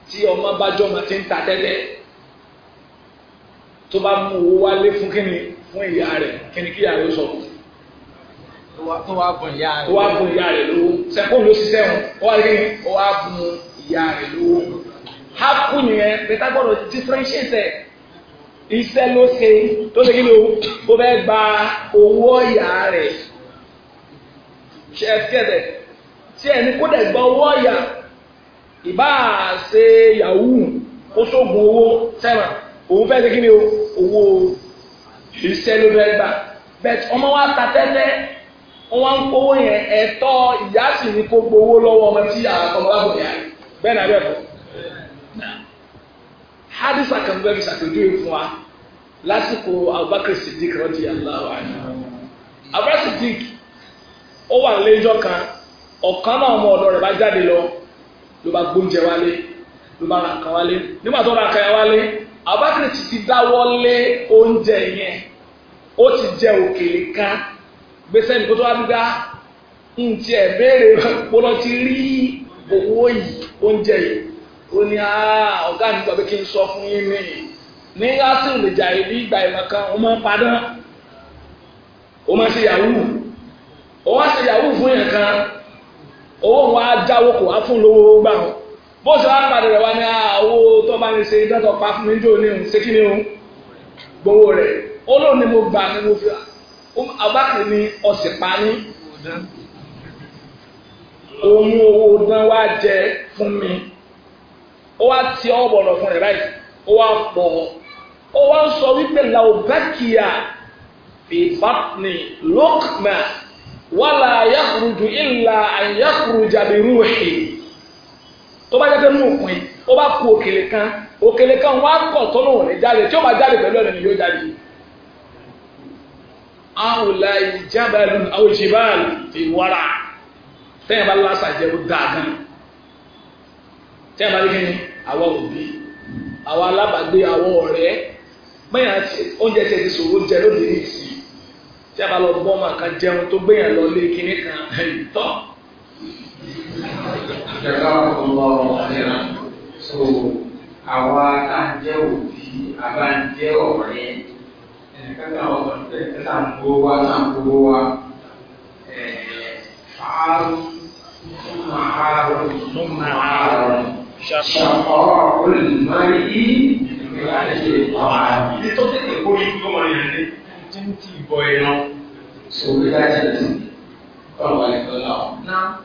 tí ọmọ bá jọ́ ọmọ ti ń ta tẹ́lẹ̀ tó bá mú owó wálé fún kí ni fún ìyá rẹ̀ kíni kíyà rẹ̀ sọ. tó wá bùn ìyá rẹ̀ lówó. tó wá bùn ìyá rẹ̀ lówó sẹ́kọ̀ọ́ ló ṣiṣẹ́ wọn ó wá rí ó wá bùn ìyá rẹ̀ lówó. hákù yẹn pété gbọ́dọ̀ differentiate ẹ̀ iṣẹ́ ló ṣe tó ṣe kí ló ó fẹ́ gba owó ìyá rẹ̀ ṣe ẹ kẹ́tẹ̀ tí ẹni kó dẹ̀ gba owó ọ̀yà ìbá ṣe yahoo kó sóògùn ìṣẹ̀lẹ̀ bẹ́ẹ̀ ọmọ wa ta tẹ́tẹ́ ń kówó yẹn ẹ̀tọ́ ìyá sì ní kó gbowó lọ́wọ́ ọmọ tí bá bẹ́ẹ̀ náà bẹ́ẹ̀ bọ̀ bẹ́ẹ̀ fi ṣàpèjúwe fún wa lásìkò Abubakar rọ́jì Abubakar ó wà lẹ́jọ́ kan lọ ló bá gbóúnjẹ wálé ló bá wálé nígbà Abakaliki ti dáwọ́ lé oúnjẹ yẹn ó ti jẹ òkèlè kan gbèsè ní kótó adúgbà ntí ẹ béèrè ti rí owó yìí oúnjẹ yìí ó ní ah, ọ̀gá mi gbàgbé kí n sọ fún yín ní ní lásìkò lè jà ìlú ìgbà ìmọ̀ ó máa ń ó máa ń ṣe yahoo ó wá ṣe yahoo fún yẹn kan owó wọn á jáwó kó á fún bó ṣe wá padà rẹ̀ wá ní àwọ̀ ah, tó bá ní ṣe dọ́tọ̀ pa fún mi jò ní òun ṣé kí ni òun gbowó rẹ̀ ó lóun ni mo gbà ni mo fi abákan ni ọ̀sìn pa ní òun owó dán wá jẹ fún mi ó wá ti ọ́ bọ̀lọ̀ fún rẹ̀ báyìí ó wá pọ̀ ó wá sọ wípé làwùbákìyà fìbátìní lókùnà wàlà yàkùrùjù ìlà àyàkùrùjà bí rúùhì tó bá jẹ́ pé mú òpin ó bá ku òkèlè kan òkèlè kan wá kọ̀ tó náà ní jáde tí ó bá jáde pẹ̀lú ẹ̀rọ ni yóò jáde. àwòlá ìjábàlù àwòjìbàlù fi wára tẹ́yìn bá lásà jẹ́ ó dáa gan. tẹ́yìn bá dígí ni òbí àwa alábàgbé àwa ọ̀rẹ́ mẹ́yìn àti oúnjẹ tẹ̀ ti sòwò jẹ lóde ní ìsìn tí a bá lọ bọ́ ọmọ kan jẹun tó gbéyàn lọ lé kinní kan tọ́ jazakumullahu khairan so àwa tá à ń jẹ́ òbí àbá ń jẹ́ ọ̀rẹ́ ẹ̀ẹ́dẹ́gbẹ̀ta ọmọ ẹ̀ẹ́dẹ́gbẹ̀ta ń gbowó wa tá à ń gbowó wa fàárù màárù màárù ṣàkọ́ olùmọ̀rí ìgbàlejò ọ̀hún. ilé tó tètè kó ní kó mọ̀ yẹn ní tí ń tì bọ̀ ẹ̀rọ. sọ̀rọ̀ ìdájọ́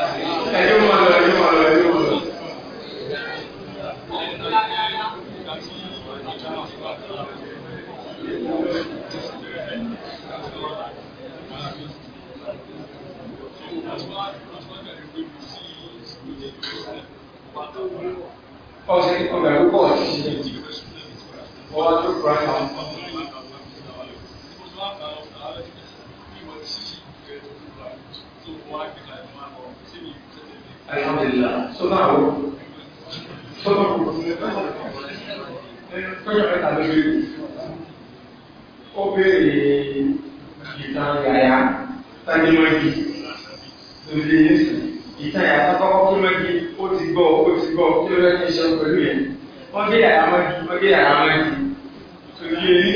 ọ̀sẹ̀ kíkọ́ ìgbàlú pọ̀ sí ọwọ́ tó kúrò àwọn ọmọ Alhamdulillah, sọ́nà àwọn sọ́nà àwọn ó béèrè ìtàn yàyà tàbí mọ́jì. ṣe pẹ̀lú yẹn wọ́n gé yàrá mọ́ ju tó yé ní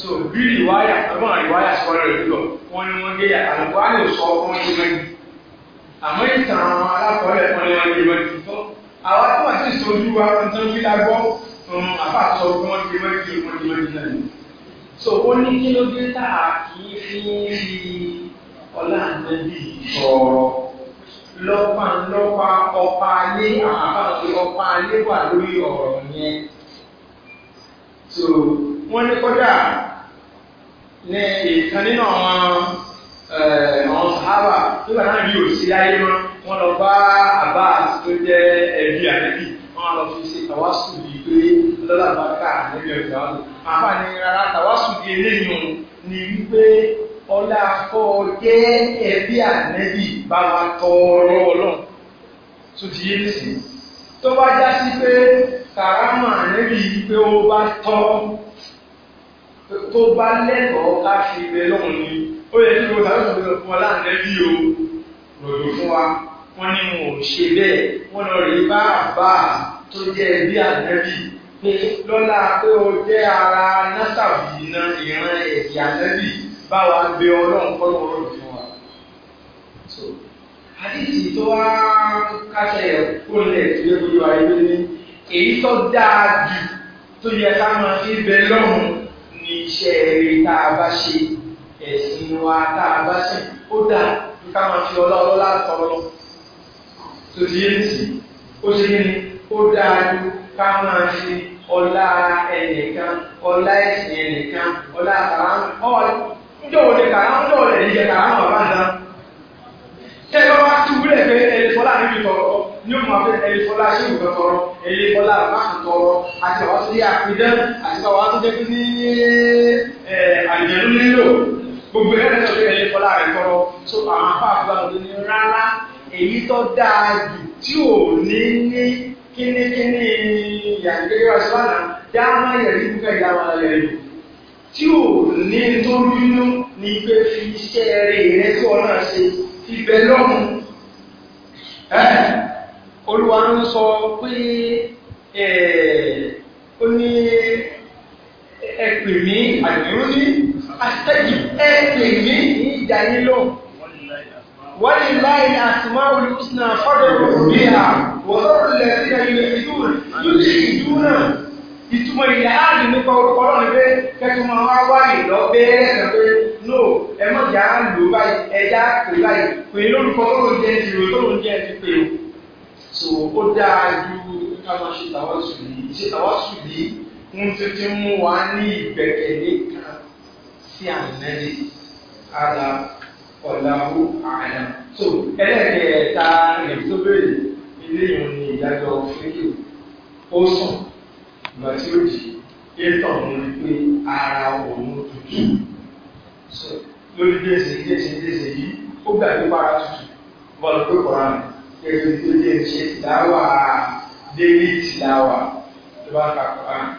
sùn tó bí ìwáyà ọgbọ́n ìwáyà sọ́ọ́rọ̀ rẹ̀ lọ wọ́n ní wọ́n gé yàrá mọ́ wọ́n sọ wọ́n gé mọ́ àmọ́ ìtàn àwọn alákọ̀ọ́lẹ̀ kan ni wọ́n gé mọ́ ju tó àwọn tó wà sí ìsojú wa wọ́n tán fi lágbọ́ àfàsọ wọ́n gé mọ́ ju wọ́n gé mọ́ ju so ó ní kí ló dé tá a kì fi ọlá àná bíi sọ̀rọ̀ lọ́pa lọ́pa ọpa alé àbáwí ọpa alé wà lórí ọ̀rọ̀ yẹn so wọ́n ní kódà ní ìkan nínú àwọn eh, àwọn sábà tó bá náà rí òsì láyé mọ́ wọ́n lọ bá àbá tó jẹ́ ẹbí àdébì wọ́n lọ fi ṣe tàwásù bíi pé lọ́làbákà níbi ọ̀gá àbá ní rárá tàwásù bíi eléyìí ni wípé ọlá kọ́ jẹ́ ẹbí ànẹ́bì bá wa tọrọ ọlọ́run tó ti yé sí tó bá já sí pé kàrámà ànẹ́bì pé ó bá tọ́ tó bá lẹ́tọ̀ọ́ ká fi ibẹ̀ lọ́hùn ni ó yẹ kí o tàbí ọ̀dọ́ fún ọlá ànẹ́bì o ròdò fún wa wọ́n ní wọn ò ṣe bẹ́ẹ̀ wọ́n lọ rí bá àbá tó jẹ́ ẹbí ànẹ́bì lọ́la pé o jẹ́ ara násàbì iná ìran ẹ̀yà ànẹ́bì báwa ń bẹ ọlọ́run kọ́ lọ́wọ́ lórí fún wa. àdìsí tó wá kásẹ̀ kólẹ̀ tó yẹ kójú ayé ní èyí tó dáa jù tó yẹ ká máa fi bẹ lọ́run ní iṣẹ́ eré tá a bá ṣe ẹ̀sìn wa tá a bá ṣe ó dáa kí ká máa fi ọlọ́run látọ̀ọ́ tó ti yé ní ó ṣe ní ó dáa jù ká máa ṣe ọlá ẹnìkan ọlá ẹ̀sìn ẹnìkan ọlá àtàwọn ọ̀rẹ́ ńjọ́ wo ni kàrá ńjọ́ wo lẹ̀ yẹ kàrá náà bá ń dán tẹ́ ẹ bá wá tú wúlẹ̀ pé ẹni fọlá níbi tọrọ ní òun àfẹ ẹni fọlá ṣéwù kan tọrọ ẹni fọlá àbáṣe tọrọ àti àwọn tó yẹ àpidán àti àwọn tó jẹ́ pé ní àjẹ̀lú nílò gbogbo ẹ̀rẹ́ sọ pé ẹni fọlá rẹ̀ tọrọ so àwọn apá àfọlá ní rárá èyí tó dáa jù tí ò ní ní kínníkínní ìyàgbé wáṣọ àná dáhùn ayẹ̀rí gbígbẹ́ ìyá wa ayẹ̀rí tí ò ní tó bínú ni pé fi iṣẹ́ rẹ̀ rẹ̀ tí wọ́n náà ṣe fi bẹ lọ́hùn olúwa ń sọ pé ó ní ẹ̀pẹ̀ mí àdúró ní àtẹ́jù ẹ̀pẹ̀ mí ní ìdánilọ́ wọ́n lè láì àtìmá olùsùn àfọ́dọ̀ òbí à wọ́n lọ́rùn lẹ́sìn ẹ̀yìn ìdúrà ìtumọ̀ ìyáàdì nípa orúkọ ọlọ́run pé kẹ́tù máa wá wáyé lọ bẹ́ẹ̀ ẹ̀sẹ̀ pé no ẹ mọ̀ jà á lò báyìí ẹja pè báyìí pè lórúkọ tó ń jẹ ti rò tó ń jẹ ti pè o. so ó dáa ju ká máa ṣe tàwásù yìí ṣe tàwásù yìí ń títí mú wa ní ìgbẹ́kẹ̀lé kan sí ànẹ́lì ara ọ̀làwó àyà. so ẹlẹ́kẹ̀ẹ́ta rẹ̀ tó bẹ̀rẹ̀ ilé ìrìn ìdájọ́ fídíò ó sùn ìgbà tí ó jí ètò òun rí pé ara òun tutù lórí déèsì déèsì déèsì yìí ó gbà pé para tutù bọ́ọ̀lù pé kọ̀ọ̀rọ̀ mi gẹ́gẹ́ bí ó lè ṣe ìdáwà délé ìtìdáwà tó bá ka kọ̀ọ̀rọ̀ mi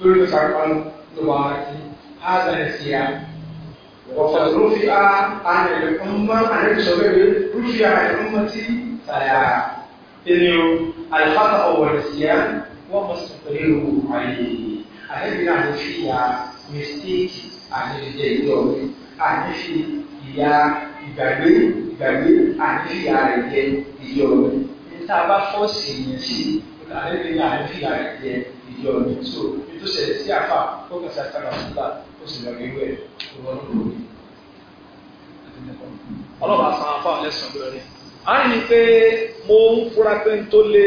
lórí ìsàkọ́ ló wà á kí á bẹ̀rẹ̀ sí a. وقد رفع عن الأمة عن الشباب رفع عن أمتي ثلاثة إنه الخطأ والنسيان ومصبره عليه أهلنا عن فيها مستيك عن الجيدون عن في إياه ìgbàgbé ìgbàgbé ànífìyà rẹ̀ jẹ ìjọ rẹ̀ níta bá fọ́ọ̀sì yẹn sí ànífìyà ànífìyà rẹ̀ jẹ ìjọ rẹ̀ tó tó ṣẹlẹ̀ sí àfà ó kàn sí àtàrà fúlà ó sì lọ wíwẹ̀ tó wọ́n lò ní. ọlọ́run àsan afáwọn lẹ́sàn-án lórí. a ní pé mo ń fura pé n tó lé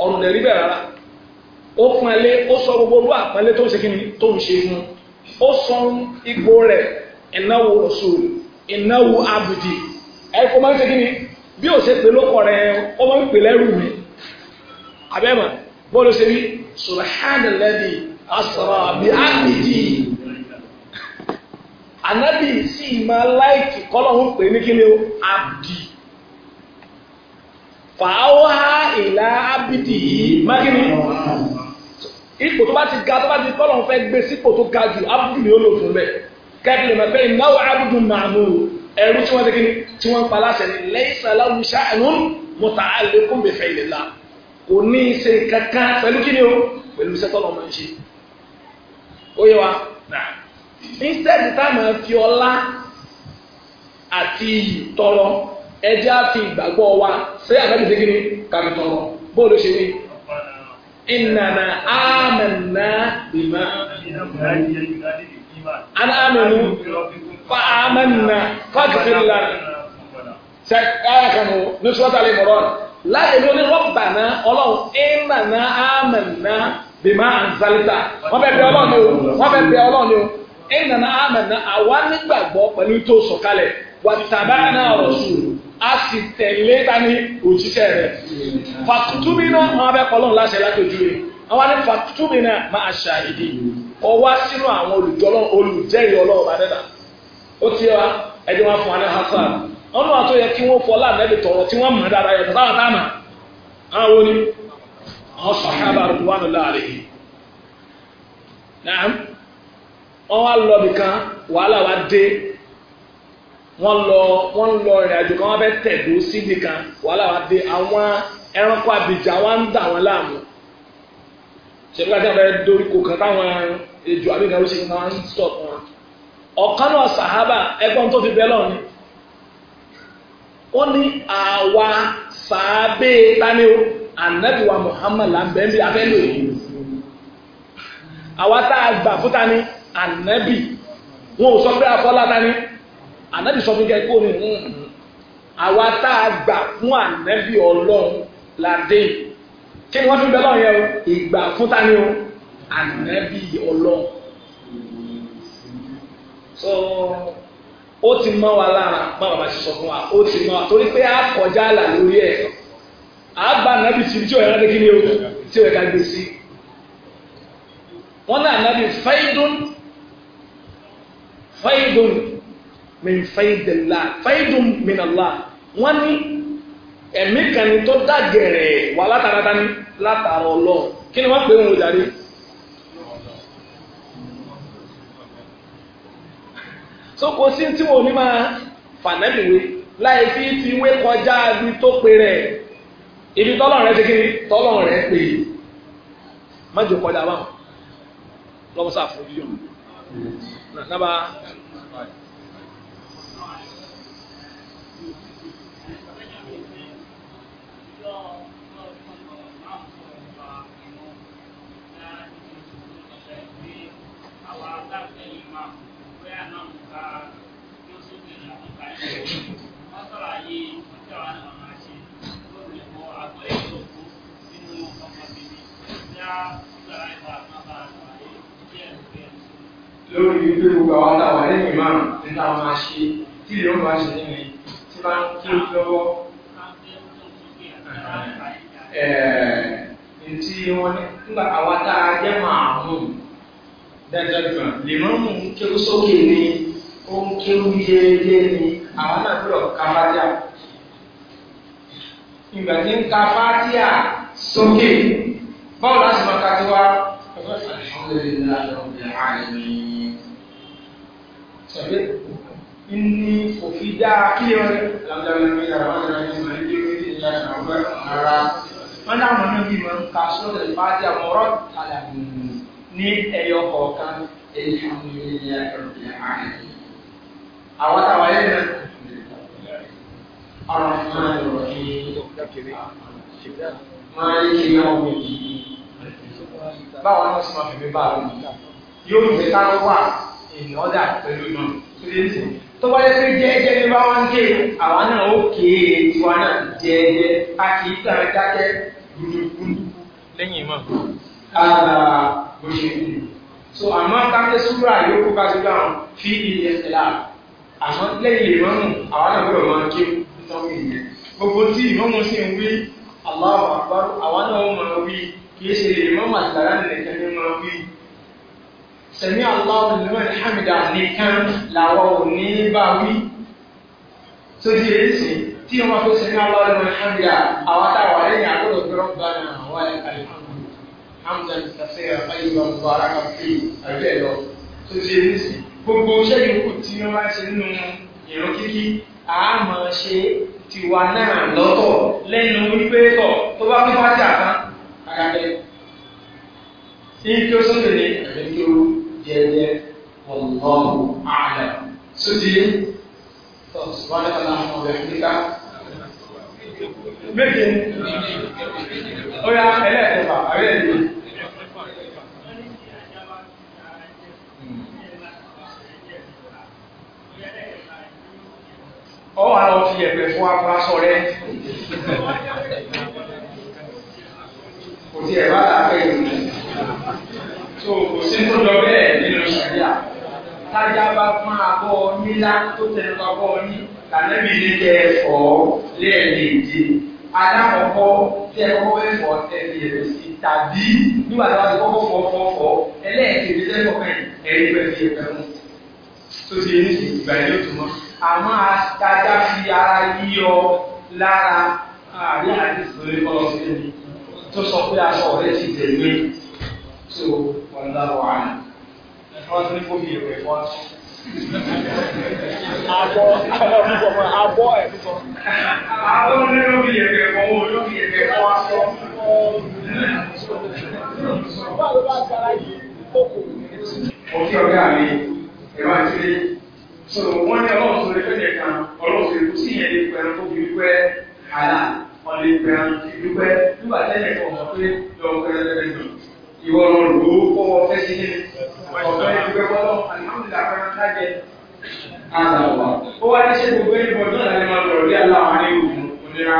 ọ̀rùn lè rí bẹ́ẹ̀ rárá ó fún ẹ lé ó sọ gbogbo olú àpẹẹlẹ tó ń ṣe kí ni tó ń ṣe fún ó sọ ipò rẹ ìnáwó rasul ìnáwó abudi ẹ kó máa ń ṣe kí ni bí ó ṣe pè lókọ rẹ ó máa ń pè lẹ́rù mi abẹ́mọ̀ bọ́ọ̀lù ṣe rí subhanalladhi asra bi abdi anabi sì máa láìkì kọ́lọ́hún pè ní kí ni o abdi fàáwá ìlà ábídì yìí mákìní ipò tó bá ti ga tó bá ti kọ́lọ̀ fẹ́ gbé sípò tó ga jù ábùdù ni ó lò fún bẹ́ẹ̀ kẹ́kẹ́ lè mọ̀ pé tí wọ́n ti kíni tí wọ́n pa láṣẹ ni lẹ́yìn aláwùsá ẹ̀nú mọ̀tà àlékún bẹ̀fẹ̀ ilẹ̀ kò ní í ṣe kankan pẹ̀lú kíni o pẹ̀lú iṣẹ́ tọ́lọ̀ máa ń ṣe ó yẹ wa instead táwọn fi ọlá àti tọrọ ẹjẹ́ á fi ìgbàgbọ́ wa ṣé àgbàdo ṣe kíni kàbí tọrọ bó ló ṣe ní. ìnana àmàna bìmá ana àmànu fa àmàna fàkìtìlá ṣe káyà kanu ní sọ́tàlì mọ̀rọ̀ láyé ló ní rọ́bà ọlọ́run ìnana àmàna bìmá àǹsálítà wọ́n bẹ̀ bẹ̀ ọlọ́run o wọ́n bẹ̀ bẹ̀ ọlọ́run o ìnana àmàna àwa nígbàgbọ́ pẹ̀lú tó sọ̀kalẹ̀ wàtàbá náà rọ̀ sùn. a tẹle tẹ̀lé tani òjíṣẹ́ rẹ̀ fàtútúbí náà wọn abẹ́ kọ́ lọ́run láṣẹ látòjú rẹ̀ àwọn ní ìdí ọwá sínú àwọn olùjọ́lọ́ olùjẹ́rìí ọlọ́run bá dẹ́ta ó ti wa ẹni wọn fún wa ní hasan kí wọn tí yẹ àwọn ni àwọn yìí náà wọn wá lọ bìkan wàhálà wa wọ́n lọ wọ́n lọ ìrìn àjò kan wọ́n fẹ́ tẹ̀dó síbi kan wàhálà wá dé àwọn ẹranko àbìjà wọ́n ń dà wọ́n láàmú ṣèlú àti àbẹ̀rẹ̀ dorí kò kàn táwọn ejò àbíkan ló ṣe kí wọ́n stop wọn. ọ̀kan náà sàhábà ẹgbọ́n tó fi bẹ́ẹ̀ lọ ni wọ́n ní àwa sàábé tani o anabiwa Muhammad lambẹ́ bí abẹ́lẹ̀ òyìnbó àwa tá a gbà fún tani anabi wọn ò sọ pé afọlá tani ànábì sọ fún kẹ́kọ̀ọ́ ni hmm, àwa tá a gbà fún ànábì ọlọ́run la dé kí ni wọ́n fi bẹ́ẹ̀ lọ́yẹ̀ o ìgbà fún tani o ànábì ọlọ́run so ó ti mọ́ wa lára bá bàbá ti sọ fún wa ó ti mọ́ wa torí pé a kọjá àlà lórí ẹ̀ a gba ànábì tí tí ò yẹra kí ni o tí ò yẹ ká gbé sí wọn náà ànábì fẹ́ẹ́dún fẹ́ẹ́dún min faidillah faidun min Allah wọ́n ní ẹ̀mí kan ní tó dàgẹ̀rẹ̀ wà látara ní látara ọlọ́run kí ni wọ́n pè ń wòjàre. so kò sí tí wọn ò ní máa fànẹ́bìwé láì fi fi wé kọjá ibi tó pe rẹ̀ ibi tọ́lọ̀ ti kiri tọ́lọ̀ rẹ̀ pè é má kọjá báwọn lọ́wọ́ fún yíyọ̀ náà náà bá. lórí wípé gbogbo àwọn aláwà lẹ́yìn márùn níta máa ṣe tí ìlú máa ṣe nínú tí bá ń kí lọ́wọ́ ẹ̀ẹ̀ tí wọ́n ní nígbà àwọn tá a máa mú dẹ́gbẹ̀gbọ̀n lè mọ́ mú kéwú sókè ni ó ń kéwú yéyé ni àwọn náà gbọ́dọ̀ ka fátíà ìgbà tí ń ka fátíà sókè báwo la sì máa ka tiwa alhamdulilayi rabbil alamin sọfẹ ní òfin dáa kílẹ̀ wọn alhamdulilayi rabbil alamin sọfẹ ní òfin dáa kílẹ̀ wọn rárá wọn náà mọ̀ níbi mọ̀ ká sọ́dọ̀ ìbájá mọ̀rọ̀ tààlà ní ẹ̀yọ kọ̀ọ̀kan alhamdulilayi rabbil alamin àwọn táwa yẹn náà. الرحمن الرحيم مالك يوم الدين báwọn náà sì máa fi bá a lò yóò jẹ ká wà ènìyàn ọ̀dà pẹ̀lú náà tó lè sè tó bá yẹ pé jẹ́ẹ́jẹ́ ní bá wọn ń ké àwọn náà ó kéé e, tiwa náà jẹ́ẹ́jẹ́ a kì í tàn dákẹ́ gbùdùgbùdù lẹ́yìn mọ́. ara bó ṣe ń lò so àmọ́ káfíńsì súrà yóò kó ká sí pé àwọn fi ìyẹn tẹ̀lé àmọ́ lẹ́yìn lè mọ́nù àwọn náà gbọ́dọ̀ máa ké nítorí ìyẹn gbogbo tí ìmọ̀mọ́sí ń wí Allahu Akbar àwọn náà ó máa wí kìí ṣe ìmọ̀mọ̀ àtìlára nìkan ní ọmọ wí sẹ̀mí aláwọ̀ nínú ìhámìdá nìkan làwọ̀ ò ní bá wí tó di èsì tí wọ́n tó sẹ̀mí aláwọ̀ nínú ìhámìdá àwọn táwà lẹ́yìn àgbọ̀dọ̀ gbọ́dọ̀ gbà náà wà ní alihamudu hamdan tafsir ayélujára mubaraka fi àbí ẹ̀ lọ tó di èsì gbogbo iṣẹ́ kálẹ̀ sí kí ó sóbìnrin àbí kí ó jẹjẹ ọlọ́run àlẹ́ sóti sọ́ni kọ́lá ọ̀rẹ́ níta. méje ó yá ẹlẹ́ẹ̀kẹfà àbí ẹ̀dínwó. ọwọ́ àwọn ti yẹ̀pẹ̀ fún afurasọ rẹ̀ kò tí ẹ̀ bá làákẹ́ ìlú rẹ̀ tó kò sí tó lọ bẹ́ẹ̀ nínú sàríà tájà bá fún abọ́ nílá tó tẹnu abọ́ ní tàlẹ́bí ní kẹ́ ẹ̀fọ́ lẹ́ẹ̀mejì alákọ̀ọ́kọ́ tí ẹ kọ́kọ́ fẹ́ fọ́ ẹ̀mí ẹ̀rọ sí tàbí nígbà tí wọ́n ti kọ́kọ́ fọ́ fọ́ fọ́ ẹlẹ́ẹ̀kejì lẹ́kọ̀ọ́ mẹ́rin ẹ̀rí pẹ̀lú ẹ̀fẹ́ mú tó ti ní ìgbà yóò tún mọ́ àmọ́ tájà fi ara yíyọ lára àrí àdìsí lórí kọ́lọ́sí ẹ̀mí tó sọ pé aṣọ rẹ̀ ti tẹ̀lé tó wọn lárọ̀ àná wọ́n ti ní kó mi ìwé fún aṣọ. Abọ́ ẹ̀rọ mọ̀ abọ́ ẹ̀ sọ. Abọ́ ní ló fi ẹ̀kẹ́ fún owó ló fi ẹ̀kẹ́ fún aṣọ. Báwo bá gbára yìí kókò? Mo ọ̀gá mi, ẹ ti lé. So wọ́n ní ọlọ́run tó lè fẹ́ jẹ ọlọ́run tó lè kú sí ìyẹn lè pẹ̀lú kó fi àlá wọn lè bẹ̀rẹ̀ ti dúpẹ́ nígbà tẹ́lẹ̀ kan sọ pé lọ kẹrẹrẹ nù ìwọ lọ lò ó fọwọ́ fẹ́ sí ní ọ̀fẹ́ dúpẹ́ fọlọ́ àlùmọ́ọ̀dà kan lájẹ àtàwà ó wá ní ṣe gbogbo ẹni bọ̀ náà lè máa lọ̀rọ̀ lé aláwọ̀ ní òun onira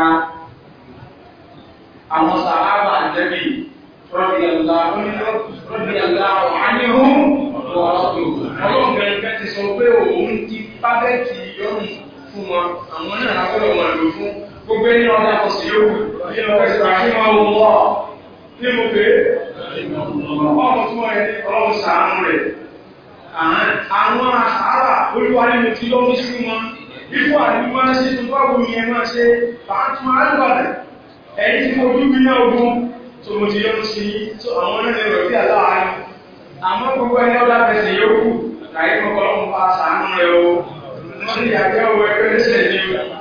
àwọn sàhábà àjẹbí rọ́bì àlá rọ́bì àlá ọ̀hánihún ọ̀rọ̀ ọlọ́run kẹrìnkẹ́ ti sọ pé òun ti pábẹ́ẹ̀kì yọ̀ọ̀nù fún wọn àwọn náà lábẹ́ ọmọ ìlú fún gbogbo ẹni ọ̀dà kò sí yóò ẹ̀sìn àfihàn ọ̀wọ́ ní mo pé ọmọ tí wọ́n yẹ ọlọ́run sàánú rẹ̀ àwọn àṣàrà olúwa nínú ti lọ́wọ́ sí wọn bífọ́ àdúgbò máa ṣe tó báwo ni ẹ máa ṣe pàtó àlùbàdà ẹ̀yìn tí mo dúbí náà ogun tó mo ti yọ́nu sí tó àwọn ẹ̀rọ rẹ̀ bí aláàánú àmọ́ gbogbo ẹni ọ̀dà bẹ̀sẹ̀ yóò kù láì kọ́kọ́ ọ̀hún